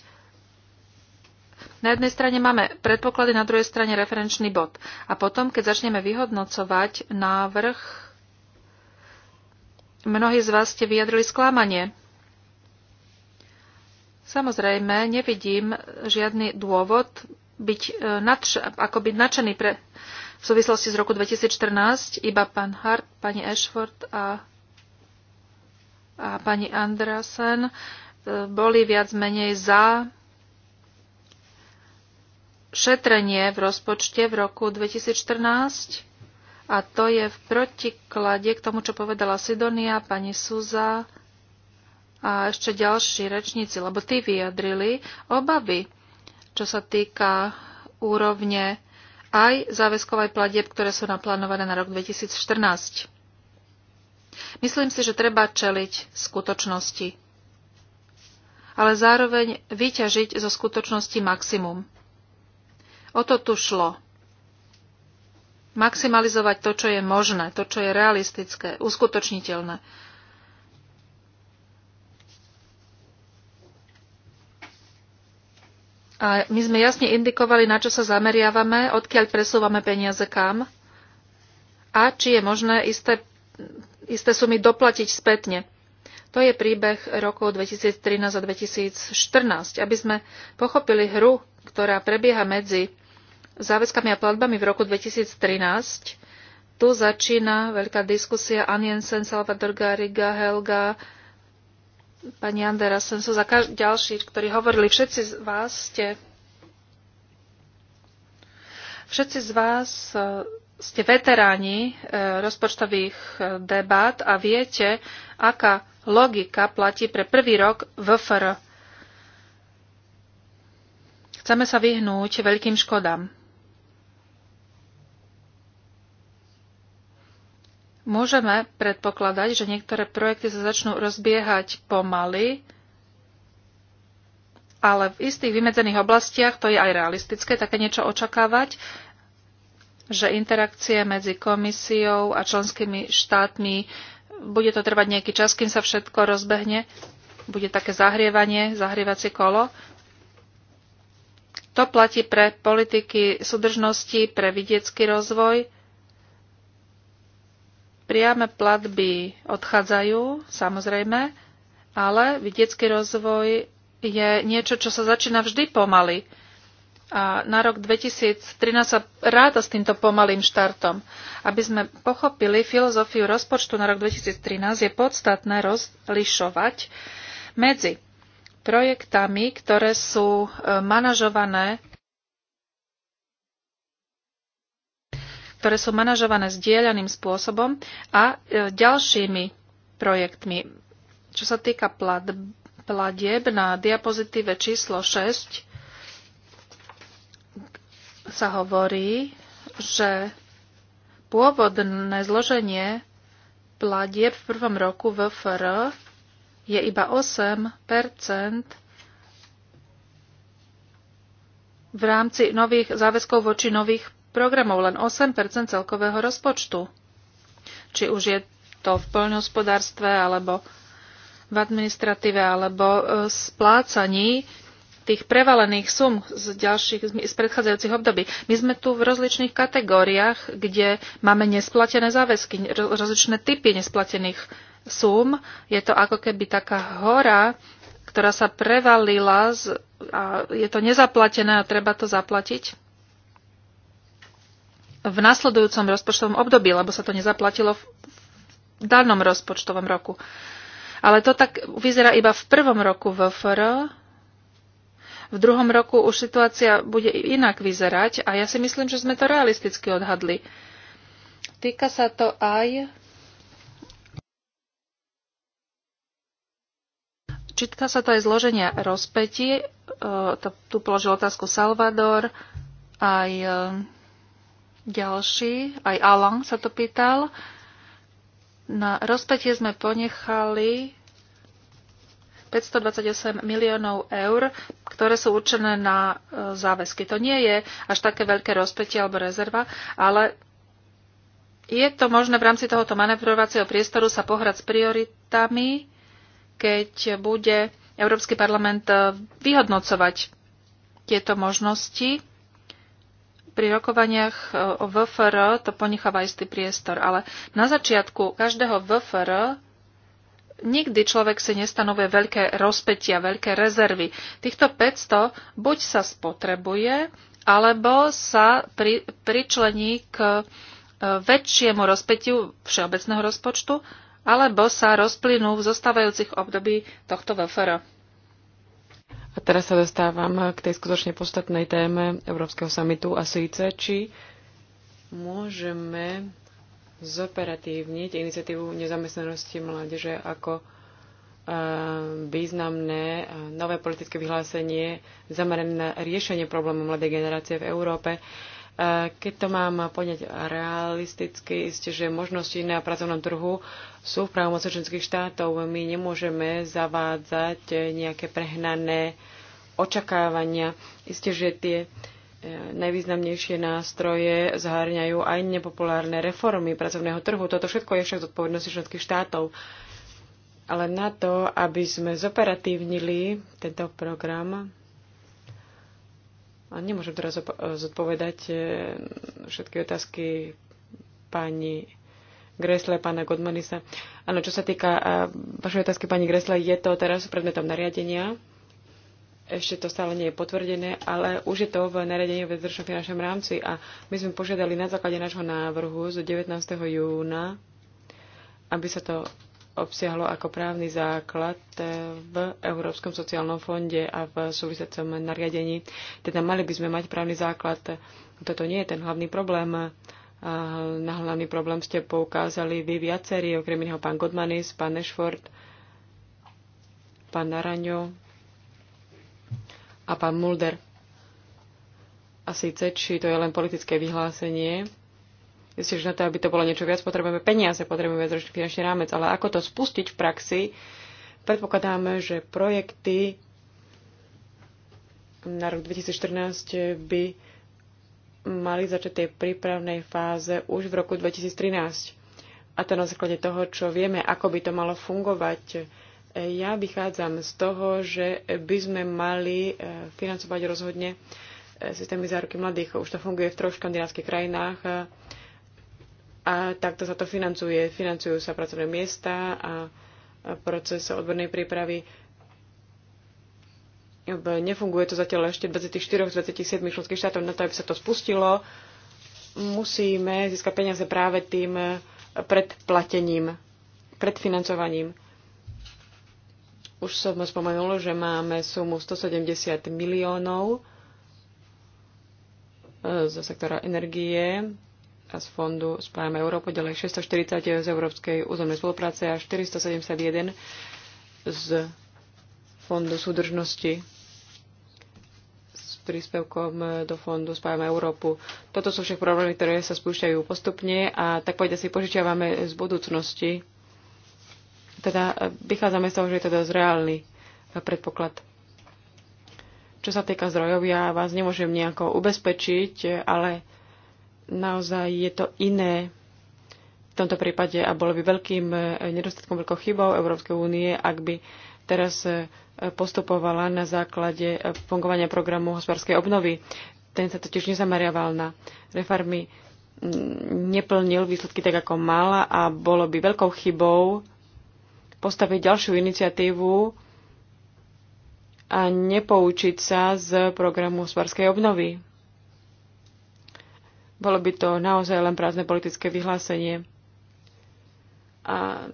na jednej strane máme predpoklady, na druhej strane referenčný bod. A potom, keď začneme vyhodnocovať návrh, mnohí z vás ste vyjadrili sklamanie. Samozrejme, nevidím žiadny dôvod byť e, nadš- ako byť nadšený pre v súvislosti z roku 2014 iba pán Hart, pani Ashford a, a pani Andrasen e, boli viac menej za šetrenie v rozpočte v roku 2014 a to je v protiklade k tomu, čo povedala Sidonia, pani Suza a ešte ďalší rečníci, lebo tí vyjadrili obavy, čo sa týka úrovne aj záväzkov aj platieb, ktoré sú naplánované na rok 2014. Myslím si, že treba čeliť skutočnosti, ale zároveň vyťažiť zo skutočnosti maximum. O to tu šlo. Maximalizovať to, čo je možné, to, čo je realistické, uskutočniteľné. A my sme jasne indikovali, na čo sa zameriavame, odkiaľ presúvame peniaze kam a či je možné isté, isté sumy doplatiť spätne. To je príbeh rokov 2013 a 2014. Aby sme pochopili hru, ktorá prebieha medzi záväzkami a platbami v roku 2013. Tu začína veľká diskusia Aniensen, Salvador Gariga, Helga, pani Andera Senso, za každý ďalší, ktorí hovorili, všetci z vás ste všetci z vás e, ste veteráni e, rozpočtových e, debát a viete, aká logika platí pre prvý rok VFR. Chceme sa vyhnúť veľkým škodám. Môžeme predpokladať, že niektoré projekty sa začnú rozbiehať pomaly, ale v istých vymedzených oblastiach to je aj realistické také niečo očakávať, že interakcie medzi komisiou a členskými štátmi bude to trvať nejaký čas, kým sa všetko rozbehne, bude také zahrievanie, zahrievacie kolo. To platí pre politiky súdržnosti, pre vidiecký rozvoj, Priame platby odchádzajú, samozrejme, ale vidiecký rozvoj je niečo, čo sa začína vždy pomaly. A na rok 2013 sa ráda s týmto pomalým štartom. Aby sme pochopili filozofiu rozpočtu na rok 2013, je podstatné rozlišovať medzi projektami, ktoré sú e, manažované ktoré sú manažované zdieľaným spôsobom a e, ďalšími projektmi. Čo sa týka plat, platieb na diapozitíve číslo 6 sa hovorí, že pôvodné zloženie platieb v prvom roku VFR je iba 8 v rámci nových záväzkov voči nových programov, len 8 celkového rozpočtu. Či už je to v poľnohospodárstve, alebo v administratíve, alebo e, splácaní tých prevalených sum z, ďalších, z predchádzajúcich období. My sme tu v rozličných kategóriách, kde máme nesplatené záväzky, rozličné typy nesplatených sum. Je to ako keby taká hora, ktorá sa prevalila z, a je to nezaplatené a treba to zaplatiť v nasledujúcom rozpočtovom období, lebo sa to nezaplatilo v danom rozpočtovom roku. Ale to tak vyzerá iba v prvom roku VFR. V druhom roku už situácia bude inak vyzerať a ja si myslím, že sme to realisticky odhadli. Týka sa to aj Čítka sa to aj zloženia rozpeti. E, tu položil otázku Salvador, aj e, ďalší, aj Alan sa to pýtal. Na rozpetie sme ponechali 528 miliónov eur, ktoré sú určené na e, záväzky. To nie je až také veľké rozpetie alebo rezerva, ale je to možné v rámci tohoto manevrovacieho priestoru sa pohrať s prioritami, keď bude Európsky parlament e, vyhodnocovať tieto možnosti pri rokovaniach e, o VFR to ponecháva istý priestor, ale na začiatku každého VFR nikdy človek si nestanovuje veľké rozpetia, veľké rezervy. Týchto 500 buď sa spotrebuje, alebo sa pri, pričlení k e, väčšiemu rozpetiu všeobecného rozpočtu, alebo sa rozplynú v zostávajúcich období tohto VFR. A teraz sa dostávam k tej skutočne podstatnej téme Európskeho samitu a síce, či môžeme zoperatívniť iniciatívu nezamestnanosti mládeže ako e, významné e, nové politické vyhlásenie zamerané na riešenie problému mladej generácie v Európe. Keď to mám poňať realisticky, isté, že možnosti na pracovnom trhu sú v právomoci členských štátov. My nemôžeme zavádzať nejaké prehnané očakávania. Isté, že tie e, najvýznamnejšie nástroje zahárňajú aj nepopulárne reformy pracovného trhu. Toto všetko je však zodpovednosti členských štátov. Ale na to, aby sme zoperatívnili tento program, a nemôžem teraz zodpovedať e, všetky otázky pani Gresle, pána Godmanisa. Áno, čo sa týka e, vašej otázky pani Gresle, je to teraz predmetom nariadenia. Ešte to stále nie je potvrdené, ale už je to v nariadení v väzročnom finančnom rámci a my sme požiadali na základe nášho návrhu z 19. júna, aby sa to obsiahlo ako právny základ eh, v Európskom sociálnom fonde a v súvisiacom nariadení. Teda mali by sme mať právny základ. Toto nie je ten hlavný problém. Na hlavný problém ste poukázali vy viacerí, okrem iného pán Godmanis, pán Nešford, pán Naraňo a pán Mulder. A síce, či to je len politické vyhlásenie, Isté, že na to, aby to bolo niečo viac, potrebujeme peniaze, potrebujeme viacročný finančný rámec, ale ako to spustiť v praxi, predpokladáme, že projekty na rok 2014 by mali začať tej prípravnej fáze už v roku 2013. A to na základe toho, čo vieme, ako by to malo fungovať. Ja vychádzam z toho, že by sme mali eh, financovať rozhodne eh, systémy záruky mladých. Už to funguje v troch škandinávskych krajinách eh, a takto sa to financuje. Financujú sa pracovné miesta a proces odbornej prípravy. Nefunguje to zatiaľ ešte 24 27 členských štátov. Na to, aby sa to spustilo, musíme získať peniaze práve tým predplatením, predfinancovaním. Už som spomenul, že máme sumu 170 miliónov e, zo sektora energie z fondu Spájame Európu, ďalej 640 z Európskej územnej spolupráce a 471 z fondu súdržnosti s príspevkom do fondu Spájame Európu. Toto sú však problémy, ktoré sa spúšťajú postupne a tak povedať si požičiavame z budúcnosti. Teda e, vychádzame z toho, že je to dosť reálny e, predpoklad. Čo sa týka zdrojov, ja vás nemôžem nejako ubezpečiť, ale naozaj je to iné v tomto prípade a bolo by veľkým e, nedostatkom, veľkou chybou Európskej únie, ak by teraz e, postupovala na základe e, fungovania programu hospodárskej obnovy. Ten sa totiž nezameriaval na reformy, neplnil výsledky tak, ako mal a bolo by veľkou chybou postaviť ďalšiu iniciatívu a nepoučiť sa z programu hospodárskej obnovy. Bolo by to naozaj len prázdne politické vyhlásenie. A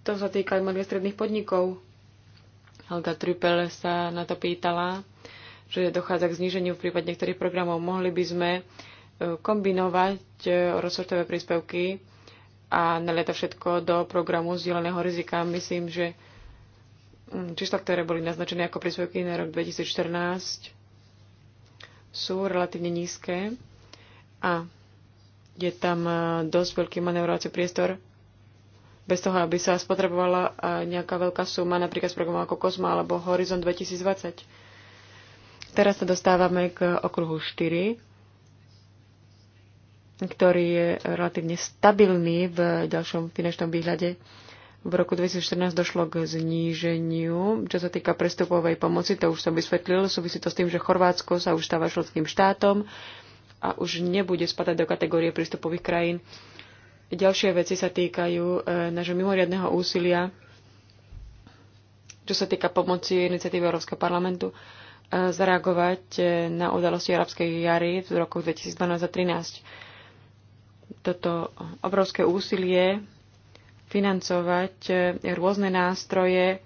to sa týka aj malých stredných podnikov. Helga Trüppel sa na to pýtala, že dochádza k zníženiu v prípade niektorých programov. Mohli by sme e, kombinovať e, rozsortové príspevky a nalieta všetko do programu zdieľaného rizika. Myslím, že mm, čísla, ktoré boli naznačené ako príspevky na rok 2014, sú relatívne nízke. A je tam e, dosť veľký manevrovací priestor bez toho, aby sa spotrebovala e, nejaká veľká suma, napríklad z programu ako Kozma alebo Horizon 2020. Teraz sa dostávame k okruhu 4, ktorý je relatívne stabilný v ďalšom finančnom výhľade. V roku 2014 došlo k zníženiu, čo sa týka prestupovej pomoci, to už som vysvetlil, súvisí to s tým, že Chorvátsko sa už stáva členským štátom, a už nebude spadať do kategórie prístupových krajín. Ďalšie veci sa týkajú e, nášho mimoriadného úsilia, čo sa týka pomoci iniciatívy Európskeho parlamentu, e, zareagovať e, na udalosti arabskej jary v roku 2012 a 2013. Toto obrovské úsilie financovať rôzne nástroje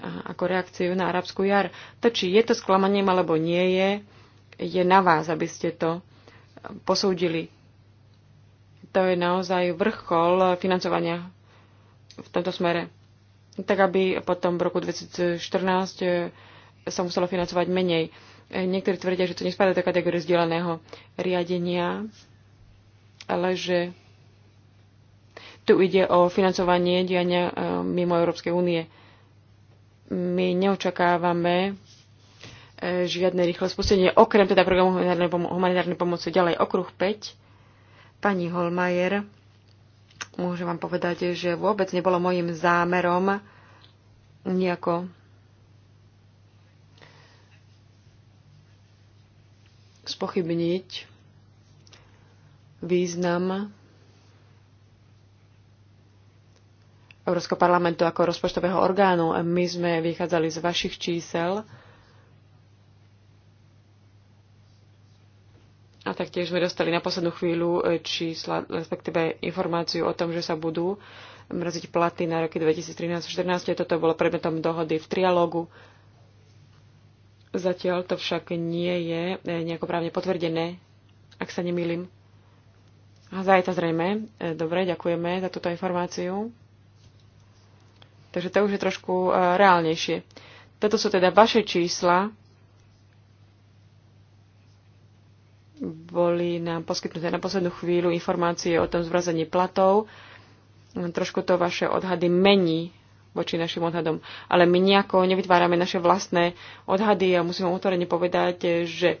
ako reakciu na arabskú jar. To, či je to sklamaním alebo nie je, je na vás, aby ste to posúdili. To je naozaj vrchol financovania v tomto smere. Tak, aby potom v roku 2014 eh, sa muselo financovať menej. Eh, niektorí tvrdia, že to nespadá do kategórie zdieľaného riadenia, ale že tu ide o financovanie diania eh, mimo Európskej únie. My neočakávame E, žiadne rýchle spustenie, okrem teda programu humanitárnej, pom- humanitárnej pomoci. Ďalej okruh 5. Pani Holmajer, môžem vám povedať, že vôbec nebolo mojim zámerom nejako spochybniť význam Európskeho parlamentu ako rozpočtového orgánu. My sme vychádzali z vašich čísel, taktiež sme dostali na poslednú chvíľu e, čísla, respektíve informáciu o tom, že sa budú mraziť platy na roky 2013-2014. Toto bolo predmetom dohody v trialógu. Zatiaľ to však nie je e, nejako právne potvrdené, ak sa nemýlim. A zajtra zrejme. E, dobre, ďakujeme za túto informáciu. Takže to už je trošku reálnejšie. Toto sú teda vaše čísla, boli nám poskytnuté na poslednú chvíľu informácie o tom zvrazení platov. Trošku to vaše odhady mení voči našim odhadom. Ale my nejako nevytvárame naše vlastné odhady a musím vám otvorene povedať, že eh,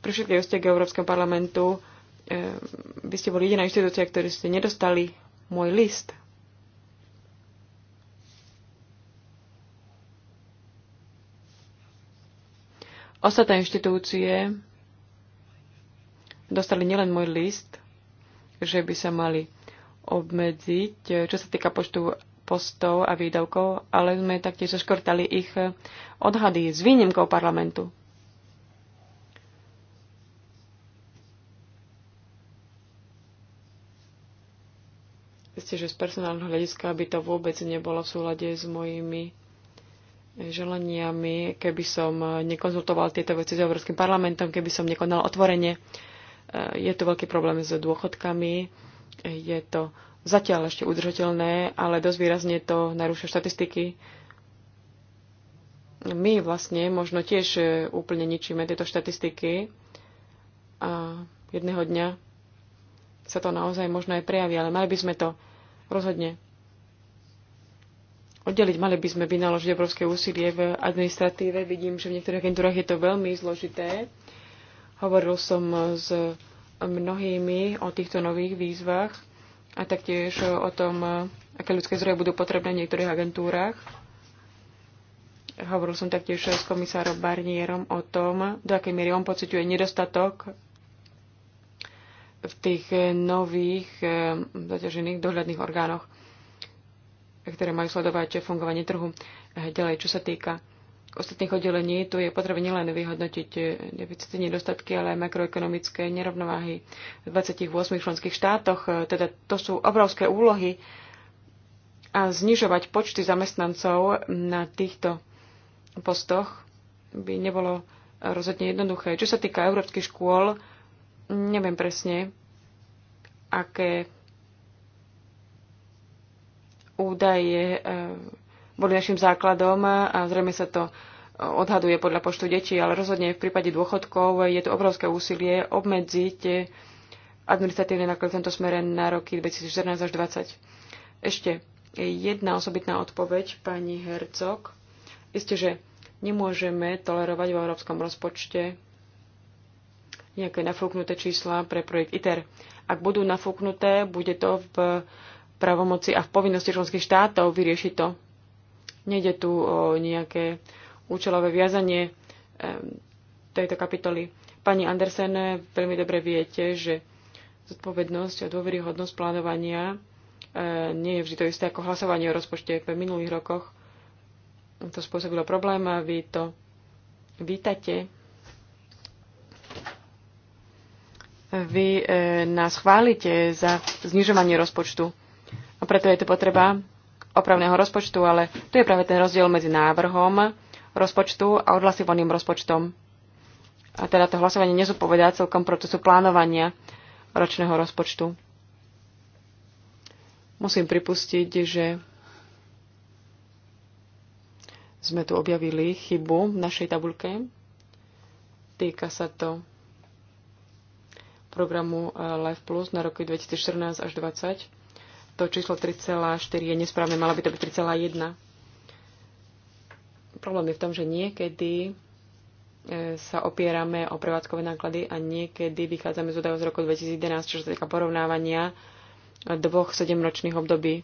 pri všetkej ústie k Európskemu parlamentu by eh, ste boli jediná inštitúcia, ktorí ste nedostali môj list. Ostatné inštitúcie dostali nielen môj list, že by sa mali obmedziť, eh, čo sa týka počtu postov a výdavkov, ale sme taktiež zaškrtali ich eh, odhady s výnimkou parlamentu. Ste, že z personálneho hľadiska by to vôbec nebolo v súlade s mojimi eh, želaniami, keby som nekonzultoval tieto veci s Európskym parlamentom, keby som nekonal otvorene Eh, je to veľký problém s dôchodkami, je to zatiaľ ešte udržateľné, ale dosť výrazne to narúša štatistiky. My vlastne možno tiež eh, úplne ničíme tieto štatistiky a jedného dňa sa to naozaj možno aj prejaví, ale mali by sme to rozhodne oddeliť. Mali by sme vynaložiť obrovské úsilie v administratíve. Vidím, že v niektorých agentúrach je to veľmi zložité Hovoril som s mnohými o týchto nových výzvach a taktiež o tom, aké ľudské zdroje budú potrebné v niektorých agentúrach. Hovoril som taktiež s komisárom Barnierom o tom, do akej miery on pociťuje nedostatok v tých nových eh, zaťažených dohľadných orgánoch ktoré majú sledovať fungovanie trhu. Eh, ďalej, čo sa týka ostatných oddelení, tu je potrebné nielen vyhodnotiť eh, deficity, nedostatky, ale aj makroekonomické nerovnováhy v 28 členských štátoch. Eh, teda to sú obrovské úlohy a znižovať počty zamestnancov na týchto postoch by nebolo rozhodne jednoduché. Čo sa týka európskych škôl, neviem presne, aké údaje eh, boli našim základom a zrejme sa to odhaduje podľa počtu detí, ale rozhodne v prípade dôchodkov je to obrovské úsilie obmedziť administratívne náklady v tomto smere na roky 2014 až 2020. Ešte jedna osobitná odpoveď pani Hercog. Isté, že nemôžeme tolerovať v európskom rozpočte nejaké nafúknuté čísla pre projekt ITER. Ak budú nafúknuté, bude to v pravomoci a v povinnosti členských štátov vyriešiť to Nejde tu o nejaké účelové viazanie tejto kapitoly. Pani Andersen, veľmi dobre viete, že zodpovednosť a dôveryhodnosť plánovania nie je vždy to isté ako hlasovanie o rozpočte. V minulých rokoch to spôsobilo problém a vy to vítate. Vy nás chválite za znižovanie rozpočtu a preto je to potreba opravného rozpočtu, ale tu je práve ten rozdiel medzi návrhom rozpočtu a odhlasovaným rozpočtom. A teda to hlasovanie nezodpovedá celkom procesu plánovania ročného rozpočtu. Musím pripustiť, že sme tu objavili chybu v našej tabulke. Týka sa to programu eh, Life Plus na roky 2014 až 2020 to číslo 3,4 je nesprávne, malo by to byť 3,1. Problém je v tom, že niekedy e, sa opierame o prevádzkové náklady a niekedy vychádzame z údajov z roku 2011, čo sa týka porovnávania dvoch sedemročných období.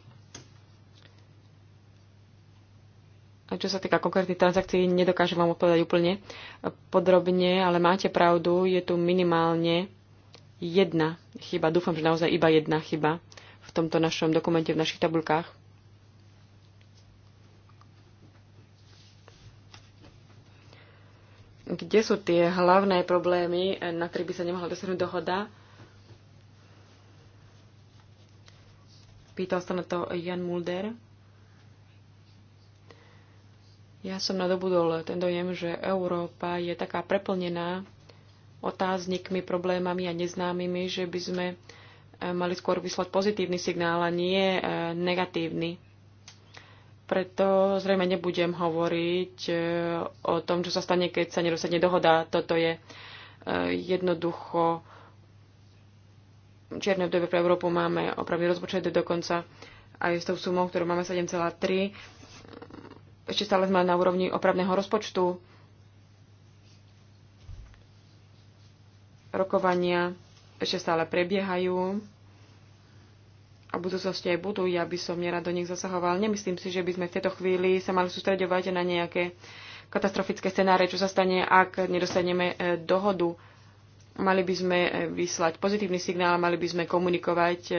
A čo sa týka konkrétnych transakcií, nedokážem vám odpovedať úplne podrobne, ale máte pravdu, je tu minimálne jedna chyba. Dúfam, že naozaj iba jedna chyba tomto našom dokumente, v našich tabulkách. Kde sú tie hlavné problémy, na ktorých by sa nemohla dosiahnuť dohoda? Pýtal sa na to Jan Mulder. Ja som nadobudol ten dojem, že Európa je taká preplnená otáznikmi, problémami a neznámymi, že by sme E, mali skôr vyslať pozitívny signál a nie e, negatívny. Preto zrejme nebudem hovoriť e, o tom, čo sa stane, keď sa nedosadne dohoda. Toto je jednoducho čierne obdobie pre Európu máme opravný rozpočet dokonca aj s tou sumou, ktorú máme 7,3. Ešte stále sme na úrovni opravného rozpočtu. Rokovania ešte stále prebiehajú a v budúcnosti aj budú. Ja by som nerad do nich zasahoval. Nemyslím si, že by sme v tejto chvíli sa mali sústreďovať na nejaké katastrofické scenáre, čo sa stane, ak nedostaneme e, dohodu. Mali by sme e, vyslať pozitívny signál, mali by sme komunikovať e,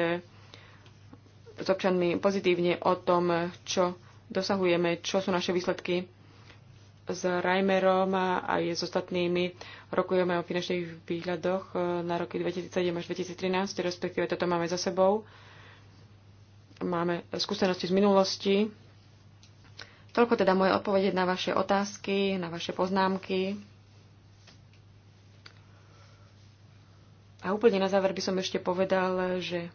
s občanmi pozitívne o tom, čo dosahujeme, čo sú naše výsledky s Reimerom a aj s ostatnými rokujeme o finančných výhľadoch e, na roky 2007 až 2013, respektíve toto máme za sebou. Máme skúsenosti z minulosti. Toľko teda moje odpovede na vaše otázky, na vaše poznámky. A úplne na záver by som ešte povedal, že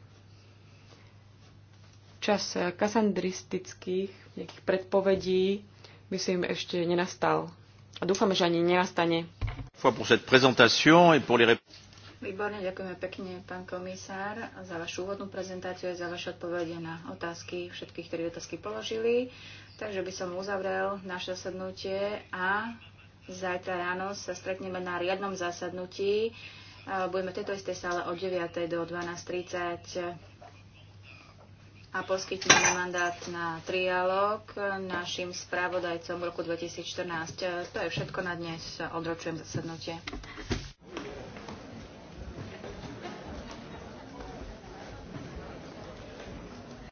čas kasandristických nejakých predpovedí myslím, ešte nenastal. A dúfame, že ani nenastane. Výborne, ďakujeme pekne, pán komisár, za vašu úvodnú prezentáciu a za vaše odpovede na otázky, všetkých, ktorí otázky položili. Takže by som uzavrel naše zasadnutie a zajtra ráno sa stretneme na riadnom zasadnutí. Budeme v tejto istej sále od 9. do 12.30 a poskytneme mandát na trialog našim spravodajcom v roku 2014. To je všetko na dnes. Odročujem zasadnutie.